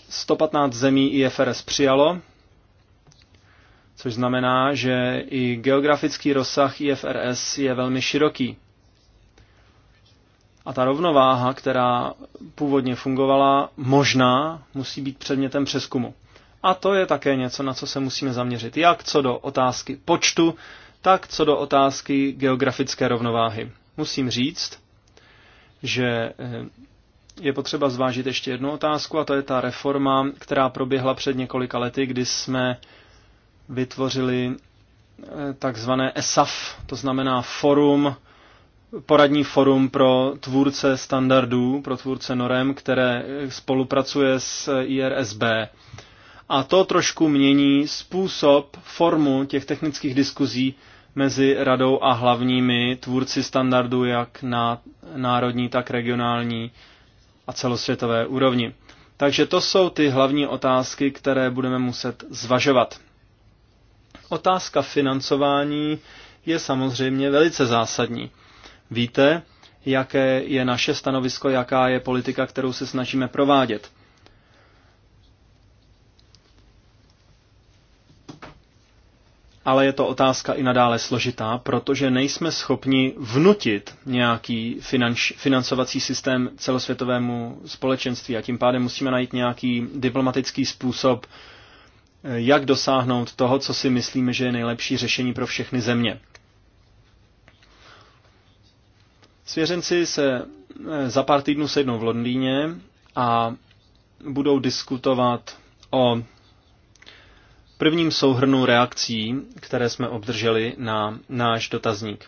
115 zemí IFRS přijalo, což znamená, že i geografický rozsah IFRS je velmi široký. A ta rovnováha, která původně fungovala, možná musí být předmětem přeskumu. A to je také něco, na co se musíme zaměřit. Jak co do otázky počtu, tak co do otázky geografické rovnováhy. Musím říct, že eh, je potřeba zvážit ještě jednu otázku, a to je ta reforma, která proběhla před několika lety, kdy jsme vytvořili eh, takzvané ESAF, to znamená Forum poradní forum pro tvůrce standardů, pro tvůrce norem, které spolupracuje s IRSB. A to trošku mění způsob, formu těch technických diskuzí mezi radou a hlavními tvůrci standardů, jak na národní, tak regionální a celosvětové úrovni. Takže to jsou ty hlavní otázky, které budeme muset zvažovat. Otázka financování je samozřejmě velice zásadní. Víte, jaké je naše stanovisko, jaká je politika, kterou se snažíme provádět. ale je to otázka i nadále složitá, protože nejsme schopni vnutit nějaký finanč, financovací systém celosvětovému společenství a tím pádem musíme najít nějaký diplomatický způsob, eh, jak dosáhnout toho, co si myslíme, že je nejlepší řešení pro všechny země. Svěřenci se eh, za pár týdnů sednou v Londýně a budou diskutovat o prvním souhrnu reakcí, které jsme obdrželi na náš dotazník.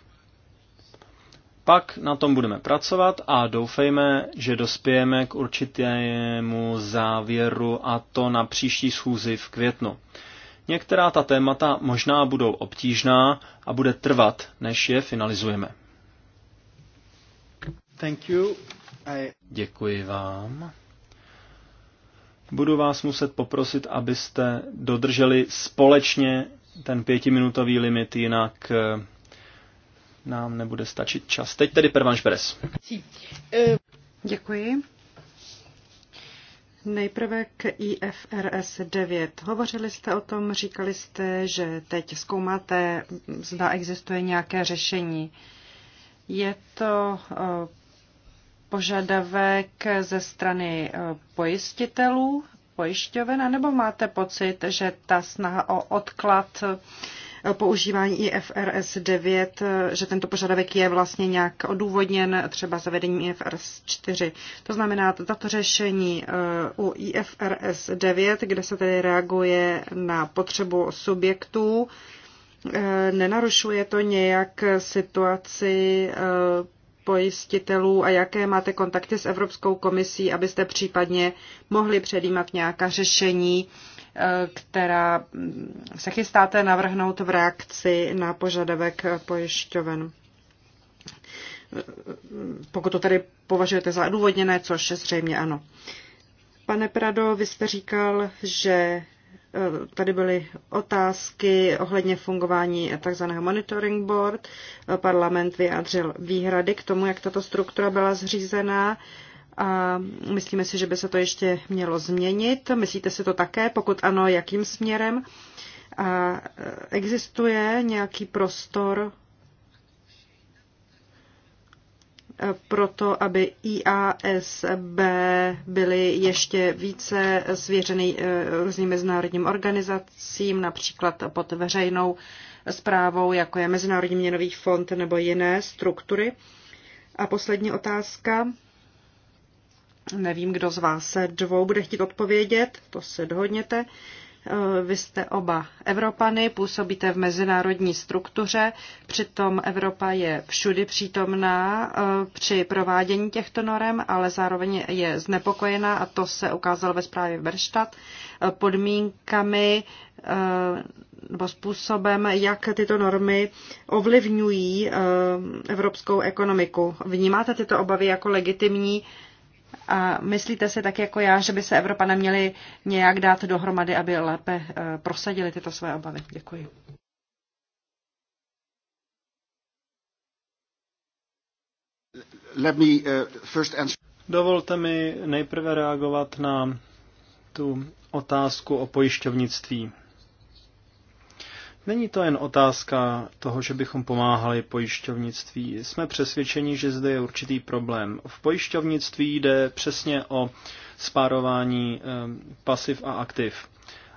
Pak na tom budeme pracovat a doufejme, že dospějeme k určitému závěru a to na příští schůzi v květnu. Některá ta témata možná budou obtížná a bude trvat, než je finalizujeme. Děkuji vám. Budu vás muset poprosit, abyste dodrželi společně ten pětiminutový limit, jinak eh, nám nebude stačit čas. Teď tedy Pervanš Beres. Eh. Děkuji. Nejprve k IFRS 9. Hovořili jste o tom, říkali jste, že teď zkoumáte, zda existuje nějaké řešení. Je to eh, požadavek ze strany eh, pojistitelů, pojišťoven, nebo máte pocit, že ta snaha o odklad eh, používání IFRS 9, eh, že tento požadavek je vlastně nějak odůvodněn třeba zavedením IFRS 4. To znamená, tato řešení u IFRS 9, kde se tedy reaguje na potřebu subjektů, nenarušuje to nějak situaci pojistitelů a jaké máte kontakty s Evropskou komisí, abyste případně mohli předjímat nějaká řešení, eh, která mm, se chystáte navrhnout v reakci na požadavek pojišťoven. Pokud to tedy považujete za odůvodněné, což zřejmě ano. Pane Prado, vy jste říkal, že Eh, tady byly otázky ohledně fungování tzv. monitoring board. Eh, parlament vyjádřil výhrady k tomu, jak tato struktura byla zřízená a myslíme si, že by se to ještě mělo změnit. Myslíte si to také? Pokud ano, jakým směrem? A eh, existuje nějaký prostor proto, aby IASB byly ještě více svěřeny eh, různým mezinárodním organizacím, například pod veřejnou zprávou, jako je Mezinárodní měnový fond nebo jiné struktury. A poslední otázka. Nevím, kdo z vás se dvou bude chtít odpovědět, to se dohodněte. Uh, Eh, vy jste oba Evropany, působíte v mezinárodní struktuře, přitom Evropa je všudy přítomná eh, při provádění těchto norem, ale zároveň je znepokojená, a to se ukázalo ve zprávě Verštat, eh, podmínkami nebo způsobem, jak tyto normy ovlivňují evropskou ekonomiku. Vnímáte tyto obavy jako legitimní? A myslíte si tak jako já, že by se Evropa neměli nějak dát dohromady, aby lépe eh, prosadili tyto své obavy? Děkuji. Let me, uh, first answer. Dovolte mi nejprve reagovat na tu otázku o pojišťovnictví. Není to jen otázka toho, že bychom pomáhali pojišťovnictví. Jsme přesvědčeni, že zde je určitý problém. V pojišťovnictví jde přesně o spárování eh, pasiv a aktiv.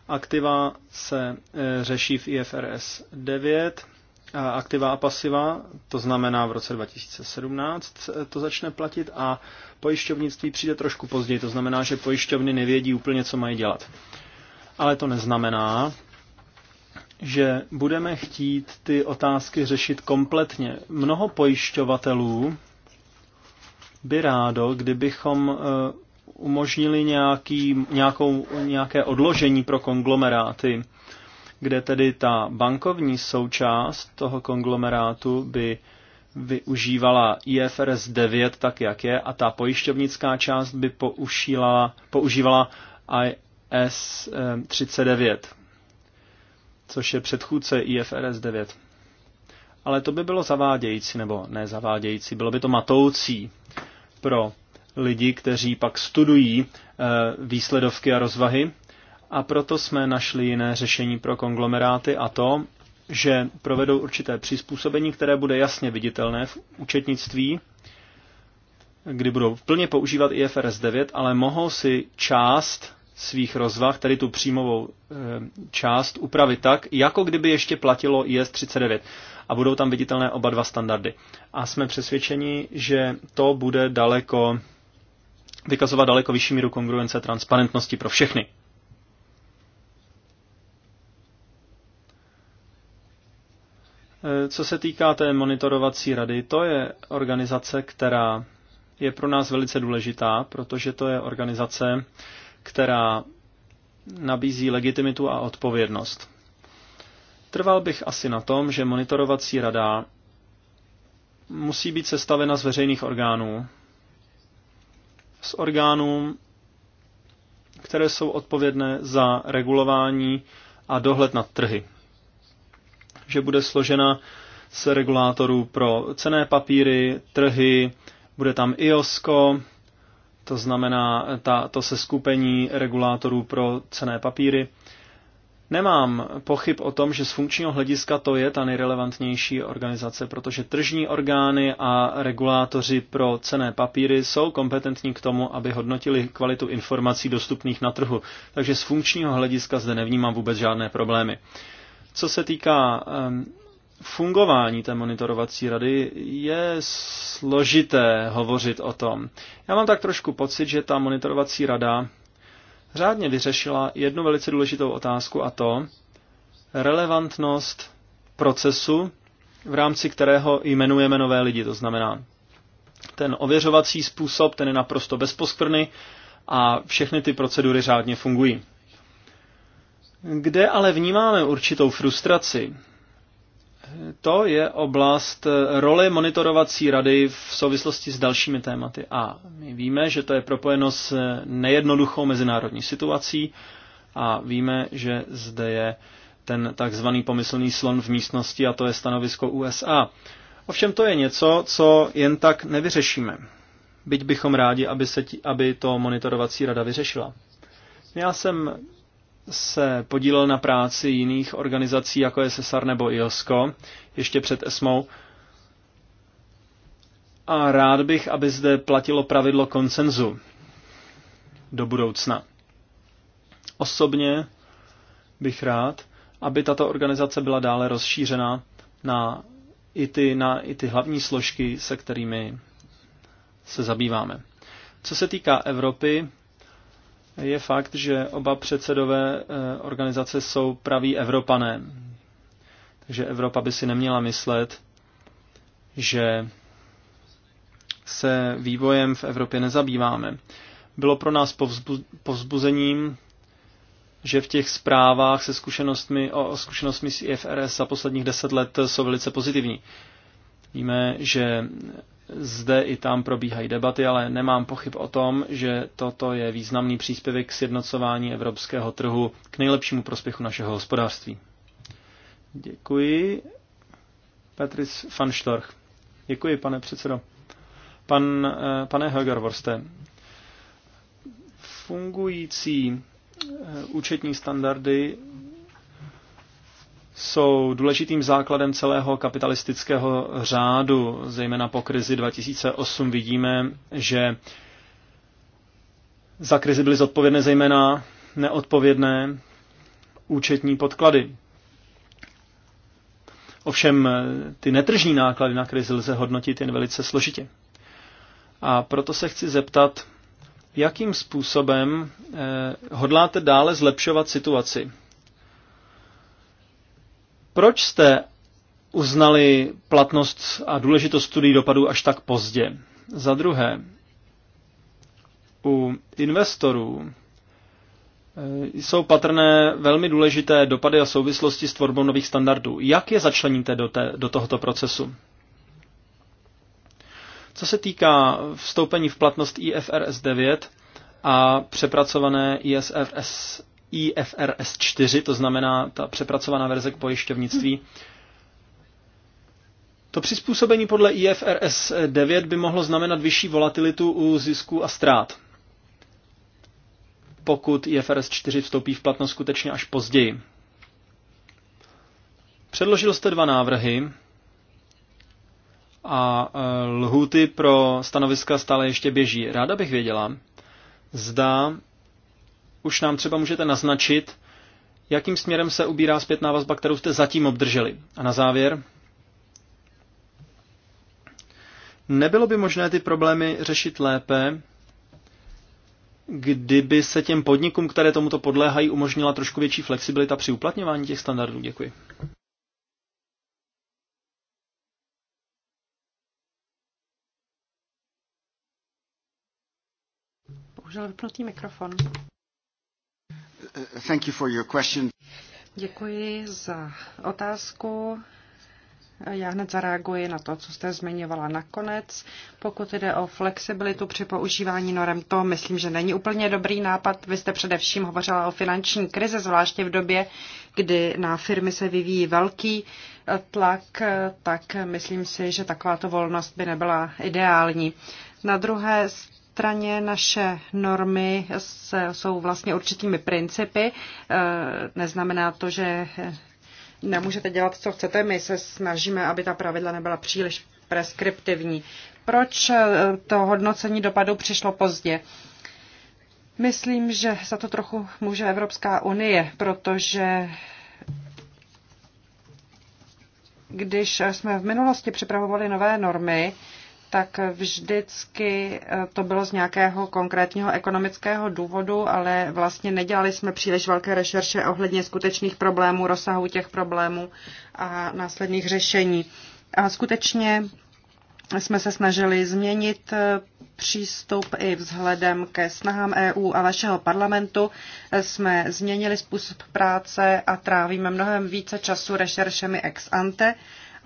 Aktiva se eh, řeší v IFRS 9, aktiva a pasiva, to znamená v roce 2017 eh, to začne platit a pojišťovnictví přijde trošku později, to znamená, že pojišťovny nevědí úplně, co mají dělat. Ale to neznamená, že budeme chtít ty otázky řešit kompletně. Mnoho pojišťovatelů by rádo, kdybychom eh, umožnili nějaký, nějakou, nějaké odložení pro konglomeráty, kde tedy ta bankovní součást toho konglomerátu by využívala IFRS 9 tak, jak je, a ta pojišťovnická část by používala, IS 39. Eh, což je předchůdce IFRS 9. Ale to by bylo zavádějící, nebo ne zavádějící, bylo by to matoucí pro lidi, kteří pak studují eh, výsledovky a rozvahy. A proto jsme našli jiné řešení pro konglomeráty a to, že provedou určité přizpůsobení, které bude jasně viditelné v účetnictví, kdy budou plně používat IFRS 9, ale mohou si část svých rozvah, tedy tu příjmovou eh, část, upravit tak, jako kdyby ještě platilo IS 39 a budou tam viditelné oba dva standardy. A jsme přesvědčeni, že to bude daleko vykazovat daleko vyšší míru kongruence transparentnosti pro všechny. Eh, co se týká té monitorovací rady, to je organizace, která je pro nás velice důležitá, protože to je organizace, která nabízí legitimitu a odpovědnost. Trval bych asi na tom, že monitorovací rada musí být sestavena z veřejných orgánů, z orgánů, které jsou odpovědné za regulování a dohled nad trhy. Že bude složena z regulátorů pro cené papíry, trhy, bude tam IOSCO, to znamená ta, to seskupení regulátorů pro cené papíry. Nemám pochyb o tom, že z funkčního hlediska to je ta nejrelevantnější organizace, protože tržní orgány a regulátoři pro cené papíry jsou kompetentní k tomu, aby hodnotili kvalitu informací dostupných na trhu. Takže z funkčního hlediska zde nevnímám vůbec žádné problémy. Co se týká um, fungování té monitorovací rady je složité hovořit o tom. Já mám tak trošku pocit, že ta monitorovací rada řádně vyřešila jednu velice důležitou otázku a to relevantnost procesu, v rámci kterého jmenujeme nové lidi. To znamená, ten ověřovací způsob, ten je naprosto bezposkvrny a všechny ty procedury řádně fungují. Kde ale vnímáme určitou frustraci, to je oblast eh, role monitorovací rady v souvislosti s dalšími tématy. A my víme, že to je propojeno s eh, nejednoduchou mezinárodní situací a víme, že zde je ten takzvaný pomyslný slon v místnosti a to je stanovisko USA. Ovšem to je něco, co jen tak nevyřešíme. Byť bychom rádi, aby, se tí, aby to monitorovací rada vyřešila. Já jsem se podílel na práci jiných organizací, jako je SESAR nebo IOSCO, ještě před ESMou. A rád bych, aby zde platilo pravidlo konsenzu do budoucna. Osobně bych rád, aby tato organizace byla dále rozšířena na i ty, na i ty hlavní složky, se kterými se zabýváme. Co se týká Evropy, je fakt, že oba předsedové eh, organizace jsou praví Evropané. Takže Evropa by si neměla myslet, že se vývojem v Evropě nezabýváme. Bylo pro nás povzbuzením, že v těch zprávách se zkušenostmi, o zkušenostmi s IFRS za posledních deset let jsou velice pozitivní. Víme, že zde i tam probíhají debaty, ale nemám pochyb o tom, že toto je významný příspěvek k sjednocování evropského trhu k nejlepšímu prospěchu našeho hospodářství. Děkuji. Petris van Storch. Děkuji, pane předsedo. Pan, eh, pane Högervorste, fungující eh, účetní standardy jsou důležitým základem celého kapitalistického řádu. Zejména po krizi 2008 vidíme, že za krizi byly zodpovědné zejména neodpovědné účetní podklady. Ovšem ty netržní náklady na krizi lze hodnotit jen velice složitě. A proto se chci zeptat, jakým způsobem eh, hodláte dále zlepšovat situaci proč jste uznali platnost a důležitost studií dopadů až tak pozdě? Za druhé, u investorů eh, jsou patrné velmi důležité dopady a souvislosti s tvorbou nových standardů. Jak je začleníte do, té, do tohoto procesu? Co se týká vstoupení v platnost IFRS 9 a přepracované ISFS IFRS 4, to znamená ta přepracovaná verze k pojišťovnictví. To přizpůsobení podle IFRS 9 by mohlo znamenat vyšší volatilitu u zisků a ztrát, pokud IFRS 4 vstoupí v platnost skutečně až později. Předložil jste dva návrhy a e, lhuty pro stanoviska stále ještě běží. Ráda bych věděla, zda už nám třeba můžete naznačit, jakým směrem se ubírá zpětná vazba, kterou jste zatím obdrželi. A na závěr, nebylo by možné ty problémy řešit lépe, kdyby se těm podnikům, které tomuto podléhají, umožnila trošku větší flexibilita při uplatňování těch standardů? Děkuji. Bohužel vypnutý mikrofon thank you for your question. Děkuji za otázku. Já hned zareaguji na to, co jste zmiňovala nakonec. Pokud jde o flexibilitu při používání norem, to myslím, že není úplně dobrý nápad. Vy jste především hovořila o finanční krizi, zvláště v době, kdy na firmy se vyvíjí velký eh, tlak, eh, tak myslím si, že takováto volnost by nebyla ideální. Na druhé straně naše normy jsou vlastně určitými principy. E, neznamená to, že nemůžete dělat, co chcete. My se snažíme, aby ta pravidla nebyla příliš preskriptivní. Proč e, to hodnocení dopadu přišlo pozdě? Myslím, že za to trochu může Evropská unie, protože když jsme v minulosti připravovali nové normy, tak vždycky eh, to bylo z nějakého konkrétního ekonomického důvodu, ale vlastně nedělali jsme příliš velké rešerše ohledně skutečných problémů, rozsahu těch problémů a následných řešení. A skutečně jsme se snažili změnit eh, přístup i vzhledem ke snahám EU a vašeho parlamentu. Eh, jsme změnili způsob práce a trávíme mnohem více času rešeršemi ex ante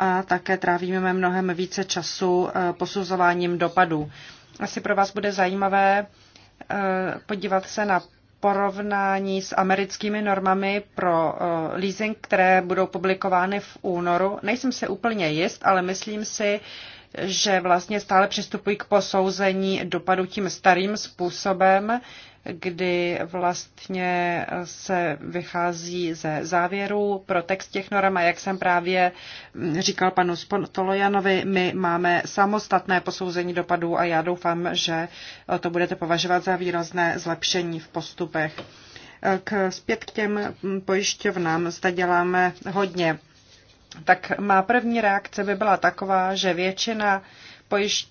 a také trávíme mnohem více času eh, posuzováním dopadů. Asi pro vás bude zajímavé eh, podívat se na porovnání s americkými normami pro eh, leasing, které budou publikovány v únoru. Nejsem si úplně jist, ale myslím si, že vlastně stále přistupují k posouzení dopadu tím starým způsobem, kdy vlastně se vychází ze závěrů pro text těch norm a jak jsem právě mm, říkal panu Tolojanovi, my máme samostatné posouzení dopadů a já doufám, že to budete považovat za výrazné zlepšení v postupech. K, zpět k těm pojišťovnám zde děláme hodně tak má první reakce by byla taková, že většina pojišť,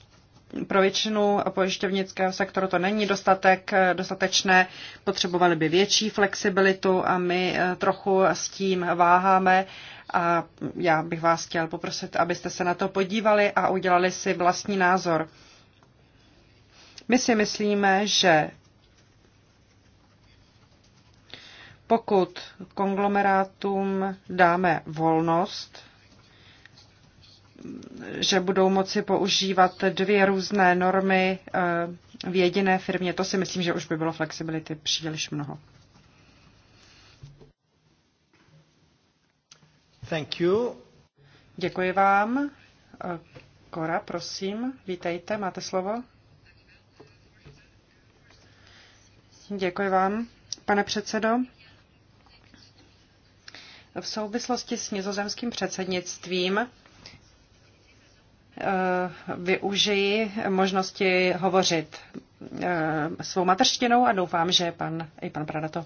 pro většinu pojišťovnického sektoru to není dostatek, eh, dostatečné, potřebovali by větší flexibilitu a my eh, trochu s tím váháme a já bych vás chtěl poprosit, abyste se na to podívali a udělali si vlastní názor. My si myslíme, že Pokud konglomerátům dáme volnost, že budou moci používat dvě různé normy eh, v jediné firmě, to si myslím, že už by bylo flexibility příliš mnoho. Thank you. Děkuji vám. Eh, Kora, prosím, vítejte, máte slovo. Děkuji vám, pane předsedo. V souvislosti s nizozemským předsednictvím eh, využiji možnosti hovořit eh, svou mateřštinou a doufám, že pan, i pan Prada to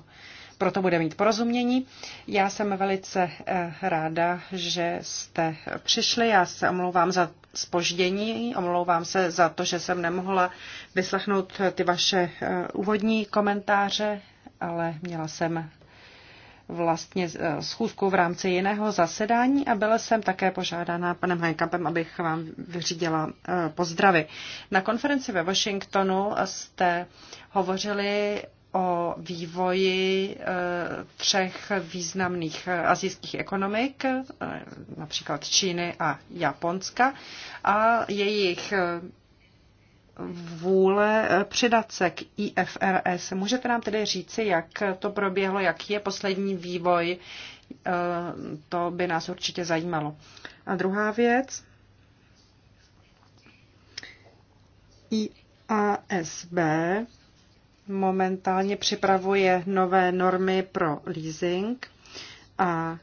proto bude mít porozumění. Já jsem velice eh, ráda, že jste přišli. Já se omlouvám za spoždění, omlouvám se za to, že jsem nemohla vyslechnout ty vaše úvodní komentáře, ale měla jsem vlastně eh, schůzku v rámci jiného zasedání a byla jsem také požádána panem Heinkampem, abych vám vyřídila eh, pozdravy. Na konferenci ve Washingtonu jste hovořili o vývoji eh, třech významných azijských ekonomik, například Číny a Japonska, a jejich vůle eh, přidat se k IFRS. Můžete nám tedy říci, jak to proběhlo, jaký je poslední vývoj? Eh, to by nás určitě zajímalo. A druhá věc. IASB momentálně připravuje nové normy pro leasing a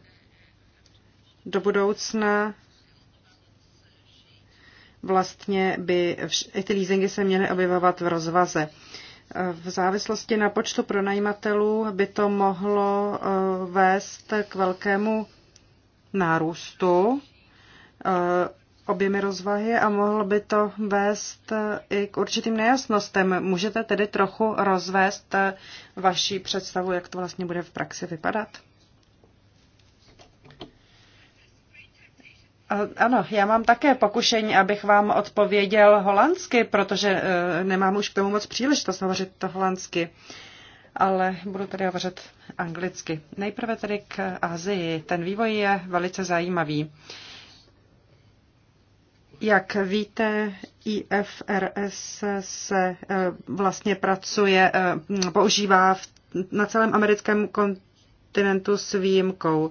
do budoucna vlastně by i ty leasingy se měly objevovat v rozvaze. V závislosti na počtu pronajímatelů by to mohlo eh, vést k velkému nárůstu eh, objemy rozvahy a mohlo by to vést eh, i k určitým nejasnostem. Můžete tedy trochu rozvést vaši představu, jak to vlastně bude v praxi vypadat? Ano, já mám také pokušení, abych vám odpověděl holandsky, protože e, nemám už k tomu moc příležitost hovořit to holandsky, ale budu tady hovořit anglicky. Nejprve tedy k Azii. Ten vývoj je velice zajímavý. Jak víte, IFRS se e, vlastně pracuje, e, používá na celém americkém kontinentu s výjimkou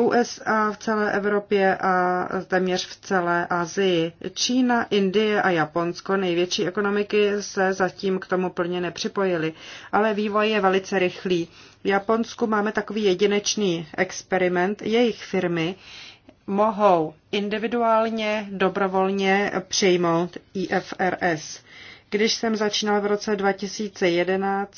USA v celé Evropě a téměř v celé Asii. Čína, Indie a Japonsko, největší ekonomiky, se zatím k tomu plně nepřipojily, ale vývoj je velice rychlý. V Japonsku máme takový jedinečný experiment. Jejich firmy mohou individuálně, dobrovolně přijmout IFRS. Když jsem začínal v roce 2011,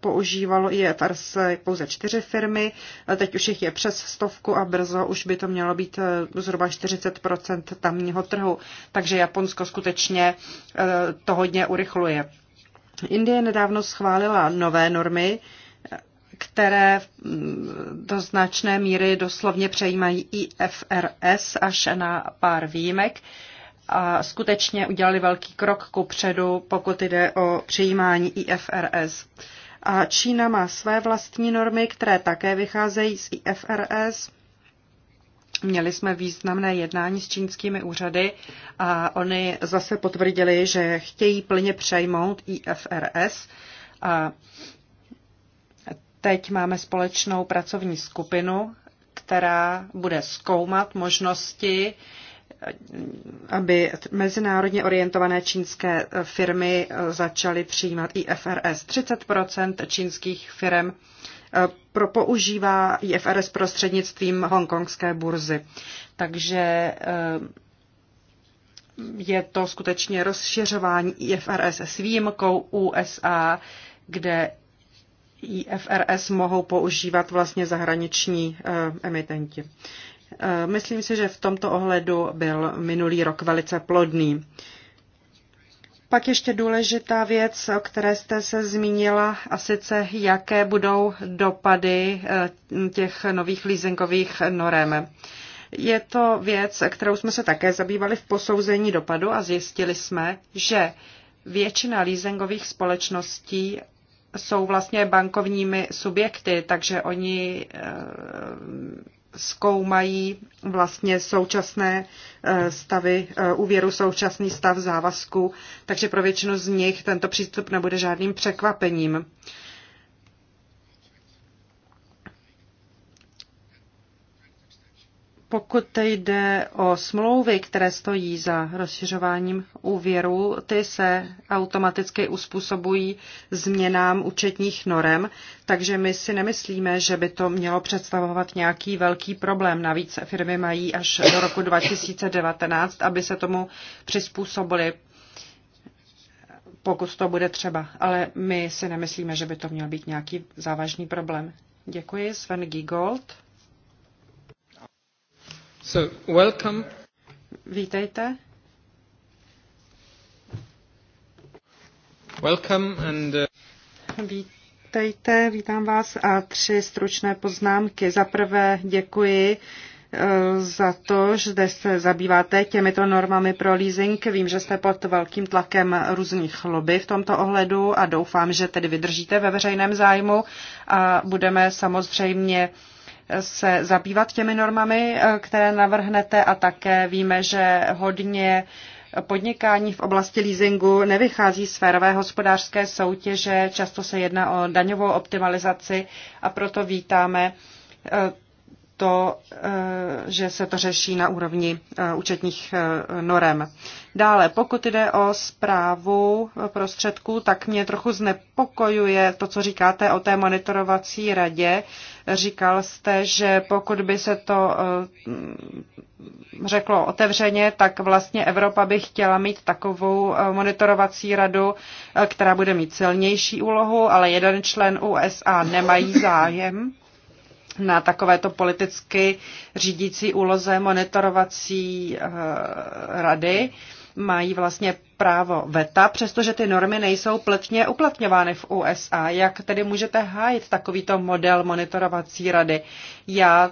používalo IFRS pouze čtyři firmy, teď už jich je přes stovku a brzo už by to mělo být eh, zhruba 40 tamního trhu. Takže Japonsko skutečně eh, to hodně urychluje. Indie nedávno schválila nové normy, eh, které mm, do značné míry doslovně přejímají IFRS až na pár výjimek a skutečně udělali velký krok ku předu, pokud jde o přijímání IFRS. A Čína má své vlastní normy, které také vycházejí z IFRS. Měli jsme významné jednání s čínskými úřady a oni zase potvrdili, že chtějí plně přejmout IFRS. A teď máme společnou pracovní skupinu, která bude zkoumat možnosti, aby mezinárodně orientované čínské firmy eh, začaly přijímat IFRS. 30 čínských firm eh, používá IFRS prostřednictvím hongkongské burzy. Takže eh, je to skutečně rozšiřování IFRS s výjimkou USA, kde IFRS mohou používat vlastně zahraniční emitenti. Eh, myslím si, že v tomto ohledu byl minulý rok velice plodný. Pak ještě důležitá věc, o které jste se zmínila, a sice jaké budou dopady eh, těch nových leasingových norem. Je to věc, kterou jsme se také zabývali v posouzení dopadu a zjistili jsme, že většina leasingových společností jsou vlastně bankovními subjekty, takže oni eh, zkoumají vlastně současné e, stavy e, úvěru, současný stav závazku, takže pro většinu z nich tento přístup nebude žádným překvapením. Pokud jde o smlouvy, které stojí za rozšiřováním úvěru, ty se automaticky uspůsobují změnám účetních norem, takže my si nemyslíme, že by to mělo představovat nějaký velký problém. Navíc firmy mají až do roku 2019, aby se tomu přizpůsobili, pokud to bude třeba. Ale my si nemyslíme, že by to měl být nějaký závažný problém. Děkuji, Sven Gigold. So, welcome. Vítejte. Welcome and, uh... Vítejte, vítám vás a tři stručné poznámky. Za prvé děkuji uh, za to, že zde se zabýváte těmito normami pro leasing. Vím, že jste pod velkým tlakem různých lobby v tomto ohledu a doufám, že tedy vydržíte ve veřejném zájmu a budeme samozřejmě se zabývat těmi normami, eh, které navrhnete a také víme, že hodně podnikání v oblasti leasingu nevychází z férové hospodářské soutěže, často se jedná o daňovou optimalizaci a proto vítáme eh, to, eh, že se to řeší na úrovni eh, účetních eh, norem. Dále, pokud jde o zprávu prostředků, tak mě trochu znepokojuje to, co říkáte o té monitorovací radě. Říkal jste, že pokud by se to řeklo otevřeně, tak vlastně Evropa by chtěla mít takovou monitorovací radu, která bude mít silnější úlohu, ale jeden člen USA nemají zájem na takovéto politicky řídící úloze monitorovací eh, rady mají vlastně právo VETA, přestože ty normy nejsou pltně uplatňovány v USA. Jak tedy můžete hájit takovýto model monitorovací rady? Já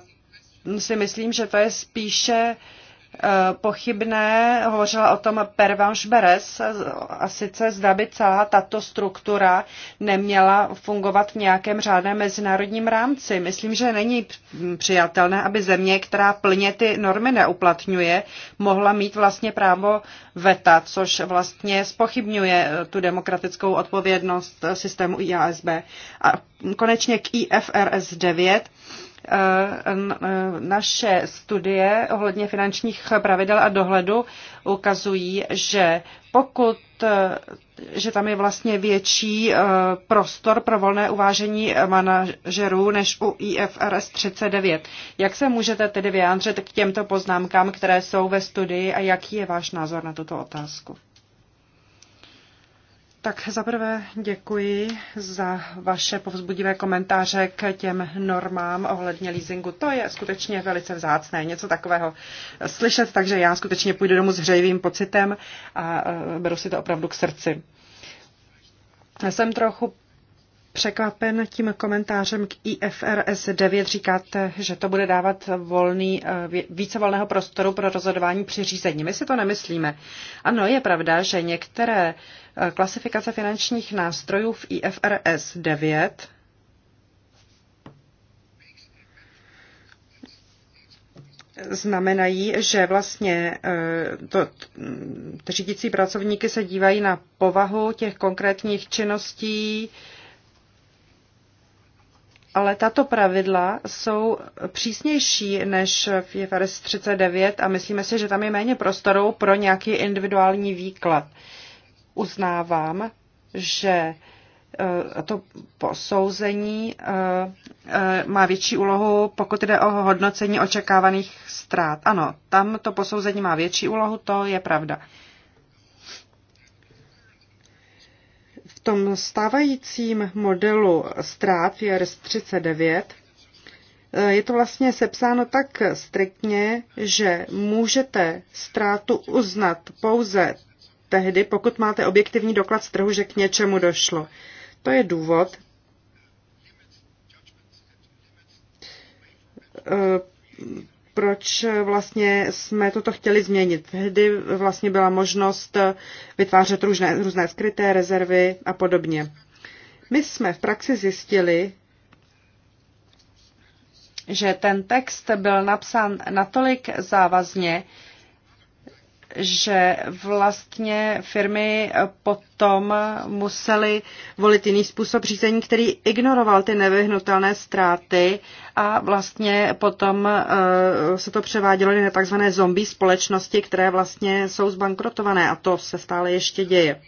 si myslím, že to je spíše uh, pochybné. Hovořila o tom Pervanš Beres a sice zda by celá tato struktura neměla fungovat v nějakém řádném mezinárodním rámci. Myslím, že není přijatelné, aby země, která plně ty normy neuplatňuje, mohla mít vlastně právo veta, což vlastně spochybňuje tu demokratickou odpovědnost systému IASB. A konečně k IFRS 9 Eh, eh, naše studie ohledně finančních pravidel a dohledu ukazují, že pokud eh, že tam je vlastně větší prostor pro volné uvážení manažerů než u IFRS 39. Jak se můžete tedy vyjádřit k těmto poznámkám, které jsou ve studii a jaký je váš názor na tuto otázku? Tak zaprvé děkuji za vaše povzbudivé komentáře k těm normám ohledně leasingu. To je skutečně velice vzácné něco takového slyšet, takže já skutečně půjdu domů s hřejivým pocitem a e, beru si to opravdu k srdci. Jsem trochu překvapen tím komentářem k IFRS 9. Říkáte, že to bude dávat volný, eh, více volného prostoru pro rozhodování při řízení. My si to nemyslíme. Ano, je pravda, že některé eh, klasifikace finančních nástrojů v IFRS 9 znamenají, že vlastně eh, to, mm, řídící pracovníky se dívají na povahu těch konkrétních činností, ale tato pravidla jsou přísnější než v IFRS 39 a myslíme si, že tam je méně prostoru pro nějaký individuální výklad. Uznávám, že eh, to posouzení eh, eh, má větší úlohu, pokud jde o hodnocení očekávaných ztrát. Ano, tam to posouzení má větší úlohu, to je pravda. tom stávajícím modelu ztrát JRS 39 eh, je to vlastně sepsáno tak striktně, že můžete ztrátu uznat pouze tehdy, pokud máte objektivní doklad z trhu, že k něčemu došlo. To je důvod, eh, proč vlastně jsme toto chtěli změnit. Tehdy vlastně byla možnost vytvářet různé, různé skryté rezervy a podobně. My jsme v praxi zjistili, že ten text byl napsán natolik závazně, že vlastně firmy potom musely volit jiný způsob řízení, který ignoroval ty nevyhnutelné ztráty a vlastně potom eh, se to převádělo na takzvané zombie společnosti, které vlastně jsou zbankrotované a to se stále ještě děje.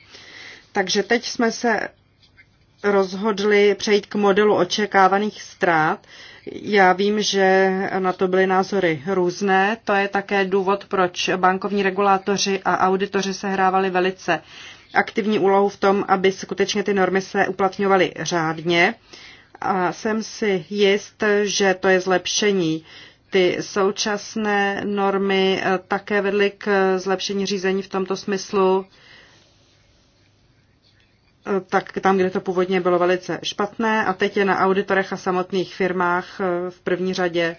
Takže teď jsme se rozhodli přejít k modelu očekávaných ztrát, já vím, že na to byly názory různé. To je také důvod, proč bankovní regulátoři a auditoři se hrávali velice aktivní úlohu v tom, aby skutečně ty normy se uplatňovaly řádně. A jsem si jist, že to je zlepšení. Ty současné normy také vedly k zlepšení řízení v tomto smyslu tak tam, kde to původně bylo velice špatné a teď je na auditorech a samotných firmách eh, v první řadě,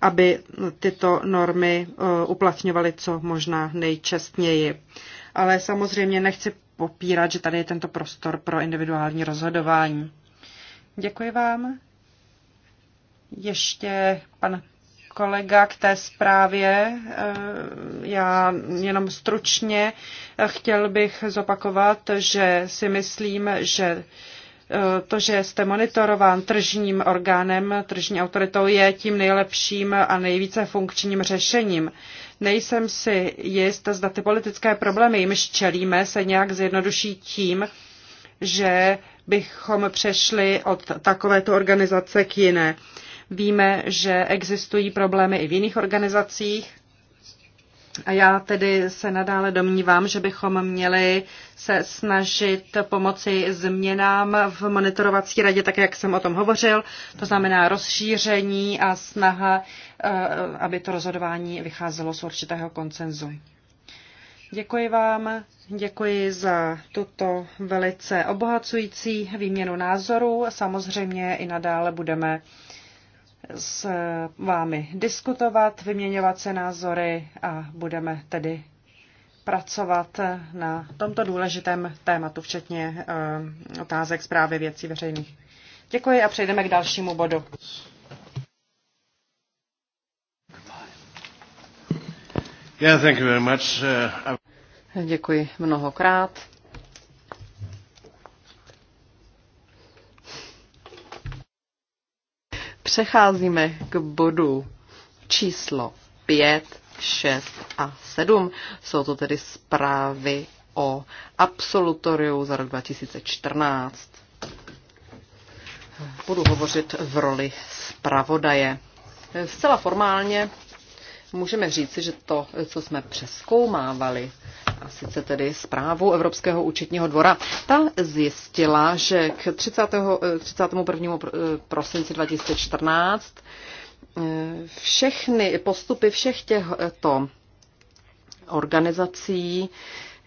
aby tyto normy eh, uplatňovaly co možná nejčestněji. Ale samozřejmě nechci popírat, že tady je tento prostor pro individuální rozhodování. Děkuji vám. Ještě pan kolega k té zprávě. Eh, já jenom stručně chtěl bych zopakovat, že si myslím, že eh, to, že jste monitorován tržním orgánem, tržní autoritou, je tím nejlepším a nejvíce funkčním řešením. Nejsem si jist, zda ty politické problémy, jimž čelíme, se nějak zjednoduší tím, že bychom přešli od takovéto organizace k jiné. Uh, Víme, že existují problémy i v jiných organizacích. A já tedy se nadále domnívám, že bychom měli se snažit pomoci změnám v monitorovací radě, tak jak jsem o tom hovořil. To znamená rozšíření a snaha, eh, aby to rozhodování vycházelo z určitého koncenzu. Děkuji vám, děkuji za tuto velice obohacující výměnu názorů. Samozřejmě i nadále budeme s vámi diskutovat, vyměňovat se názory a budeme tedy pracovat na tomto důležitém tématu, včetně eh, otázek zprávy věcí veřejných. Děkuji a přejdeme k dalšímu bodu. Yeah, thank you very much. Eh, Děkuji mnohokrát. Přecházíme k bodu číslo 5, 6 a 7. Jsou to tedy zprávy o absolutoriu za rok 2014. Budu hovořit v roli zpravodaje. Zcela formálně můžeme říci, že to, co jsme přeskoumávali, a sice tedy zprávu Evropského účetního dvora, ta zjistila, že k 30. 31. prosinci 2014 eh, všechny postupy všech těchto organizací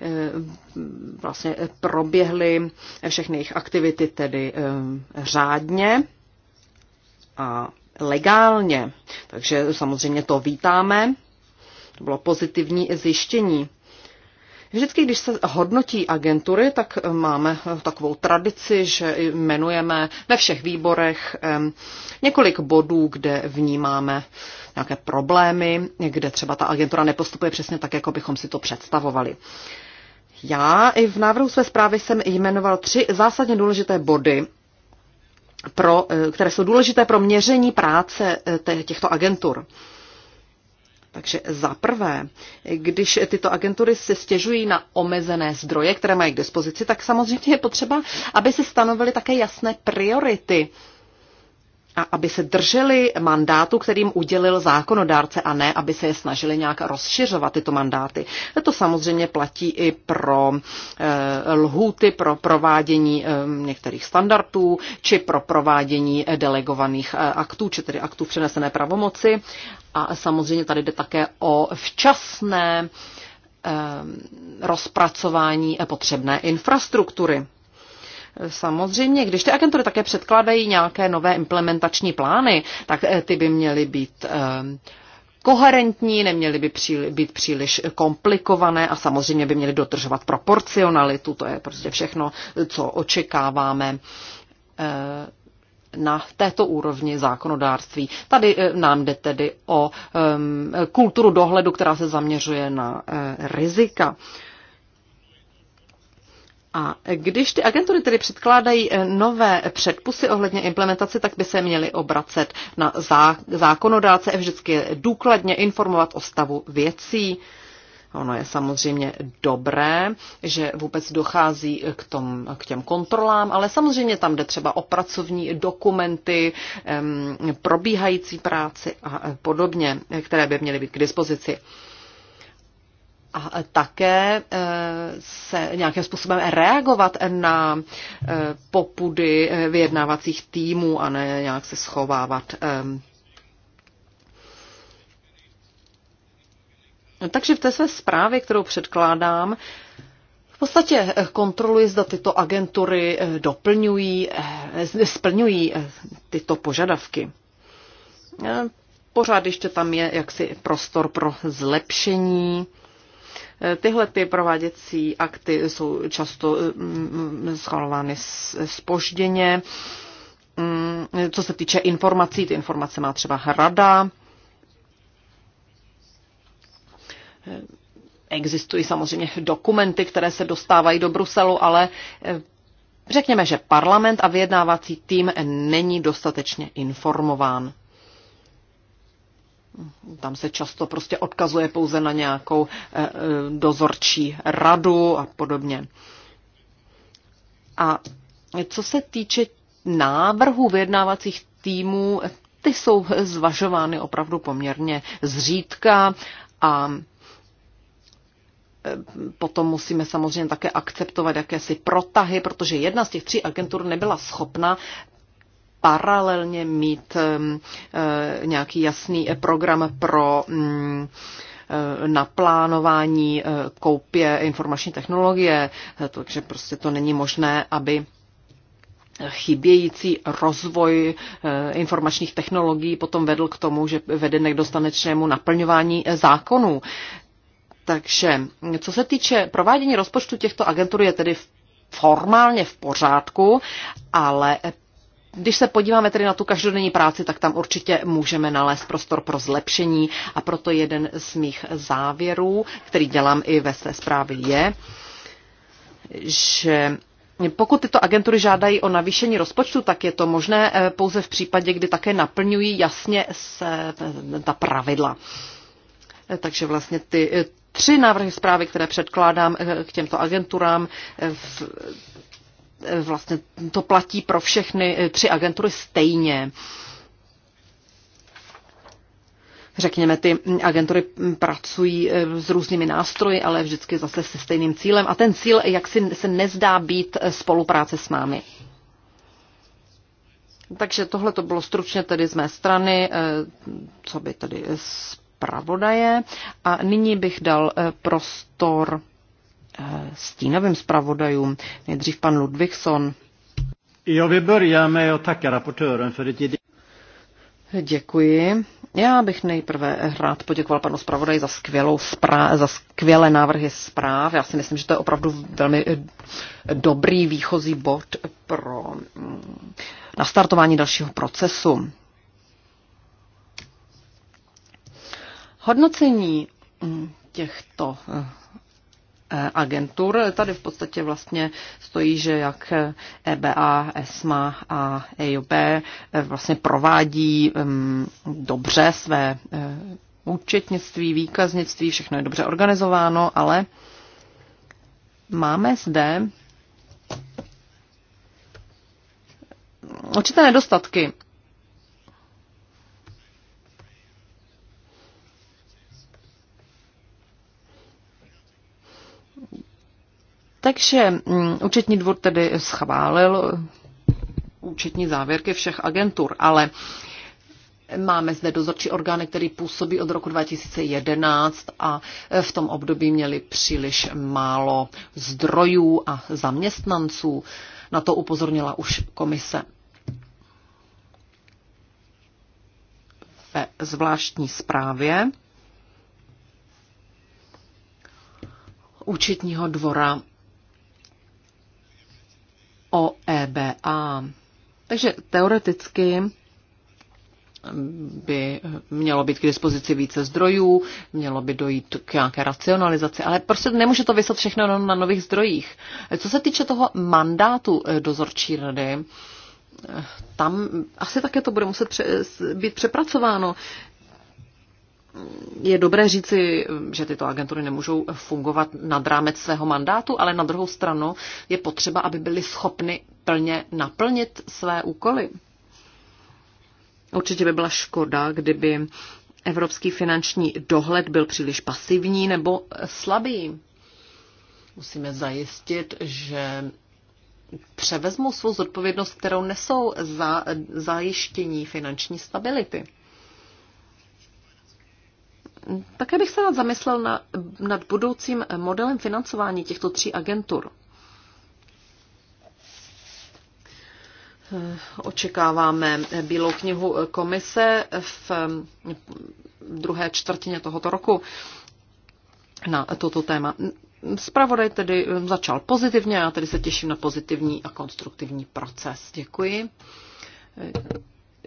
eh, vlastně proběhly všechny jejich aktivity tedy eh, řádně a legálně. Takže samozřejmě to vítáme. To bylo pozitivní zjištění. Vždycky, když se hodnotí agentury, tak eh, máme eh, takovou tradici, že jmenujeme ve všech výborech několik bodů, kde vnímáme nějaké problémy, kde třeba ta agentura nepostupuje přesně tak, jako bychom si to představovali. Já i v návrhu své zprávy jsem jmenoval tři zásadně důležité body, pro, eh, které jsou důležité pro měření práce eh, těchto agentur. Takže za prvé, když tyto agentury se stěžují na omezené zdroje, které mají k dispozici, tak samozřejmě je potřeba, aby se stanovily také jasné priority a aby se drželi mandátu, kterým udělil zákonodárce a ne, aby se je snažili nějak rozšiřovat tyto mandáty. A to samozřejmě platí i pro e, lhůty pro provádění e, některých standardů či pro provádění eh, delegovaných e, aktů, či tedy aktů přenesené pravomoci. A samozřejmě tady jde také o včasné rozpracování potřebné infrastruktury. Samozřejmě, když ty agentury také předkládají nějaké nové implementační plány, tak eh, ty by měly být eh, koherentní, neměly by příli, být příliš komplikované a samozřejmě by měly dotržovat proporcionalitu. To je prostě všechno, co očekáváme eh, na této úrovni zákonodárství. Tady nám jde tedy o ehm, kulturu dohledu, která se zaměřuje na rizika. A když ty agentury tedy předkládají eh, nové předpisy ohledně implementace, tak by se měly obracet na zákonodáce a vždycky důkladně informovat o stavu věcí. Ono je samozřejmě dobré, že vůbec dochází eh, k, tom, k těm kontrolám, ale samozřejmě tam jde třeba o pracovní dokumenty, probíhající práci a eh, podobně, které by měly být k dispozici a také eh, se nějakým způsobem reagovat na eh, popudy eh, vyjednávacích týmů a ne nějak se schovávat. Ehm. No, takže v té své zprávě, kterou předkládám, v podstatě kontroluji, zda tyto agentury doplňují, splňují tyto požadavky. Pořád ještě tam je jaksi prostor pro zlepšení Tyhle ty prováděcí akty jsou často mm, schvalovány spožděně. Mm, co se týče informací, ty informace má třeba rada. Existují samozřejmě dokumenty, které se dostávají do Bruselu, ale eh, řekněme, že parlament a vyjednávací tým není dostatečně informován. Tam se často prostě odkazuje pouze na nějakou eh, eh, dozorčí radu a podobně. A co se týče návrhů vyjednávacích týmů, ty jsou zvažovány opravdu poměrně zřídka a eh, Potom musíme samozřejmě také akceptovat jakési protahy, protože jedna z těch tří agentur nebyla schopna paralelně mít eh, nějaký jasný eh, program pro mm, eh, naplánování koupě informační technologie, takže prostě to není možné, aby chybějící rozvoj informačních technologií potom vedl k tomu, že vede dostanečnému naplňování zákonů. Takže mm, co se týče provádění rozpočtu těchto agentur, je tedy formálně v pořádku, ale když se podíváme tedy na tu každodenní práci, tak tam určitě můžeme nalézt prostor pro zlepšení a proto jeden z mých závěrů, který dělám i ve své zprávě, je, že pokud tyto agentury žádají o navýšení rozpočtu, tak je to možné eh, pouze v případě, kdy také naplňují jasně se eh, ta pravidla. Eh, takže vlastně ty tři návrhy zprávy, které předkládám k těmto agenturám, vlastně to platí pro všechny eh, tři agentury stejně. Řekněme, ty mm, agentury mm, pracují eh, s různými nástroji, ale vždycky zase se stejným cílem. A ten cíl, jak si se nezdá být eh, spolupráce s námi. Takže tohle to bylo stručně tedy z mé strany, co by tedy zpravodaje. A nyní bych dal prostor Eh, stínovým zpravodajům. Nejdřív pan Ludvigson. Já vill jo, také raportérem, tacka Děkuji. Já bych nejprve rád poděkoval panu zpravodaji za, skvělou za skvělé návrhy zpráv. Já si myslím, že to je opravdu velmi eh, dobrý výchozí bod pro mm, nastartování dalšího procesu. Hodnocení mm, těchto eh, agentur. Tady v podstatě vlastně stojí, že jak EBA, ESMA a EUB e eh, vlastně provádí dobře své eh, účetnictví, výkaznictví, všechno je dobře organizováno, ale máme zde určité nedostatky. Takže mm, účetní dvůr tedy schválil eh, účetní závěrky všech agentur, ale Máme zde dozorčí orgány, který působí od roku 2011 a eh, v tom období měli příliš málo zdrojů a zaměstnanců. Na to upozornila už komise. Ve zvláštní zprávě účetního dvora o EBA. Takže teoreticky by mělo být k dispozici více zdrojů, mělo by dojít k nějaké racionalizaci, ale prostě nemůže to vyslat všechno na nových zdrojích. Co se týče toho mandátu eh, dozorčí rady, eh, tam asi také to bude muset být přepracováno je dobré říci, že tyto agentury nemůžou fungovat nad rámec svého mandátu, ale na druhou stranu je potřeba, aby byly schopny plně naplnit své úkoly. Určitě by byla škoda, kdyby evropský finanční dohled byl příliš pasivní nebo slabý. Musíme zajistit, že převezmou svou zodpovědnost, kterou nesou za zajištění finanční stability. Také bych se rád zamyslel na, nad budoucím modelem financování těchto tří agentur. Očekáváme Bílou knihu komise v druhé čtvrtině tohoto roku na toto téma. Spravodaj tedy začal pozitivně a tedy se těším na pozitivní a konstruktivní proces. Děkuji.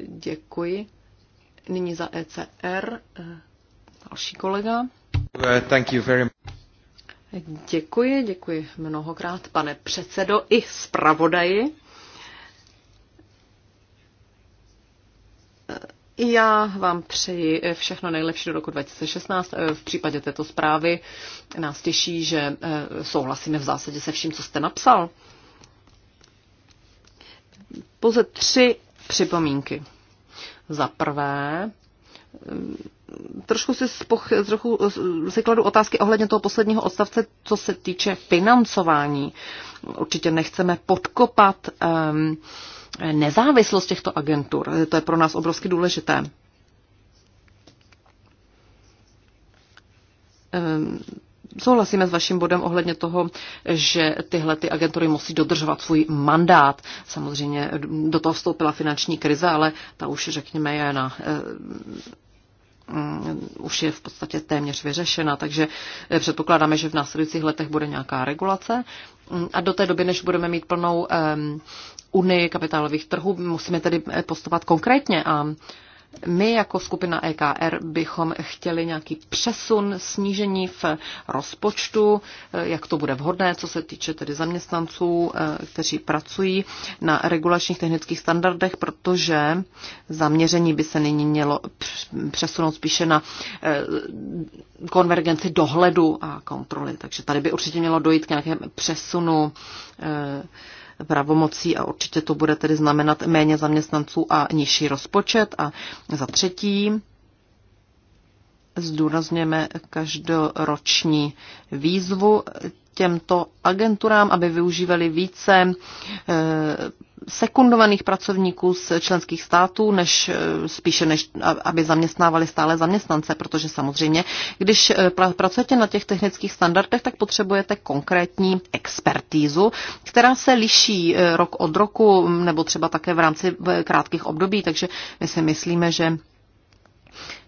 Děkuji. Nyní za ECR Další kolega. Uh, thank you very much. Děkuji, děkuji mnohokrát, pane předsedo, i zpravodaji. Já vám přeji všechno nejlepší do roku 2016. Eh, v případě této zprávy nás těší, že eh, souhlasíme v zásadě se vším, co jste napsal. Pouze tři připomínky. Za prvé, Ehm, trošku si, spoch, trochu eh, si kladu otázky ohledně toho posledního odstavce, co se týče financování. Určitě nechceme podkopat um, nezávislost těchto agentur. To je pro nás obrovsky důležité. Um, souhlasíme s vaším bodem ohledně toho, že tyhle ty agentury musí dodržovat svůj mandát. Samozřejmě do toho vstoupila finanční krize, ale ta už, řekněme, je na eh, Mm, už je v podstatě téměř vyřešena, takže eh, předpokládáme, že v následujících letech bude nějaká regulace mm, a do té doby, než budeme mít plnou unii kapitálových trhů, musíme tedy eh, postupovat konkrétně a my jako skupina EKR bychom chtěli nějaký přesun, snížení v rozpočtu, eh, jak to bude vhodné, co se týče tedy zaměstnanců, eh, kteří pracují na regulačních technických standardech, protože zaměření by se nyní mělo přesunout spíše na eh, konvergenci dohledu a kontroly. Takže tady by určitě mělo dojít k nějakému přesunu pravomocí a určitě to bude tedy znamenat méně zaměstnanců a nižší rozpočet. A za třetí, zdůrazněme každoroční výzvu těmto agenturám, aby využívali více eh, sekundovaných pracovníků z členských států, než eh, spíše než aby zaměstnávali stále zaměstnance, protože samozřejmě, když eh, pracujete na těch technických standardech, tak potřebujete konkrétní expertízu, která se liší rok od roku mm, nebo třeba také v rámci krátkých období, takže my si myslíme, že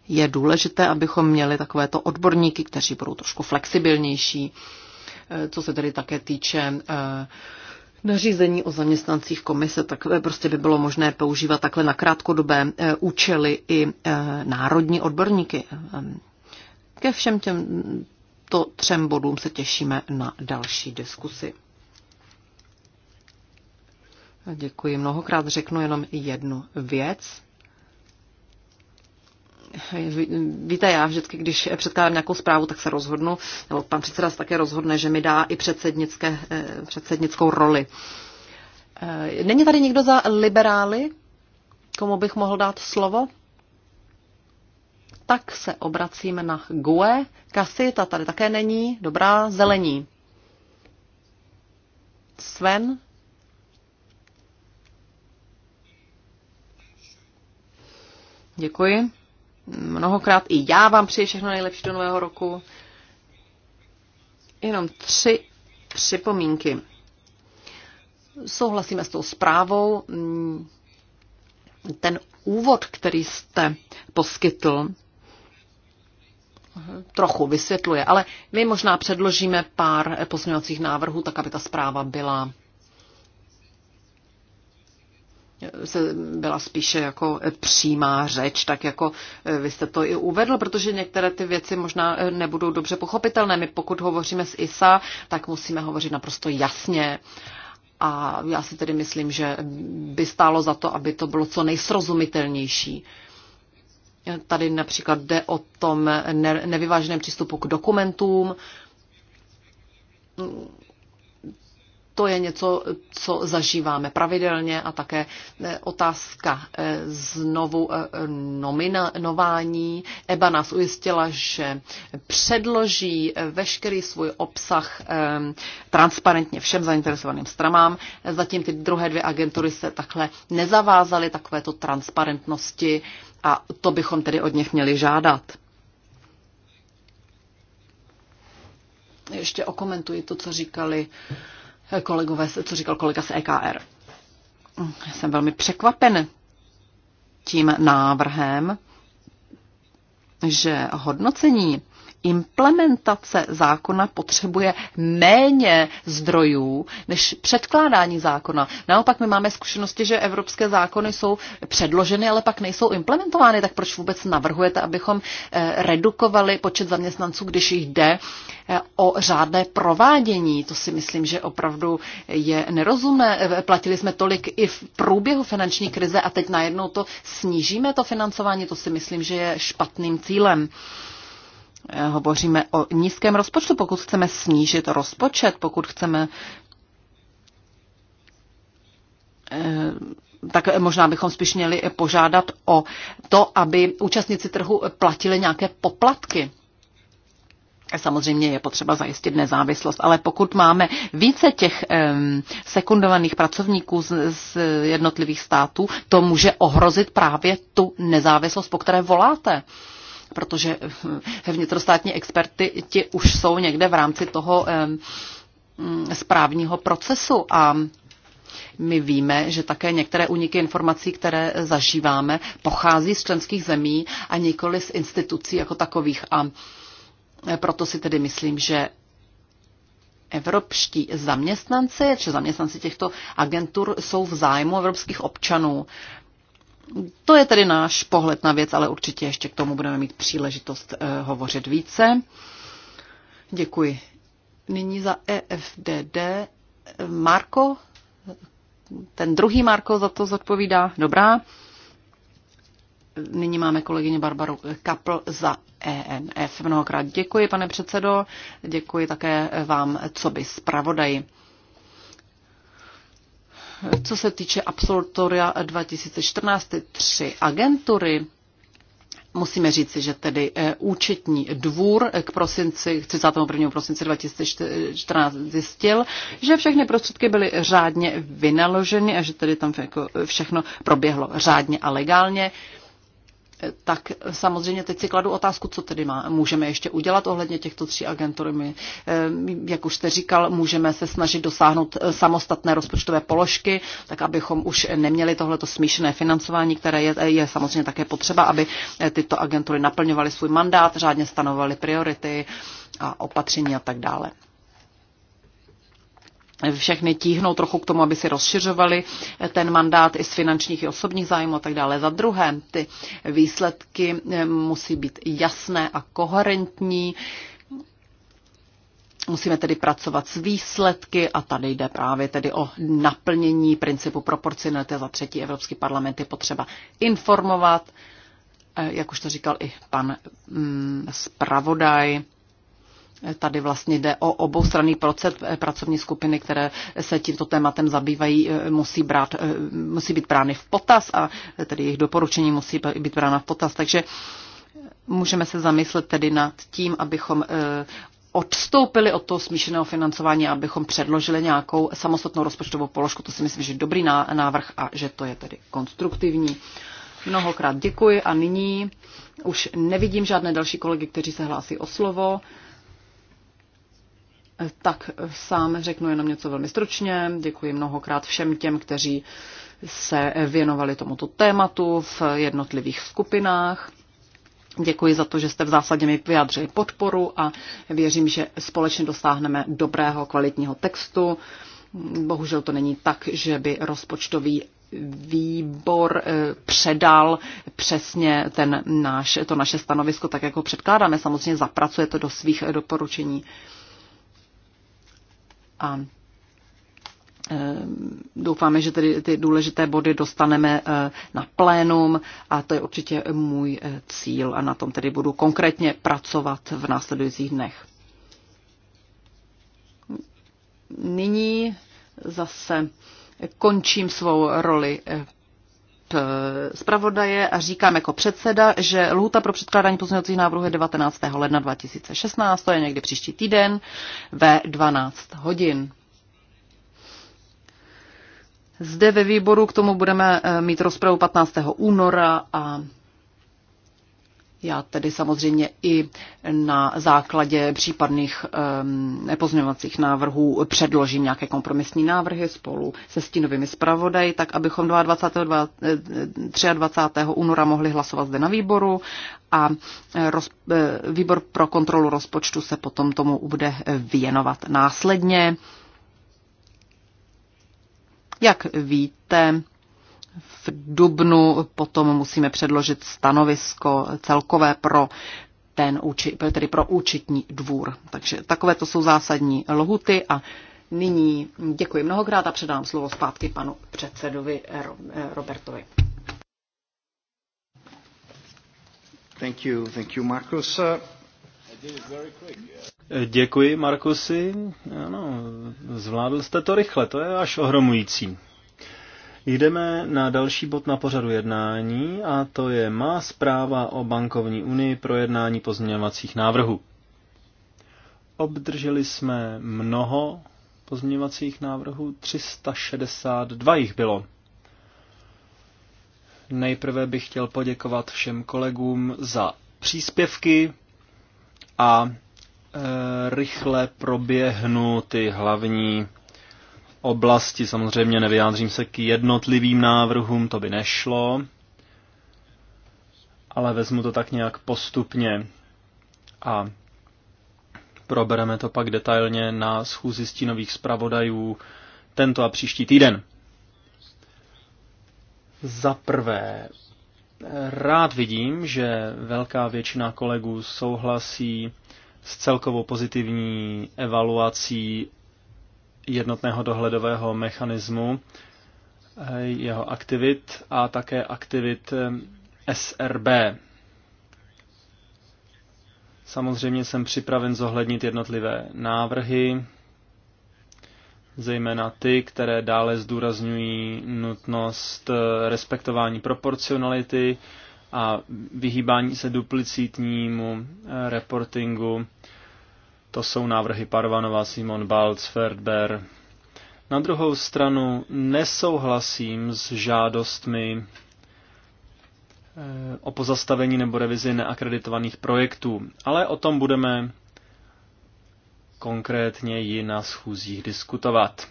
je důležité, abychom měli takovéto odborníky, kteří budou trošku flexibilnější co se tedy také týče eh, nařízení o zaměstnancích komise, tak eh, prostě by bylo možné používat takhle na krátkodobé eh, účely i národní odborníky. Ke všem těmto třem bodům se těšíme na další diskusy. Děkuji mnohokrát. Řeknu jenom jednu věc. Víte, já vždycky, když předkládám nějakou zprávu, tak se rozhodnu, nebo pan předseda se také rozhodne, že mi dá i předsednické, eh, předsednickou roli. Eh, není tady někdo za liberály, komu bych mohl dát slovo? Tak se obracíme na GUE. Kasy, ta tady také není. Dobrá, zelení. Sven, Děkuji mnohokrát. I já vám přeji všechno nejlepší do nového roku. Jenom tři připomínky. Souhlasíme s tou zprávou. Ten úvod, který jste poskytl, trochu vysvětluje, ale my možná předložíme pár pozměňovacích návrhů, tak aby ta zpráva byla byla spíše jako přímá řeč, tak jako eh, vy jste to i uvedl, protože některé ty věci možná eh, nebudou dobře pochopitelné. My pokud hovoříme s ISA, tak musíme hovořit naprosto jasně. A já si tedy myslím, že by stálo za to, aby to bylo co nejsrozumitelnější. Tady například jde o tom nevyváženém přístupu k dokumentům to je něco, co zažíváme pravidelně a také eh, otázka eh, znovu eh, nominování. EBA nás ujistila, že předloží veškerý svůj obsah transparentně všem zainteresovaným stranám. Zatím ty druhé dvě agentury se takhle nezavázaly takovéto transparentnosti a to bychom tedy od nich měli žádat. Ještě okomentuji to, co říkali kolegové, co říkal kolega z EKR. Jsem velmi překvapen tím návrhem, že hodnocení implementace zákona potřebuje méně zdrojů než předkládání zákona. Naopak my máme zkušenosti, že evropské zákony jsou předloženy, ale pak nejsou implementovány, tak proč vůbec navrhujete, abychom eh, redukovali počet zaměstnanců, když jde eh, o řádné provádění. To si myslím, že opravdu je nerozumné. Eh, platili jsme tolik i v průběhu finanční krize a teď najednou to snížíme, to financování, to si myslím, že je špatným cílem. Eh, hovoříme o nízkém rozpočtu, pokud chceme snížit rozpočet, pokud chceme eh, tak možná bychom spíš měli požádat o to, aby účastníci trhu platili nějaké poplatky. Eh, samozřejmě je potřeba zajistit nezávislost, ale pokud máme více těch um, sekundovaných pracovníků z, z jednotlivých států, to může ohrozit právě tu nezávislost, po které voláte protože vnitrostátní experty ti už jsou někde v rámci toho mm, správního procesu a my víme, že také některé uniky informací, které zažíváme, pochází z členských zemí a nikoli z institucí jako takových. A proto si tedy myslím, že evropští zaměstnanci, či zaměstnanci těchto agentur jsou v zájmu evropských občanů. To je tedy náš pohled na věc, ale určitě ještě k tomu budeme mít příležitost eh, hovořit více. Děkuji. Nyní za EFDD eh, Marko. Ten druhý Marko za to zodpovídá. Dobrá. Nyní máme kolegyně Barbaru Kapl za ENF. Mnohokrát děkuji, pane předsedo. Děkuji také vám, co by zpravodaji. Co se týče absolutoria 2014, ty tři agentury, musíme říci, že tedy eh, účetní dvůr k prosinci, 31. prosinci 2014 zjistil, že všechny prostředky byly řádně vynaloženy a že tedy tam jako, eh, všechno proběhlo řádně a legálně tak samozřejmě teď si kladu otázku, co tedy má, můžeme ještě udělat ohledně těchto tří agentur. My, eh, jak už jste říkal, můžeme se snažit dosáhnout eh, samostatné rozpočtové položky, tak abychom už neměli tohleto smíšené financování, které je, eh, je samozřejmě také potřeba, aby tyto agentury naplňovaly svůj mandát, řádně stanovovaly priority a opatření a tak dále všechny tíhnou trochu k tomu, aby si rozšiřovali ten mandát i z finančních i osobních zájmů a tak dále. Za druhé, ty výsledky eh, musí být jasné a koherentní. Musíme tedy pracovat s výsledky a tady jde právě tedy o naplnění principu proporcionality. Za třetí Evropský parlament je potřeba informovat, eh, jak už to říkal i pan mm, zpravodaj, Tady vlastně jde o oboustranný proces. Eh, pracovní skupiny, které se tímto tématem zabývají, eh, musí, brát, eh, musí být brány v potaz a tedy jejich doporučení musí být brána v potaz. Takže můžeme se zamyslet tedy nad tím, abychom odstoupili od toho smíšeného financování, abychom předložili nějakou samostatnou rozpočtovou položku. To si myslím, že je dobrý návrh a že to je tedy konstruktivní. Mnohokrát děkuji a nyní už nevidím žádné další kolegy, kteří se hlásí o slovo tak sám řeknu jenom něco velmi stručně. Děkuji mnohokrát všem těm, kteří se věnovali tomuto tématu v jednotlivých skupinách. Děkuji za to, že jste v zásadě mi vyjádřili podporu a věřím, že společně dosáhneme dobrého, kvalitního textu. Bohužel to není tak, že by rozpočtový výbor eh, předal přesně ten náš, to naše stanovisko, tak jako předkládáme. Samozřejmě zapracuje to do svých doporučení a e, Doufáme, že tedy ty důležité body dostaneme e, na plénum a to je určitě můj e, cíl a na tom tedy budu konkrétně pracovat v následujících dnech. Nyní zase končím svou roli Eh, zpravodaje a říkám jako předseda, že lhuta pro předkládání pozměňovacích návrhů je 19. ledna 2016, to je někdy příští týden ve 12 hodin. Zde ve výboru k tomu budeme eh, mít rozpravu 15. února a já tedy samozřejmě i na základě případných um, pozměňovacích návrhů předložím nějaké kompromisní návrhy spolu se stínovými zpravodaji, tak abychom 22. 23. Eh, února mohli hlasovat zde na výboru a eh, roz, eh, výbor pro kontrolu rozpočtu se potom tomu bude věnovat následně. Jak víte, v dubnu potom musíme předložit stanovisko celkové pro ten úči, tedy pro účetní dvůr. Takže takové to jsou zásadní lhuty a nyní děkuji mnohokrát a předám slovo zpátky panu předsedovi eh, Robertovi. Thank you, thank you, Marcus. Uh, děkuji, Markusy. Ano, zvládl jste to rychle, to je až ohromující. Jdeme na další bod na pořadu jednání a to je má zpráva o bankovní unii pro jednání pozměňovacích návrhů. Obdrželi jsme mnoho pozměňovacích návrhů, 362 jich bylo. Nejprve bych chtěl poděkovat všem kolegům za příspěvky a e, rychle proběhnu ty hlavní oblasti. Samozřejmě nevyjádřím se k jednotlivým návrhům, to by nešlo, ale vezmu to tak nějak postupně a probereme to pak detailně na schůzi stínových zpravodajů tento a příští týden. Za prvé, rád vidím, že velká většina kolegů souhlasí s celkovou pozitivní evaluací jednotného dohledového mechanismu, eh, jeho aktivit a také aktivit eh, SRB. Samozřejmě jsem připraven zohlednit jednotlivé návrhy, zejména ty, které dále zdůrazňují nutnost eh, respektování proporcionality a vyhýbání se duplicitnímu reportingu to jsou návrhy Parvanova, Simon Balc, Ferber. Na druhou stranu nesouhlasím s žádostmi eh, o pozastavení nebo revizi neakreditovaných projektů, ale o tom budeme konkrétně ji na schůzích diskutovat.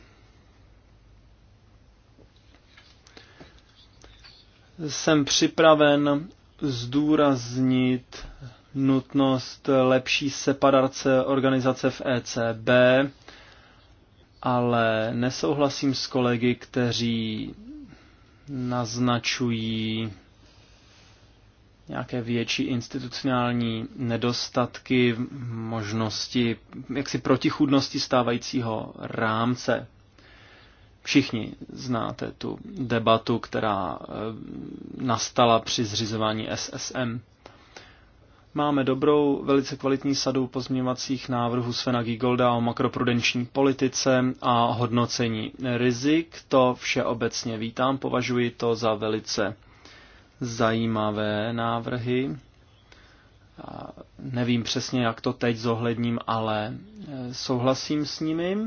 Jsem připraven zdůraznit nutnost lepší separace organizace v ECB, ale nesouhlasím s kolegy, kteří naznačují nějaké větší institucionální nedostatky, možnosti, jaksi protichudnosti stávajícího rámce. Všichni znáte tu debatu, která eh, nastala při zřizování SSM. Máme dobrou, velice kvalitní sadu pozměňovacích návrhů Svena Gigolda o makroprudenční politice a hodnocení rizik. To vše obecně vítám, považuji to za velice zajímavé návrhy. Nevím přesně, jak to teď zohledním, ale e, souhlasím s nimi.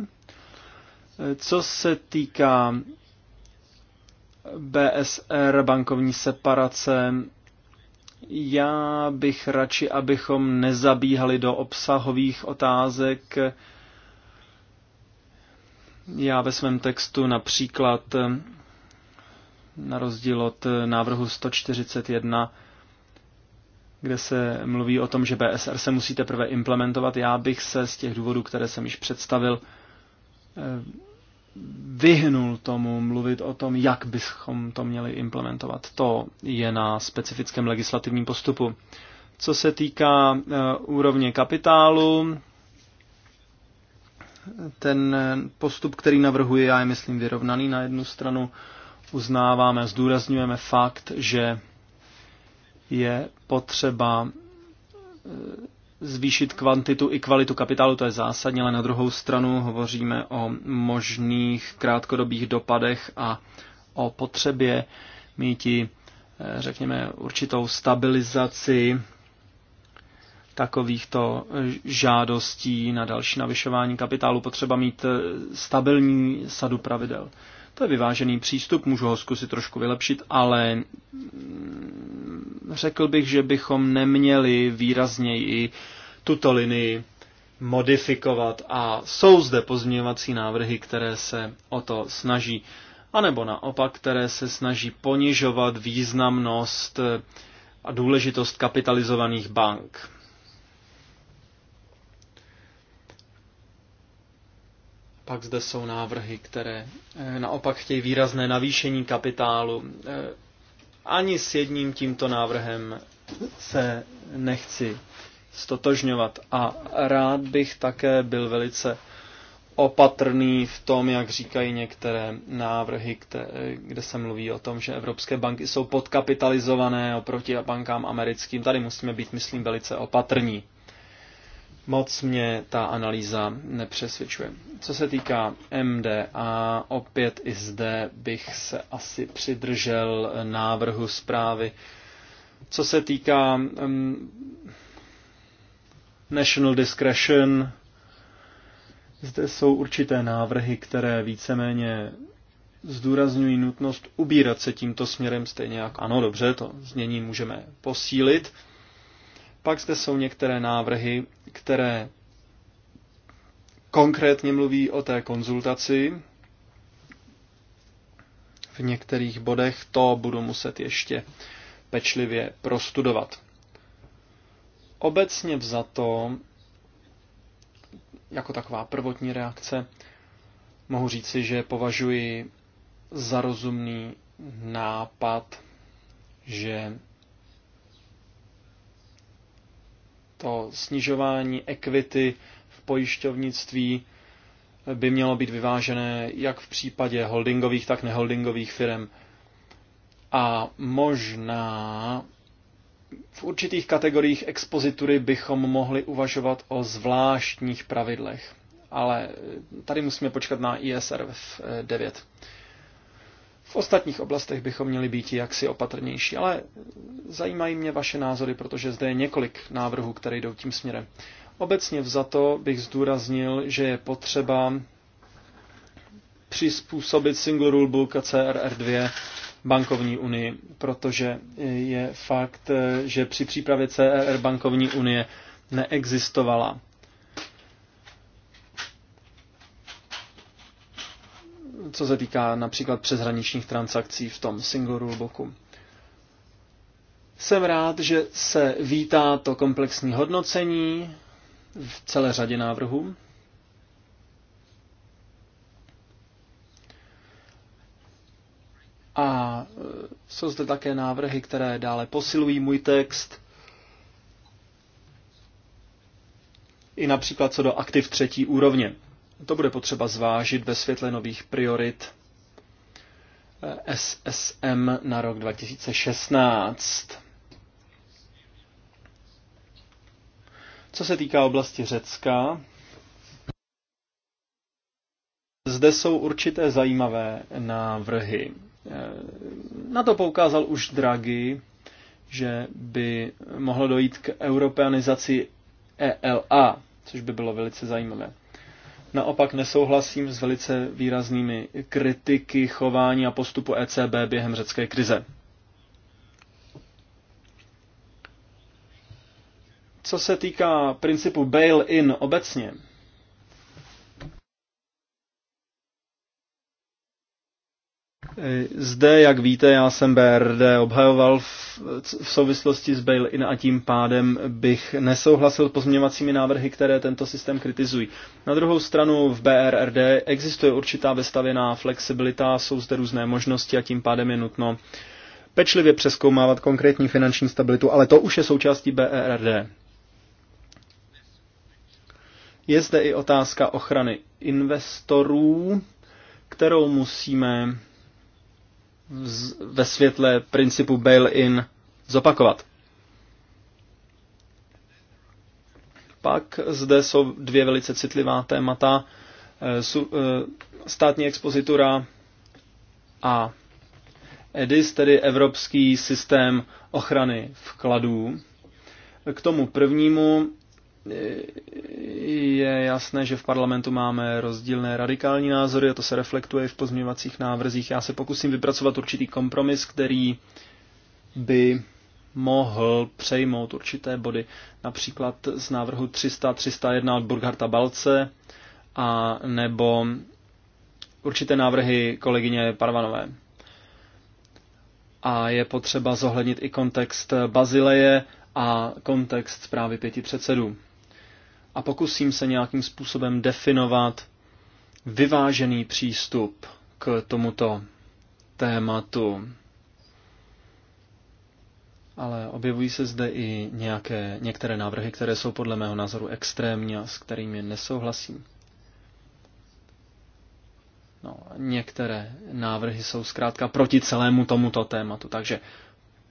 E, co se týká BSR, bankovní separace, já bych radši, abychom nezabíhali do obsahových otázek. Já ve svém textu například na rozdíl od návrhu 141, kde se mluví o tom, že BSR se musí teprve implementovat. Já bych se z těch důvodů, které jsem již představil, vyhnul tomu mluvit o tom, jak bychom to měli implementovat. To je na specifickém legislativním postupu. Co se týká eh, úrovně kapitálu, ten eh, postup, který navrhuji, já je myslím vyrovnaný. Na jednu stranu uznáváme, zdůrazňujeme fakt, že je potřeba eh, zvýšit kvantitu i kvalitu kapitálu, to je zásadní, ale na druhou stranu hovoříme o možných krátkodobých dopadech a o potřebě mít, eh, řekněme, určitou stabilizaci takovýchto žádostí na další navyšování kapitálu. Potřeba mít eh, stabilní sadu pravidel. To je vyvážený přístup, můžu ho zkusit trošku vylepšit, ale mm, řekl bych, že bychom neměli výrazněji tuto linii modifikovat a jsou zde pozměňovací návrhy, které se o to snaží, anebo naopak, které se snaží ponižovat významnost a důležitost kapitalizovaných bank. Pak zde jsou návrhy, které eh, naopak chtějí výrazné navýšení kapitálu. Eh, ani s jedním tímto návrhem se nechci stotožňovat. A rád bych také byl velice opatrný v tom, jak říkají některé návrhy, kde se mluví o tom, že evropské banky jsou podkapitalizované oproti bankám americkým. Tady musíme být, myslím, velice opatrní moc mě ta analýza nepřesvědčuje. Co se týká MDA, opět i zde bych se asi přidržel návrhu zprávy. Co se týká um, National Discretion, zde jsou určité návrhy, které víceméně zdůrazňují nutnost ubírat se tímto směrem stejně jako ano, dobře, to znění můžeme posílit, pak zde jsou některé návrhy, které konkrétně mluví o té konzultaci. V některých bodech to budu muset ještě pečlivě prostudovat. Obecně vzato, jako taková prvotní reakce, mohu říci, že považuji za rozumný nápad, že to snižování equity v pojišťovnictví by mělo být vyvážené jak v případě holdingových, tak neholdingových firm. A možná v určitých kategoriích expozitury bychom mohli uvažovat o zvláštních pravidlech. Ale tady musíme počkat na ISRF 9. V ostatních oblastech bychom měli být jaksi opatrnější, ale zajímají mě vaše názory, protože zde je několik návrhů, které jdou tím směrem. Obecně vzato bych zdůraznil, že je potřeba přizpůsobit Single Rulebook a CRR2 bankovní unii, protože je fakt, že při přípravě CRR bankovní unie neexistovala co se týká například přeshraničních transakcí v tom single rulebooku. Jsem rád, že se vítá to komplexní hodnocení v celé řadě návrhů. A e, jsou zde také návrhy, které dále posilují můj text. I například co do aktiv třetí úrovně. To bude potřeba zvážit ve světle nových priorit eh, SSM na rok 2016. Co se týká oblasti Řecka, zde jsou určité zajímavé návrhy. Eh, na to poukázal už Draghi, že by mohlo dojít k europeanizaci ELA, což by bylo velice zajímavé. Naopak nesouhlasím s velice výraznými kritiky chování a postupu ECB během řecké krize. Co se týká principu bail-in obecně, Zde, jak víte, já jsem BRD obhajoval v, v souvislosti s bail-in a tím pádem bych nesouhlasil s pozměňovacími návrhy, které tento systém kritizují. Na druhou stranu v BRRD existuje určitá vestavěná flexibilita, jsou zde různé možnosti a tím pádem je nutno pečlivě přeskoumávat konkrétní finanční stabilitu, ale to už je součástí BRRD. Je zde i otázka ochrany investorů, kterou musíme ve světle principu bail-in zopakovat. Pak zde jsou dvě velice citlivá témata. Eh, eh, státní expozitura a EDIS, tedy Evropský systém ochrany vkladů. K tomu prvnímu je jasné, že v parlamentu máme rozdílné radikální názory a to se reflektuje v pozměňovacích návrzích. Já se pokusím vypracovat určitý kompromis, který by mohl přejmout určité body, například z návrhu 300, 301 od Burgharta Balce a nebo určité návrhy kolegyně Parvanové. A je potřeba zohlednit i kontext Bazileje a kontext zprávy pěti předsedů a pokusím se nějakým způsobem definovat vyvážený přístup k tomuto tématu. Ale objevují se zde i nějaké, některé návrhy, které jsou podle mého názoru extrémní a s kterými nesouhlasím. No, některé návrhy jsou zkrátka proti celému tomuto tématu, takže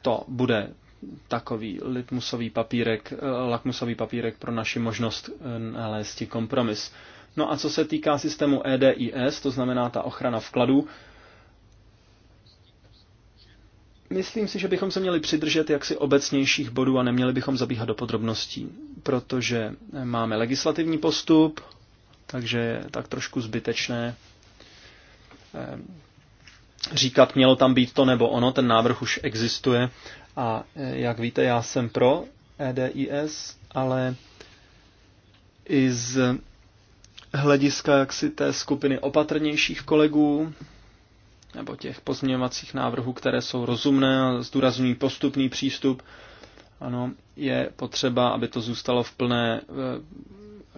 to bude takový litmusový papírek, eh, lakmusový papírek pro naši možnost eh, nalézt kompromis. No a co se týká systému EDIS, to znamená ta ochrana vkladů, myslím si, že bychom se měli přidržet jaksi obecnějších bodů a neměli bychom zabíhat do podrobností, protože máme legislativní postup, takže je tak trošku zbytečné eh, říkat, mělo tam být to nebo ono, ten návrh už existuje a e, jak víte, já jsem pro EDIS, ale i z hlediska jaksi té skupiny opatrnějších kolegů, nebo těch pozměňovacích návrhů, které jsou rozumné a zdůrazňují postupný přístup, ano, je potřeba, aby to zůstalo v plné e,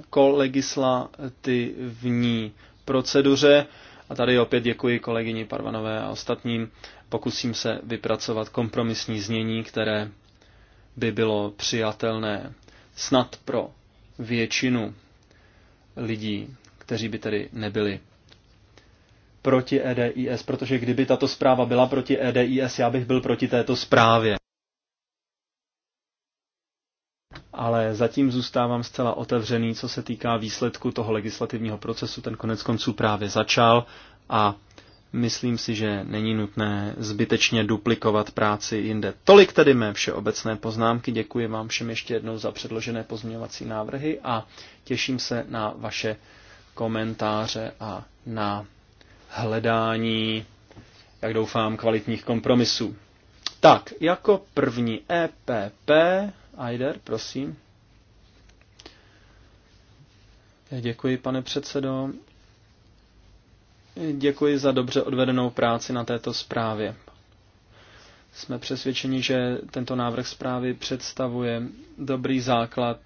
kolegislativní proceduře a tady opět děkuji kolegyni Parvanové a ostatním. Pokusím se vypracovat kompromisní znění, které by bylo přijatelné snad pro většinu lidí, kteří by tedy nebyli proti EDIS, protože kdyby tato zpráva byla proti EDIS, já bych byl proti této zprávě. ale zatím zůstávám zcela otevřený, co se týká výsledku toho legislativního procesu. Ten konec konců právě začal a myslím si, že není nutné zbytečně duplikovat práci jinde. Tolik tedy mé všeobecné poznámky. Děkuji vám všem ještě jednou za předložené pozměňovací návrhy a těším se na vaše komentáře a na hledání, jak doufám, kvalitních kompromisů. Tak, jako první EPP Aider, prosím. Děkuji, pane předsedo. Děkuji za dobře odvedenou práci na této zprávě. Jsme přesvědčeni, že tento návrh zprávy představuje dobrý základ,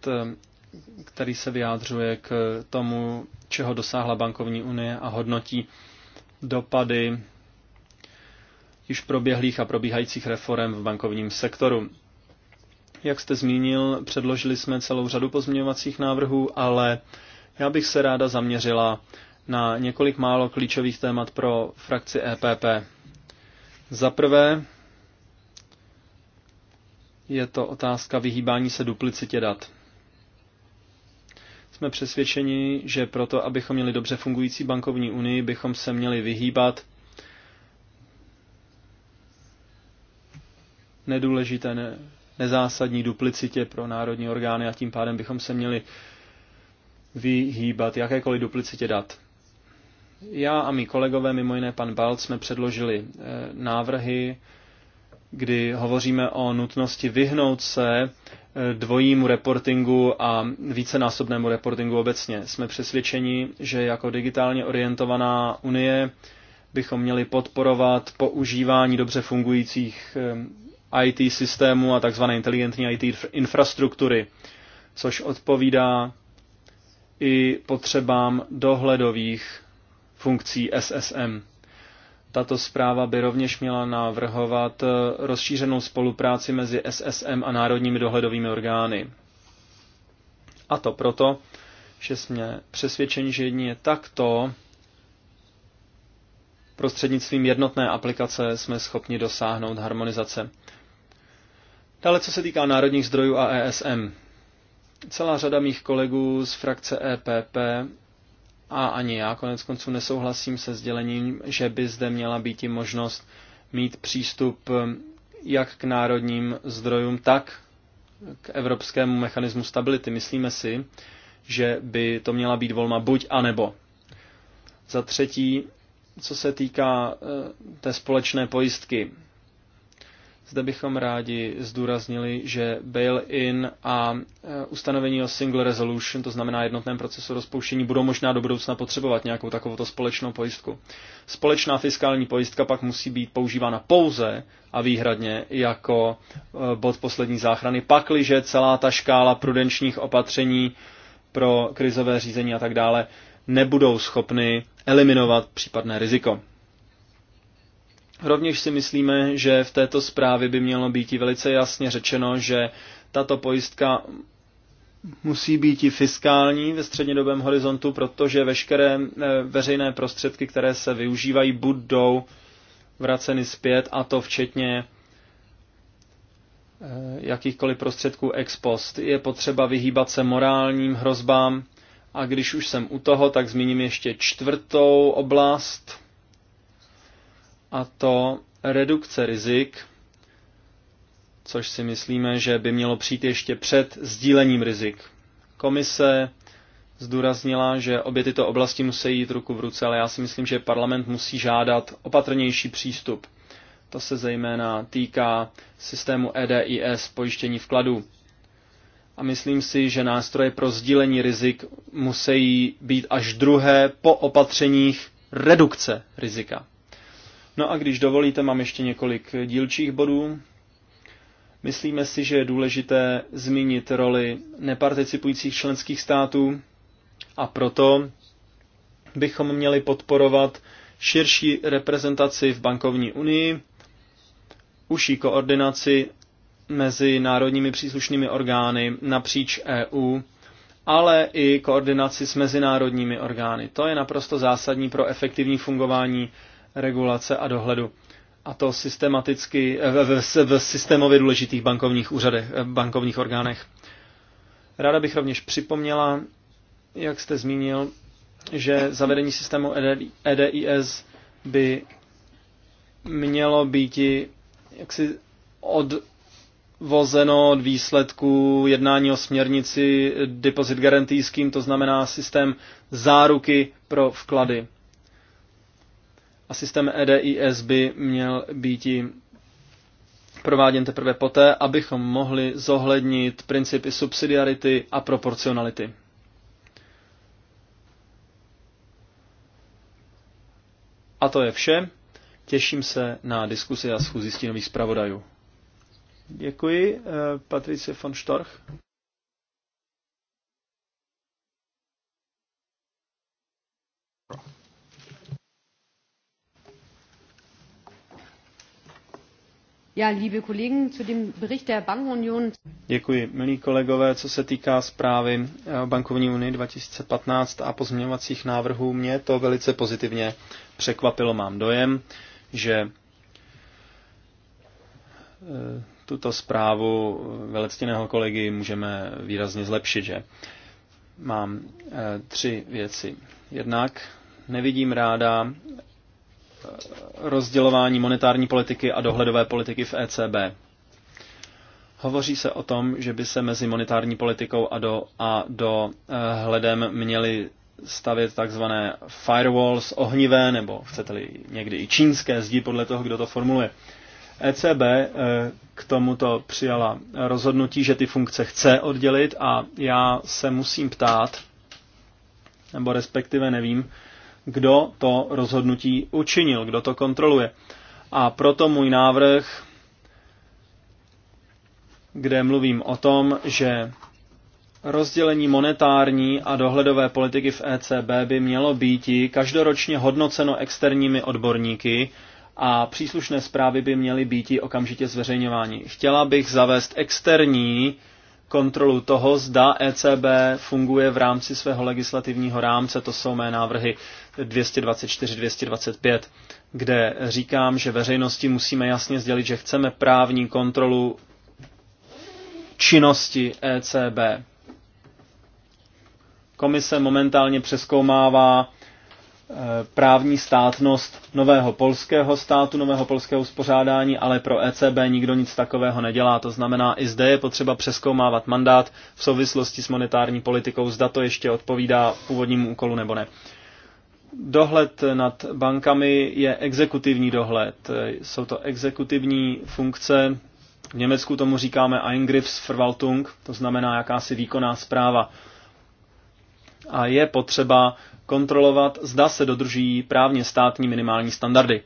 který se vyjádřuje k tomu, čeho dosáhla bankovní unie a hodnotí dopady již proběhlých a probíhajících reform v bankovním sektoru. Jak jste zmínil, předložili jsme celou řadu pozměňovacích návrhů, ale já bych se ráda zaměřila na několik málo klíčových témat pro frakci EPP. Za prvé je to otázka vyhýbání se duplicitě dat. Jsme přesvědčeni, že proto, abychom měli dobře fungující bankovní unii, bychom se měli vyhýbat nedůležité, ne, nezásadní duplicitě pro národní orgány a tím pádem bychom se měli vyhýbat jakékoliv duplicitě dat. Já a mý kolegové, mimo jiné pan Balc, jsme předložili eh, návrhy, kdy hovoříme o nutnosti vyhnout se eh, dvojímu reportingu a vícenásobnému reportingu obecně. Jsme přesvědčeni, že jako digitálně orientovaná unie bychom měli podporovat používání dobře fungujících eh, IT systému a tzv. inteligentní IT infrastruktury, což odpovídá i potřebám dohledových funkcí SSM. Tato zpráva by rovněž měla navrhovat eh, rozšířenou spolupráci mezi SSM a národními dohledovými orgány. A to proto, že jsme přesvědčeni, že jedině takto prostřednictvím jednotné aplikace jsme schopni dosáhnout harmonizace. Dále, co se týká národních zdrojů a ESM. Celá řada mých kolegů z frakce EPP a ani já konec konců nesouhlasím se sdělením, že by zde měla být i možnost mít přístup eh, jak k národním zdrojům, tak k evropskému mechanismu stability. Myslíme si, že by to měla být volma buď a nebo. Za třetí, co se týká eh, té společné pojistky. Zde bychom rádi zdůraznili, že bail-in a e, ustanovení o single resolution, to znamená jednotném procesu rozpouštění, budou možná do budoucna potřebovat nějakou takovouto společnou pojistku. Společná fiskální pojistka pak musí být používána pouze a výhradně jako e, bod poslední záchrany, pakliže celá ta škála prudenčních opatření pro krizové řízení a tak dále nebudou schopny eliminovat případné riziko. Rovněž si myslíme, že v této zprávě by mělo být i velice jasně řečeno, že tato pojistka musí být i fiskální ve střednědobém horizontu, protože veškeré eh, veřejné prostředky, které se využívají, budou vraceny zpět, a to včetně eh, jakýchkoliv prostředků ex post. Je potřeba vyhýbat se morálním hrozbám a když už jsem u toho, tak zmíním ještě čtvrtou oblast, a to redukce rizik, což si myslíme, že by mělo přijít ještě před sdílením rizik. Komise zdůraznila, že obě tyto oblasti musí jít ruku v ruce, ale já si myslím, že parlament musí žádat opatrnější přístup. To se zejména týká systému EDIS pojištění vkladů. A myslím si, že nástroje pro sdílení rizik musí být až druhé po opatřeních redukce rizika. No a když dovolíte, mám ještě několik dílčích bodů. Myslíme si, že je důležité zmínit roli neparticipujících členských států a proto bychom měli podporovat širší reprezentaci v bankovní unii, užší koordinaci mezi národními příslušnými orgány napříč EU, ale i koordinaci s mezinárodními orgány. To je naprosto zásadní pro efektivní fungování regulace a dohledu. A to systematicky v, v, v systémově důležitých bankovních úřadech, eh, bankovních orgánech. Ráda bych rovněž připomněla, jak jste zmínil, že zavedení systému EDIS by mělo být jaksi odvozeno od výsledku jednání o směrnici Deposit garantijským, to znamená systém záruky pro vklady a systém EDIS by měl být prováděn teprve poté, abychom mohli zohlednit principy subsidiarity a proporcionality. A to je vše. Těším se na diskusi a schůzi stínových zpravodajů. Děkuji, eh, Patrice von Storch. Děkuji, milí kolegové. Co se týká zprávy o eh, bankovní unii 2015 a pozměňovacích návrhů, mě to velice pozitivně překvapilo. Mám dojem, že eh, tuto zprávu velectěného kolegy můžeme výrazně zlepšit, že? Mám eh, tři věci. Jednak nevidím ráda rozdělování monetární politiky a dohledové politiky v ECB. Hovoří se o tom, že by se mezi monetární politikou a do, a do eh, hledem měly stavět takzvané firewalls ohnivé, nebo chcete-li někdy i čínské zdi, podle toho, kdo to formuluje. ECB eh, k tomuto přijala rozhodnutí, že ty funkce chce oddělit a já se musím ptát, nebo respektive nevím, kdo to rozhodnutí učinil, kdo to kontroluje. A proto můj návrh, kde mluvím o tom, že rozdělení monetární a dohledové politiky v ECB by mělo být každoročně hodnoceno externími odborníky, a příslušné zprávy by měly být okamžitě zveřejňovány. Chtěla bych zavést externí kontrolu toho, zda ECB funguje v rámci svého legislativního rámce, to jsou mé návrhy 224-225, kde říkám, že veřejnosti musíme jasně sdělit, že chceme právní kontrolu činnosti ECB. Komise momentálně přeskoumává Eh, právní státnost nového polského státu, nového polského uspořádání, ale pro ECB nikdo nic takového nedělá. To znamená, i zde je potřeba přeskoumávat mandát v souvislosti s monetární politikou, zda to ještě odpovídá původnímu úkolu nebo ne. Dohled nad bankami je exekutivní dohled. Eh, jsou to exekutivní funkce, v Německu tomu říkáme Eingriffsverwaltung, to znamená jakási výkonná zpráva a je potřeba kontrolovat, zda se dodržují právně státní minimální standardy.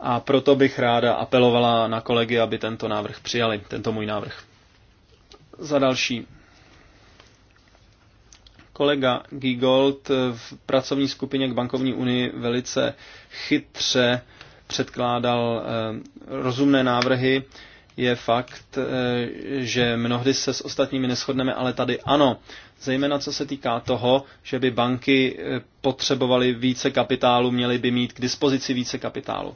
A proto bych ráda apelovala na kolegy, aby tento návrh přijali, tento můj návrh. Za další. Kolega Gigold v pracovní skupině k bankovní unii velice chytře předkládal eh, rozumné návrhy, je fakt, eh, že mnohdy se s ostatními neschodneme, ale tady ano. Zejména co se týká toho, že by banky eh, potřebovaly více kapitálu, měly by mít k dispozici více kapitálu.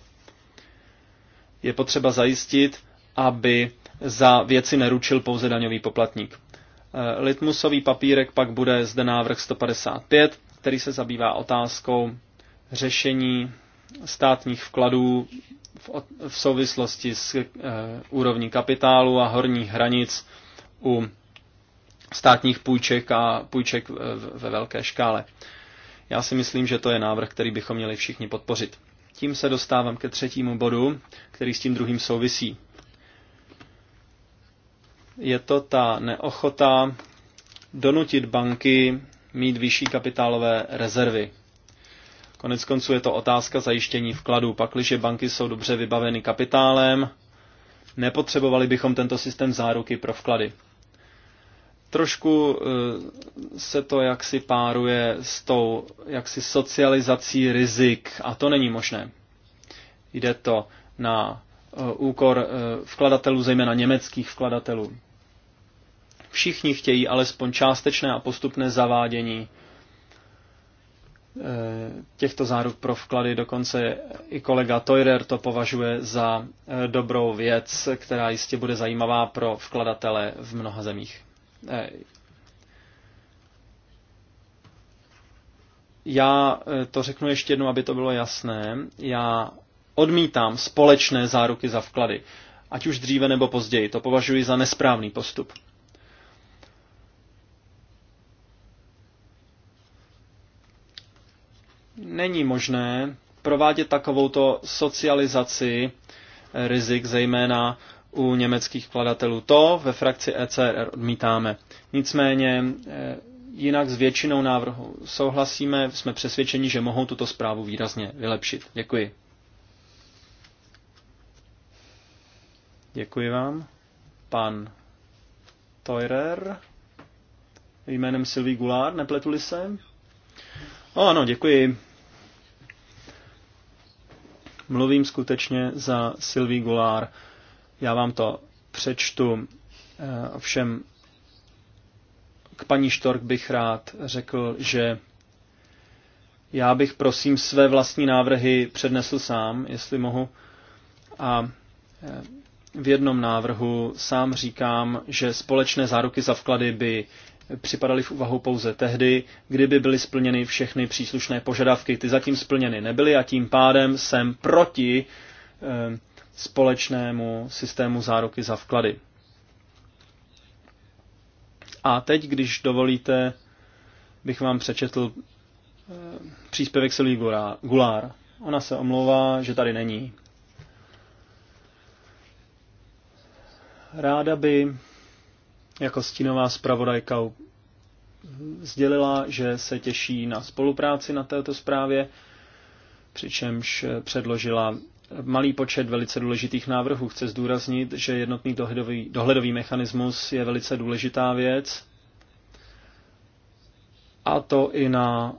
Je potřeba zajistit, aby za věci neručil pouze daňový poplatník. Eh, litmusový papírek pak bude zde návrh 155, který se zabývá otázkou řešení státních vkladů v, v souvislosti s e, úrovní kapitálu a horních hranic u státních půjček a půjček ve velké škále. Já si myslím, že to je návrh, který bychom měli všichni podpořit. Tím se dostávám ke třetímu bodu, který s tím druhým souvisí. Je to ta neochota donutit banky mít vyšší kapitálové rezervy. Konec konců je to otázka zajištění vkladů. Pakliže banky jsou dobře vybaveny kapitálem, nepotřebovali bychom tento systém záruky pro vklady. Trošku eh, se to jaksi páruje s tou jaksi socializací rizik a to není možné. Jde to na eh, úkor eh, vkladatelů, zejména německých vkladatelů. Všichni chtějí alespoň částečné a postupné zavádění Eh, těchto záruk pro vklady. Dokonce i kolega Teurer to považuje za eh, dobrou věc, která jistě bude zajímavá pro vkladatele v mnoha zemích. Eh, já to řeknu ještě jednou, aby to bylo jasné. Já odmítám společné záruky za vklady, ať už dříve nebo později. To považuji za nesprávný postup. není možné provádět takovouto socializaci eh, rizik, zejména u německých vkladatelů. To ve frakci ECR odmítáme. Nicméně eh, jinak s většinou návrhu souhlasíme, jsme přesvědčeni, že mohou tuto zprávu výrazně vylepšit. Děkuji. Děkuji vám. Pan Teurer jménem Sylvie Goulart, nepletuli se? O, ano, děkuji mluvím skutečně za Sylvie Goulart. Já vám to přečtu. Eh, ovšem k paní Štork bych rád řekl, že já bych prosím své vlastní návrhy přednesl sám, jestli mohu. A eh, v jednom návrhu sám říkám, že společné záruky za vklady by připadaly v úvahu pouze tehdy, kdyby byly splněny všechny příslušné požadavky. Ty zatím splněny nebyly a tím pádem jsem proti eh, společnému systému záruky za vklady. A teď, když dovolíte, bych vám přečetl eh, příspěvek Silví Gulár. Ona se omlouvá, že tady není. Ráda by jako stínová zpravodajka sdělila, že se těší na spolupráci na této zprávě, přičemž předložila malý počet velice důležitých návrhů. Chce zdůraznit, že jednotný dohledový, dohledový mechanismus je velice důležitá věc, a to i na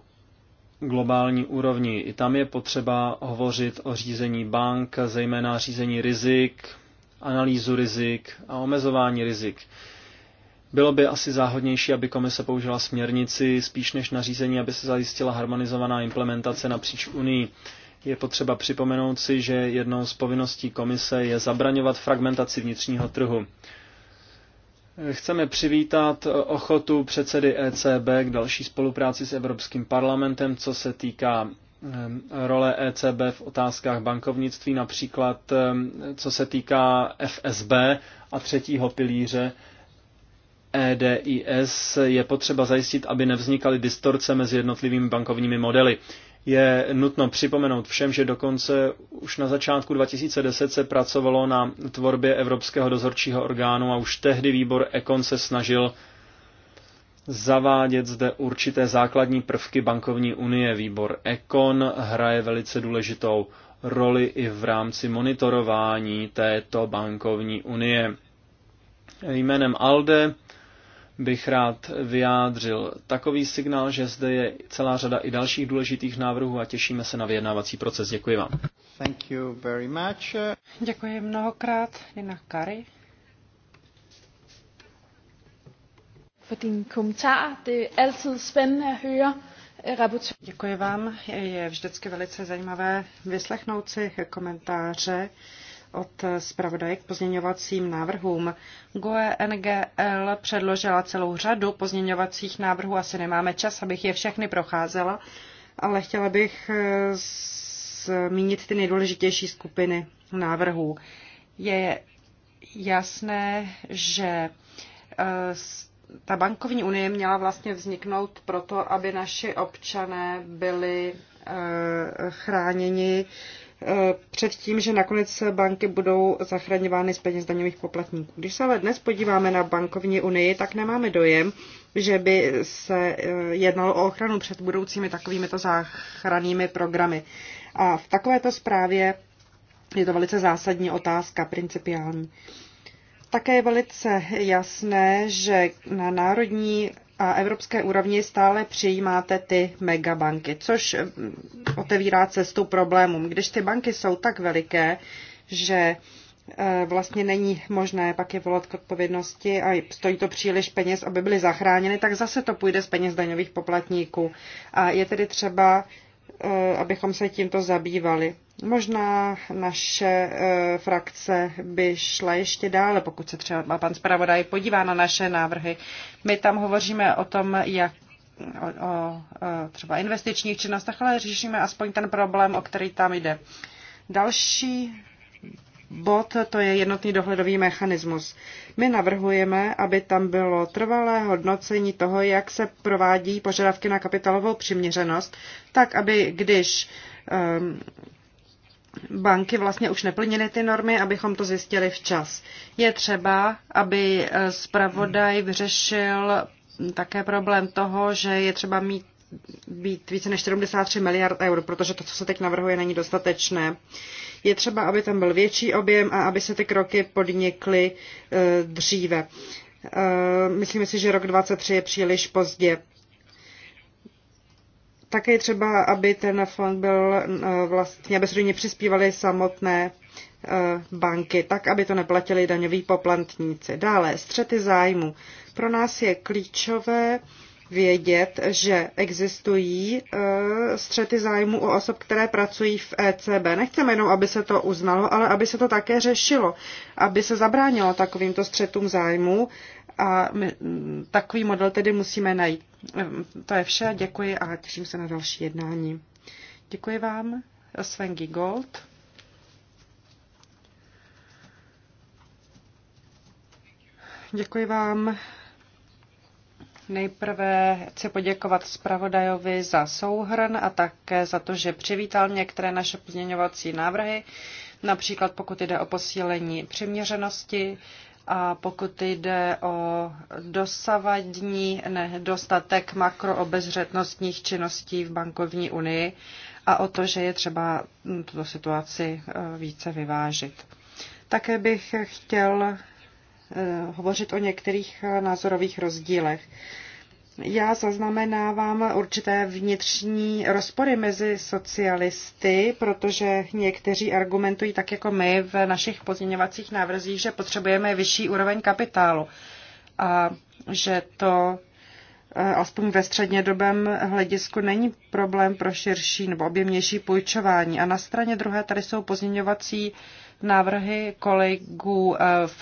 globální úrovni. I tam je potřeba hovořit o řízení bank, zejména řízení rizik, analýzu rizik a omezování rizik. Bylo by asi záhodnější, aby komise použila směrnici spíš než nařízení, aby se zajistila harmonizovaná implementace napříč Unii. Je potřeba připomenout si, že jednou z povinností komise je zabraňovat fragmentaci vnitřního trhu. Chceme přivítat ochotu předsedy ECB k další spolupráci s Evropským parlamentem, co se týká eh, role ECB v otázkách bankovnictví, například eh, co se týká FSB a třetího pilíře, EDIS je potřeba zajistit, aby nevznikaly distorce mezi jednotlivými bankovními modely. Je nutno připomenout všem, že dokonce už na začátku 2010 se pracovalo na tvorbě Evropského dozorčího orgánu a už tehdy výbor Econ se snažil zavádět zde určité základní prvky bankovní unie. Výbor Econ hraje velice důležitou roli i v rámci monitorování této bankovní unie. Jménem ALDE bych rád vyjádřil takový signál, že zde je celá řada i dalších důležitých návrhů a těšíme se na vyjednávací proces. Děkuji vám. Thank you very much. Děkuji mnohokrát. Nina Kari. for dine kommentarer. Det er altid spændende at høre øh, Děkuji vám. Je vždycky velice zajímavé vyslechnout si komentáře od zpravodaje k pozměňovacím návrhům. GOE NGL předložila celou řadu pozměňovacích návrhů, asi nemáme čas, abych je všechny procházela, ale chtěla bych eh, zmínit ty nejdůležitější skupiny návrhů. Je jasné, že eh, ta bankovní unie měla vlastně vzniknout proto, aby naši občané byli eh, chráněni před tím, že nakonec banky budou zachraňovány z peněz daňových poplatníků. Když se ale dnes podíváme na bankovní unii, tak nemáme dojem, že by se eh, jednalo o ochranu před budoucími takovýmito záchrannými programy. A v takovéto zprávě je to velice zásadní otázka, principiální. Také je velice jasné, že na národní a evropské úrovni stále přijímáte ty megabanky, což mm, otevírá cestu problémům. Když ty banky jsou tak veliké, že e, vlastně není možné pak je volat k odpovědnosti a stojí to příliš peněz, aby byly zachráněny, tak zase to půjde z peněz daňových poplatníků. A je tedy třeba, e, abychom se tímto zabývali. Možná naše e, frakce by šla ještě dále, pokud se třeba pan zpravodaj podívá na naše návrhy. My tam hovoříme o tom, jak o, o e, třeba investičních činnostech, ale řešíme aspoň ten problém, o který tam jde. Další bod, to je jednotný dohledový mechanismus. My navrhujeme, aby tam bylo trvalé hodnocení toho, jak se provádí požadavky na kapitalovou přiměřenost, tak aby když banky vlastně už neplnily ty normy, abychom to zjistili včas. Je třeba, aby eh, zpravodaj vyřešil také problém toho, že je třeba mít být více než 73 miliard eur, protože to, co se teď navrhuje, není dostatečné. Je třeba, aby tam byl větší objem a aby se ty kroky podnikly eh, dříve. Eh, Myslím si, že rok 23 je příliš pozdě. Také je třeba, aby ten fond byl eh, vlastně, aby se přispívaly samotné eh, banky, tak, aby to neplatili daňoví poplantníci. Dále, střety zájmu. Pro nás je klíčové vědět, že existují eh, střety zájmu u osob, které pracují v ECB. Nechceme jenom, aby se to uznalo, ale aby se to také řešilo, aby se zabránilo takovýmto střetům zájmu a my, mm, takový model tedy musíme najít. Ehm, to je vše, děkuji a těším se na další jednání. Děkuji vám, Svengi Gold. Děkuji vám. Nejprve chci poděkovat zpravodajovi za souhrn a také za to, že přivítal některé naše pozměňovací návrhy, například pokud jde o posílení přiměřenosti, a pokud jde o dosavadní nedostatek makroobezřetnostních činností v bankovní unii a o to, že je třeba tuto situaci eh, více vyvážit. Také bych chtěl eh, hovořit o některých eh, názorových rozdílech já zaznamenávám určité vnitřní rozpory mezi socialisty, protože někteří argumentují tak jako my v našich pozměňovacích návrzích, že potřebujeme vyšší úroveň kapitálu a že to eh, aspoň ve střednědobém hledisku není problém pro širší nebo objemnější půjčování. A na straně druhé tady jsou pozměňovací návrhy kolegů,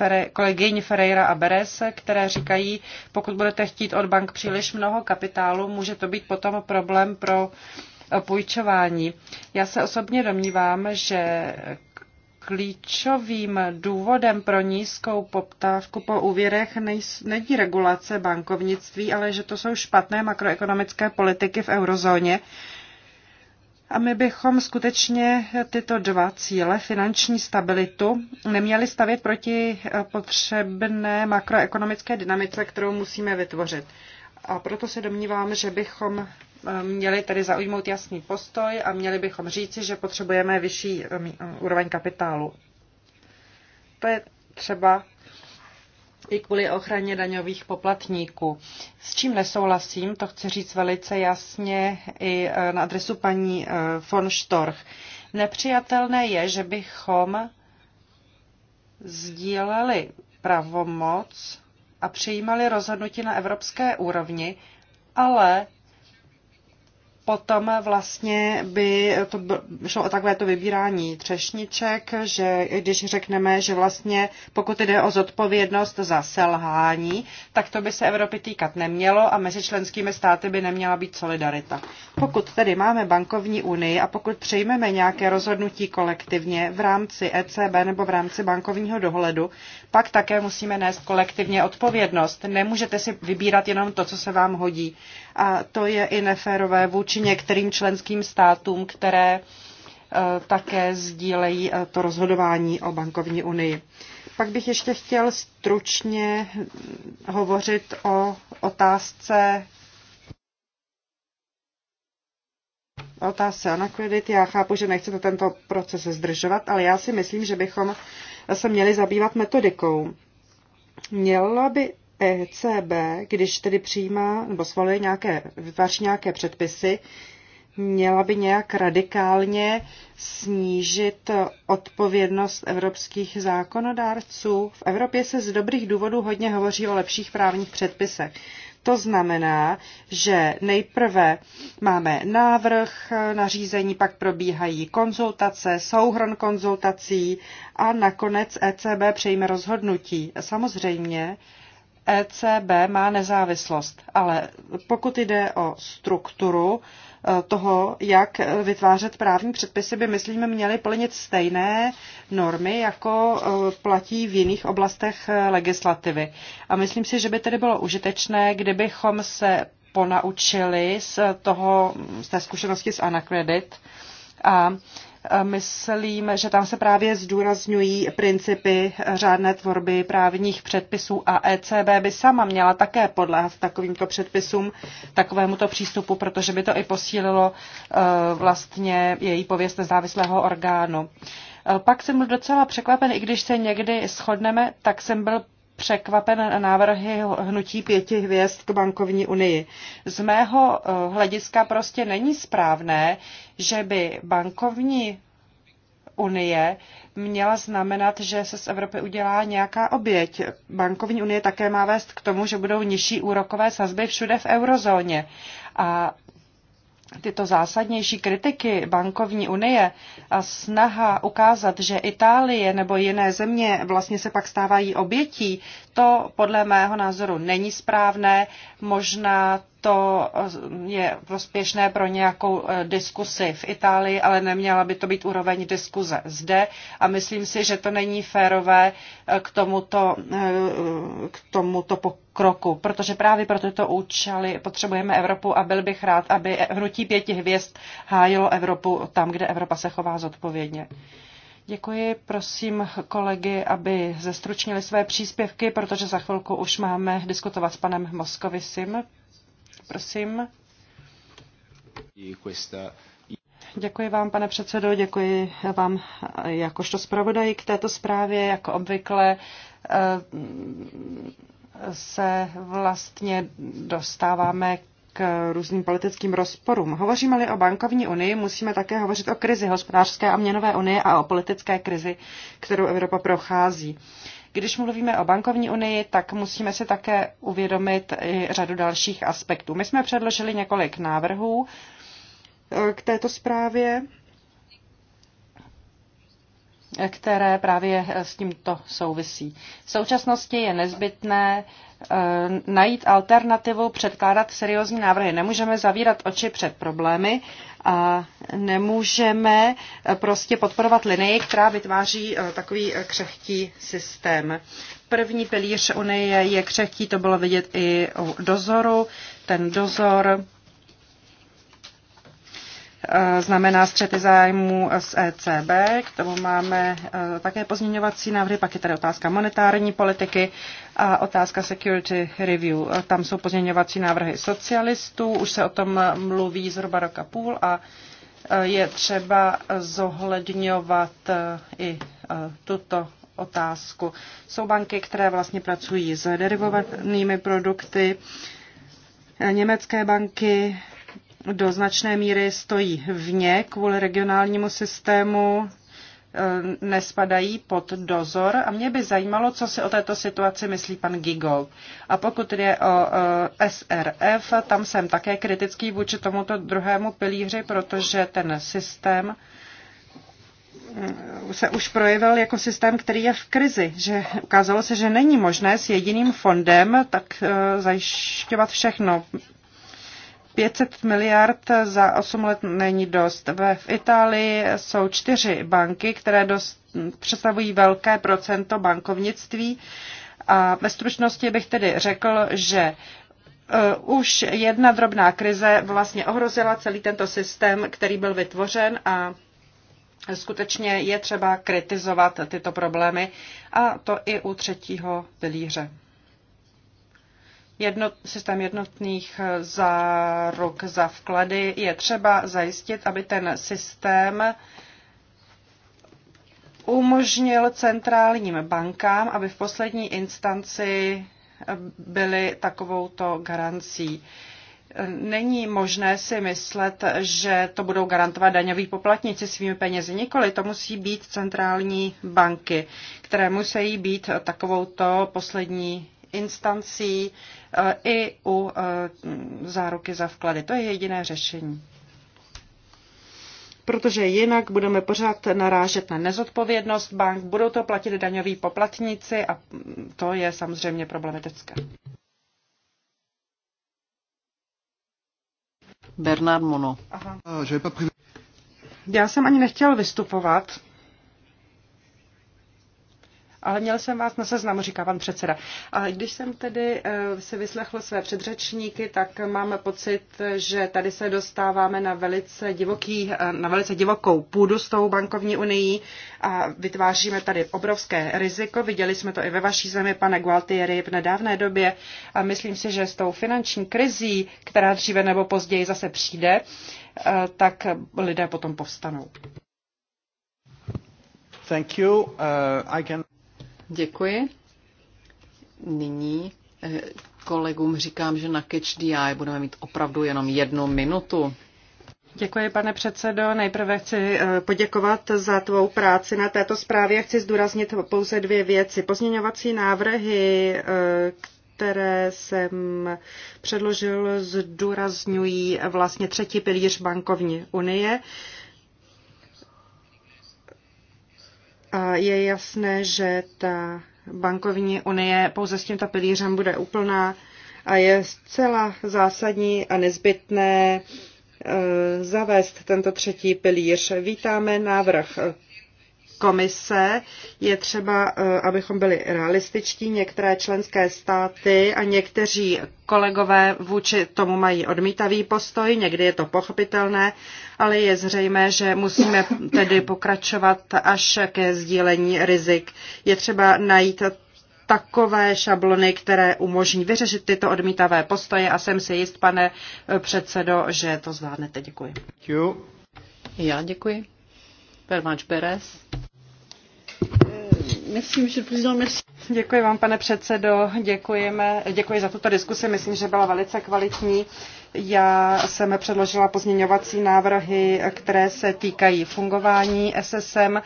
eh, kolegyň Ferreira a Beres, které říkají, pokud budete chtít od bank příliš mnoho kapitálu, může to být potom problém pro půjčování. Já se osobně domnívám, že klíčovým důvodem pro nízkou poptávku po úvěrech není regulace bankovnictví, ale že to jsou špatné makroekonomické politiky v eurozóně a my bychom skutečně tyto dva cíle, finanční stabilitu, neměli stavět proti eh, potřebné makroekonomické dynamice, kterou musíme vytvořit. A proto se domnívám, že bychom eh, měli tedy zaujmout jasný postoj a měli bychom říci, že potřebujeme vyšší eh, úroveň kapitálu. To je třeba i kvůli ochraně daňových poplatníků. S čím nesouhlasím, to chci říct velice jasně i e, na adresu paní e, von Storch. Nepřijatelné je, že bychom sdíleli pravomoc a přijímali rozhodnutí na evropské úrovni, ale potom vlastně by to šlo o takovéto vybírání třešniček, že když řekneme, že vlastně pokud jde o zodpovědnost za selhání, tak to by se Evropy týkat nemělo a mezi členskými státy by neměla být solidarita. Pokud tedy máme bankovní unii a pokud přejmeme nějaké rozhodnutí kolektivně v rámci ECB nebo v rámci bankovního dohledu, pak také musíme nést kolektivně odpovědnost. Nemůžete si vybírat jenom to, co se vám hodí. A to je i neférové vůči některým členským státům, které eh, také sdílejí eh, to rozhodování o bankovní unii. Pak bych ještě chtěl stručně hovořit o otázce otázce na kredit. Já chápu, že nechcete tento proces zdržovat, ale já si myslím, že bychom se měli zabývat metodikou. Měla by ECB, když tedy přijímá nebo svaluje nějaké, vytváří nějaké předpisy, měla by nějak radikálně snížit odpovědnost evropských zákonodárců. V Evropě se z dobrých důvodů hodně hovoří o lepších právních předpisech. To znamená, že nejprve máme návrh nařízení, pak probíhají konzultace, souhron konzultací a nakonec ECB přejme rozhodnutí. Samozřejmě, ECB má nezávislost, ale pokud jde o strukturu e, toho, jak vytvářet právní předpisy, by, myslím, měly plnit stejné normy, jako e, platí v jiných oblastech e, legislativy. A myslím si, že by tedy bylo užitečné, kdybychom se ponaučili z, toho, z té zkušenosti s Anacredit a Myslím, že tam se právě zdůrazňují principy řádné tvorby právních předpisů a ECB by sama měla také podléhat takovýmto předpisům, takovémuto přístupu, protože by to i posílilo e, vlastně její pověst nezávislého orgánu. E, pak jsem byl docela překvapen, i když se někdy shodneme, tak jsem byl překvapen návrhy hnutí pěti hvězd k bankovní unii. Z mého eh, hlediska prostě není správné, že by bankovní unie měla znamenat, že se z Evropy udělá nějaká oběť. Bankovní unie také má vést k tomu, že budou nižší úrokové sazby všude v eurozóně. A tyto zásadnější kritiky bankovní unie a snaha ukázat, že Itálie nebo jiné země vlastně se pak stávají obětí to podle mého názoru není správné, možná to eh, je prospěšné pro nějakou eh, diskusi v Itálii, ale neměla by to být úroveň diskuze zde a myslím si, že to není férové eh, k tomuto, k tomuto pokroku, protože právě pro tyto účely potřebujeme Evropu a byl bych rád, aby hnutí pěti hvězd hájilo Evropu tam, kde Evropa se chová zodpovědně. Děkuji, prosím kolegy, aby zestručnili své příspěvky, protože za chvilku už máme diskutovat s panem Moskovisem. Prosím. Děkuji vám, pane předsedo, děkuji vám jakožto zpravodaji k této zprávě, jako obvykle eh, se vlastně dostáváme k různým politickým rozporům. Hovoříme-li o bankovní unii, musíme také hovořit o krizi hospodářské a měnové unie a o politické krizi, kterou Evropa prochází. Když mluvíme o bankovní unii, tak musíme si také uvědomit i řadu dalších aspektů. My jsme předložili několik návrhů eh, k této zprávě které právě eh, s tímto souvisí. V současnosti je nezbytné eh, najít alternativu, předkládat seriózní návrhy. Nemůžeme zavírat oči před problémy a nemůžeme eh, prostě podporovat linii, která vytváří takový křehký systém. První pilíř Unie je křehký, to bylo vidět i u dozoru. Ten dozor Eh, znamená střety zájmů z ECB. K tomu máme eh, také pozměňovací návrhy, pak je tady otázka monetární politiky a otázka security review. Eh, tam jsou pozměňovací návrhy socialistů, už se o tom mluví zhruba roka půl a je třeba zohledňovat i tuto otázku. Jsou banky, které vlastně pracují s derivovanými produkty, německé banky, do značné míry stojí vně kvůli regionálnímu systému, e, nespadají pod dozor a mě by zajímalo, co si o této situaci myslí pan Gigol. A pokud je o e, SRF, tam jsem také kritický vůči tomuto druhému pilíři, protože ten systém mm, se už projevil jako systém, který je v krizi, že ukázalo se, že není možné s jediným fondem tak e, zajišťovat všechno. 500 miliard za 8 let není dost. V Itálii jsou čtyři banky, které dost, představují velké procento bankovnictví. A ve stručnosti bych tedy řekl, že uh, už jedna drobná krize vlastně ohrozila celý tento systém, který byl vytvořen a skutečně je třeba kritizovat tyto problémy a to i u třetího pilíře systém jednotných eh, záruk za vklady, je třeba zajistit, aby ten systém umožnil centrálním bankám, aby v poslední instanci eh, byly takovouto garancí. Není možné si myslet, že to budou garantovat daňoví poplatníci svými penězi. Nikoli to musí být centrální banky, které musí být takovouto poslední instancí eh, i u eh, záruky za vklady. To je jediné řešení. Protože jinak budeme pořád narážet na nezodpovědnost bank, budou to platit daňoví poplatníci a to je samozřejmě problematické. Bernard Mono. Aha. Já jsem ani nechtěl vystupovat, ale měl jsem vás na seznamu, říká pan předseda. A když jsem tedy eh, si vyslechl své předřečníky, tak mám pocit, že tady se dostáváme na velice, divoký, eh, na velice divokou půdu s tou bankovní unii a vytváříme tady obrovské riziko. Viděli jsme to i ve vaší zemi, pane Gualtieri, v nedávné době a myslím si, že s tou finanční krizí, která dříve nebo později zase přijde, eh, tak lidé potom povstanou. Thank you. Uh, I can... Děkuji. Nyní eh, kolegům říkám, že na Catch DI budeme mít opravdu jenom jednu minutu. Děkuji, pane předsedo. Nejprve chci eh, poděkovat za tvou práci na této zprávě. Chci zdůraznit pouze dvě věci. Pozměňovací návrhy, eh, které jsem předložil, zdůrazňují vlastně třetí pilíř bankovní unie. je jasné, že ta bankovní unie pouze s tímto pilířem bude úplná a je zcela zásadní a nezbytné e, zavést tento třetí pilíř. Vítáme návrh komise, je třeba, eh, abychom byli realističtí. Některé členské státy a někteří kolegové vůči tomu mají odmítavý postoj, někdy je to pochopitelné, ale je zřejmé, že musíme tedy pokračovat až ke sdílení rizik. Je třeba najít takové šablony, které umožní vyřešit tyto odmítavé postoje a jsem si jist, pane eh, předsedo, že to zvládnete. Děkuji. Já děkuji. much Beres. Děkuji vám, pane předsedo. Děkujeme, děkuji za tuto diskusi. Myslím, že byla velice kvalitní. Já jsem předložila pozměňovací návrhy, které se týkají fungování SSM.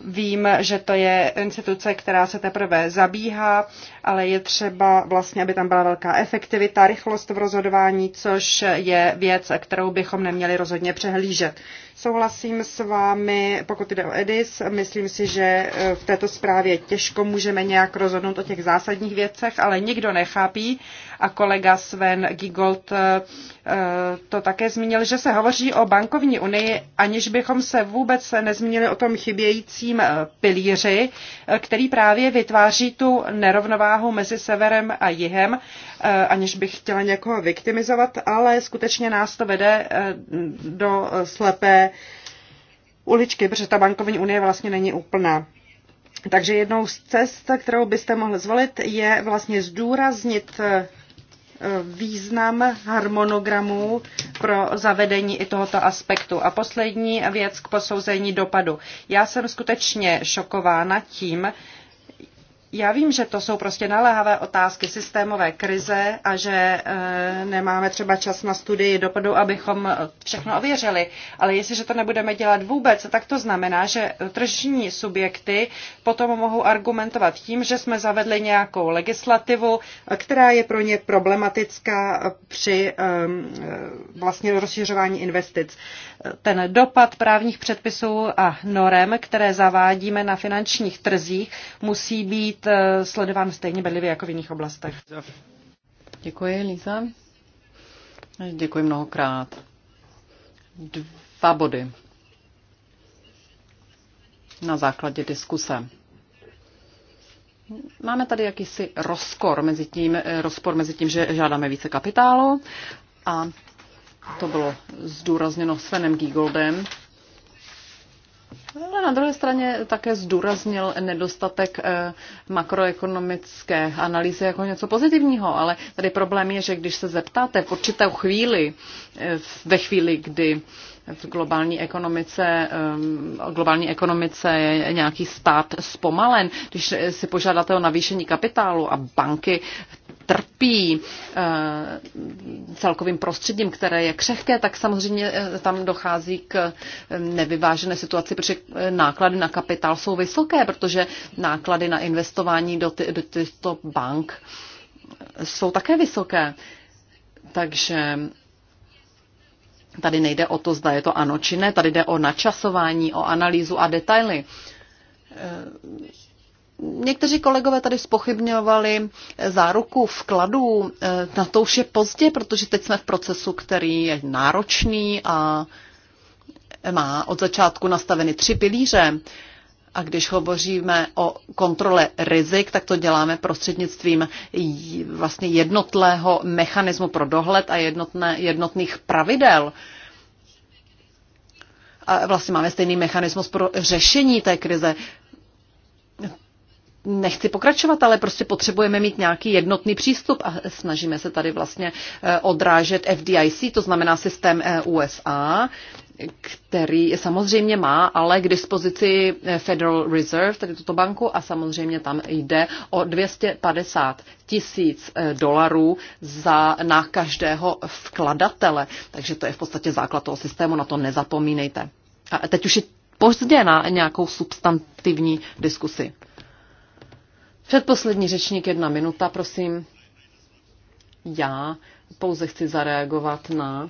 Vím, že to je instituce, která se teprve zabíhá, ale je třeba vlastně, aby tam byla velká efektivita, rychlost v rozhodování, což je věc, kterou bychom neměli rozhodně přehlížet. Souhlasím s vámi, pokud jde o EDIS. Myslím si, že eh, v této zprávě těžko můžeme nějak rozhodnout o těch zásadních věcech, ale nikdo nechápí. A kolega Sven Gigold eh, eh, to také zmínil, že se hovoří o bankovní unii, aniž bychom se vůbec nezmínili o tom chybějící dohodovacím eh, pilíři, eh, který právě vytváří tu nerovnováhu mezi severem a jihem, eh, aniž bych chtěla někoho viktimizovat, ale skutečně nás to vede do slepé uličky, protože ta bankovní unie vlastně není úplná. Takže jednou z cest, kterou byste mohli zvolit, je vlastně zdůraznit význam harmonogramu pro zavedení i tohoto aspektu. A poslední věc k posouzení dopadu. Já jsem skutečně šokována tím, já vím, že to jsou prostě naléhavé otázky systémové krize a že e, nemáme třeba čas na studii dopadu, abychom všechno ověřili. Ale jestliže to nebudeme dělat vůbec, tak to znamená, že tržní subjekty potom mohou argumentovat tím, že jsme zavedli nějakou legislativu, která je pro ně problematická při e, e vlastně rozšiřování investic. Ten dopad právních předpisů a norem, které zavádíme na finančních trzích, musí být být eh, sledován stejně bedlivě jako v jiných oblastech. Děkuji, Líza. Děkuji mnohokrát. Dva body na základě diskuse. Máme tady jakýsi rozkor mezi tím, eh, rozpor mezi tím, že žádáme více kapitálu a to bylo zdůrazněno Svenem Giegoldem, ale na druhé straně také zdůraznil nedostatek eh, makroekonomické analýzy jako něco pozitivního, ale tady problém je, že když se zeptáte v určitou chvíli, eh, ve chvíli, kdy v globální ekonomice, globální ekonomice je nějaký stát zpomalen. Když si požádáte o navýšení kapitálu a banky trpí eh, celkovým prostředím, které je křehké, tak samozřejmě eh, tam dochází k eh, nevyvážené situaci, protože náklady na kapitál jsou vysoké, protože náklady na investování do, ty, do těchto bank jsou také vysoké. Takže Tady nejde o to, zda je to ano či ne, tady jde o načasování, o analýzu a detaily. E, někteří kolegové tady spochybňovali záruku vkladů. E, na to už je pozdě, protože teď jsme v procesu, který je náročný a má od začátku nastaveny tři pilíře. A když hovoříme o kontrole rizik, tak to děláme prostřednictvím vlastně jednotlého mechanismu pro dohled a jednotné, jednotných pravidel. A vlastně máme stejný mechanismus pro řešení té krize. Nechci pokračovat, ale prostě potřebujeme mít nějaký jednotný přístup a snažíme se tady vlastně eh, odrážet FDIC, to znamená systém eh, USA, který samozřejmě má ale k dispozici eh, Federal Reserve, tedy tuto banku, a samozřejmě tam jde o 250 tisíc eh, dolarů za, na každého vkladatele. Takže to je v podstatě základ toho systému, na to nezapomínejte. A teď už je pozdě na nějakou substantivní diskusi. Předposlední řečník, jedna minuta, prosím. Já pouze chci zareagovat na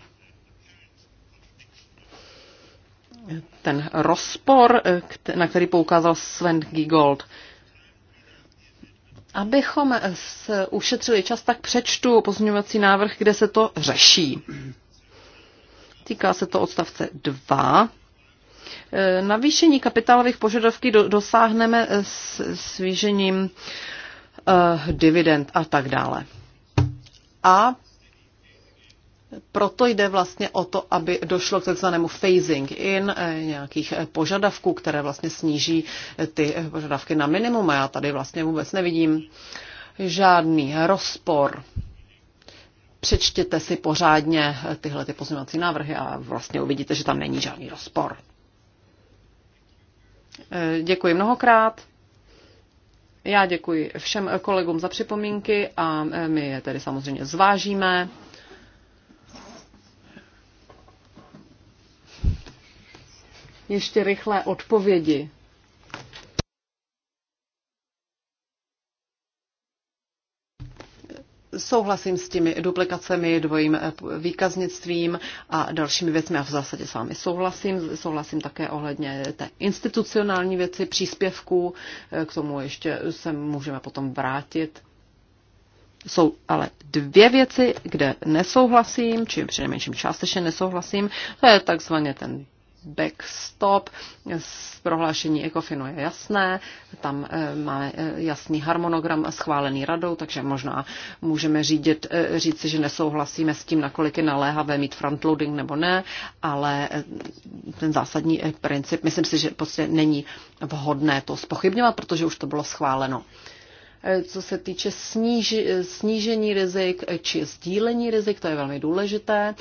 ten rozpor, eh, na který poukázal Sven Giegold. Abychom ušetřili čas, tak přečtu pozměňovací návrh, kde se to řeší. Týká se to odstavce 2. Eh, navýšení kapitálových požadavky dosáhneme s svížením eh, dividend a tak dále. A proto jde vlastně o to, aby došlo k takzvanému phasing in eh, nějakých eh, požadavků, které vlastně sníží eh, ty požadavky na minimum. A já tady vlastně vůbec nevidím žádný rozpor. Přečtěte si pořádně tyhle ty pozměňovací návrhy a vlastně uvidíte, že tam není žádný rozpor. Děkuji mnohokrát. Já děkuji všem kolegům za připomínky a my je tedy samozřejmě zvážíme. ještě rychlé odpovědi. Souhlasím s těmi duplikacemi, dvojím eh, výkaznictvím a dalšími věcmi a v zásadě s vámi souhlasím. Souhlasím také ohledně té institucionální věci, příspěvků. Eh, k tomu ještě se můžeme potom vrátit. Jsou ale dvě věci, kde nesouhlasím, či přinejmenším částečně nesouhlasím. To je takzvaně ten backstop. Z prohlášení ECOFINu je jasné, tam e, máme e, jasný harmonogram schválený radou, takže možná můžeme řídit, e, říct, že nesouhlasíme s tím, nakolik je naléhavé mít frontloading nebo ne, ale ten zásadní princip, myslím si, že prostě není vhodné to spochybňovat, protože už to bylo schváleno co se týče sníži, snížení rizik či sdílení rizik, to je velmi důležité.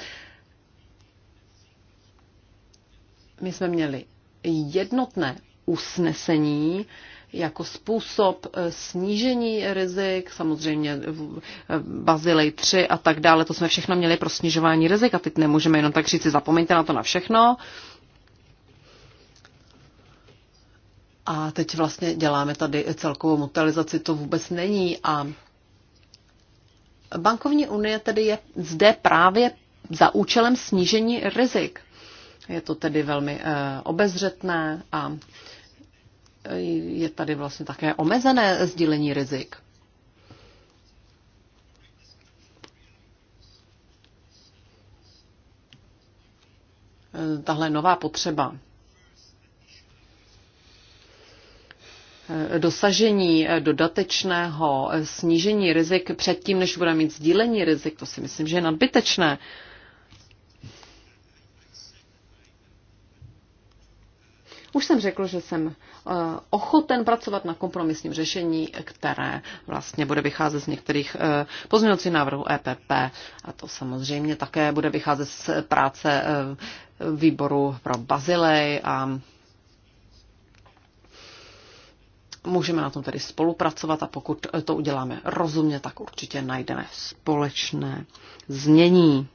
My jsme měli jednotné usnesení jako způsob eh, snížení rizik, samozřejmě eh, Bazilej 3 a tak dále, to jsme všechno měli pro snižování rizik a teď nemůžeme jenom tak říct zapomeňte na to na všechno. A teď vlastně děláme tady celkovou mutualizaci, to vůbec není a bankovní unie tedy je zde právě za účelem snížení rizik. Je to tedy velmi eh, obezřetné a eh, je tady vlastně také omezené sdílení rizik. Eh, tahle nová potřeba dosažení dodatečného snížení rizik předtím, než budeme mít sdílení rizik, to si myslím, že je nadbytečné. Už jsem řekl, že jsem eh, ochoten pracovat na kompromisním řešení, které vlastně bude vycházet z některých eh, pozměňovacích návrhů EPP a to samozřejmě také bude vycházet z práce eh, výboru pro Bazilej a můžeme na tom tedy spolupracovat a pokud to uděláme rozumně, tak určitě najdeme společné znění.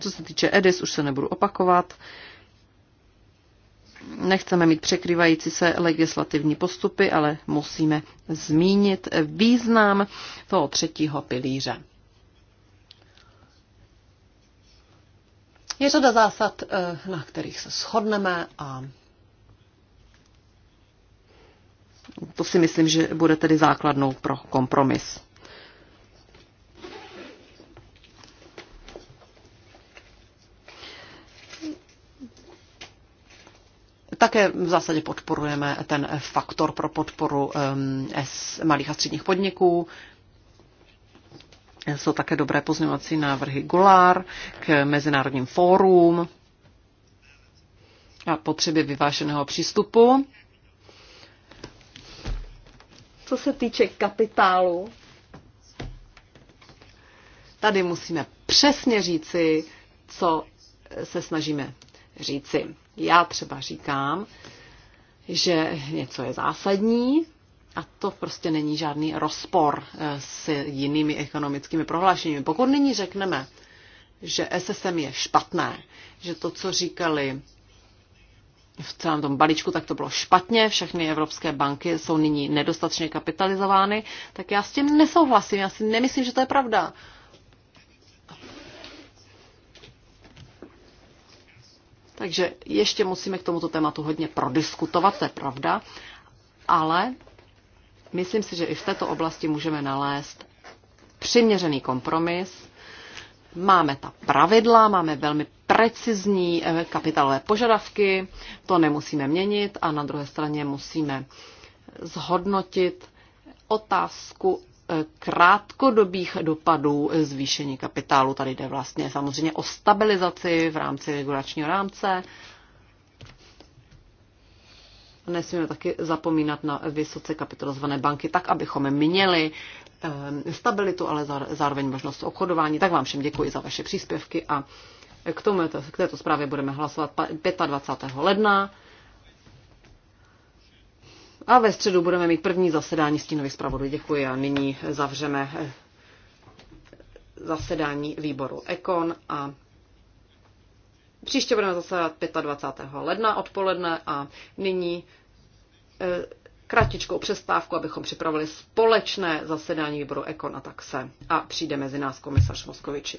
Co se týče EDIS, už se nebudu opakovat. Nechceme mít překrývající se legislativní postupy, ale musíme zmínit význam toho třetího pilíře. Je řada zásad, eh, na kterých se shodneme a to si myslím, že bude tedy základnou pro kompromis. Také v zásadě podporujeme ten faktor pro podporu S malých a středních podniků. Jsou také dobré pozměňovací návrhy GOLAR k Mezinárodním fórům a potřeby vyváženého přístupu. Co se týče kapitálu, tady musíme přesně říci, co se snažíme říci. Já třeba říkám, že něco je zásadní a to prostě není žádný rozpor eh, s jinými ekonomickými prohlášeními. Pokud nyní řekneme, že SSM je špatné, že to, co říkali v celém tom balíčku, tak to bylo špatně, všechny evropské banky jsou nyní nedostatečně kapitalizovány, tak já s tím nesouhlasím, já si nemyslím, že to je pravda. Uh, Takže ještě musíme k tomuto tématu hodně prodiskutovat, to je pravda, ale myslím si, že i v této oblasti můžeme nalézt přiměřený kompromis. Máme ta pravidla, máme velmi precizní eh, kapitalové požadavky, to nemusíme měnit a na druhé straně musíme zhodnotit otázku krátkodobých dopadů zvýšení kapitálu. Tady jde vlastně samozřejmě o stabilizaci v rámci regulačního rámce. Nesmíme taky zapomínat na vysoce kapitalizované banky, tak abychom měli eh, stabilitu, ale zároveň možnost obchodování. Tak vám všem děkuji za vaše příspěvky a k, tomu, k této zprávě budeme hlasovat 25. ledna. A ve středu budeme mít první zasedání stínových zpravodů. Děkuji a nyní zavřeme eh, zasedání výboru Ekon a příště budeme zasedat 25. ledna odpoledne a nyní eh, kratičkou přestávku, abychom připravili společné zasedání výboru Ekon a tak se. A přijde mezi nás komisař Moskoviči.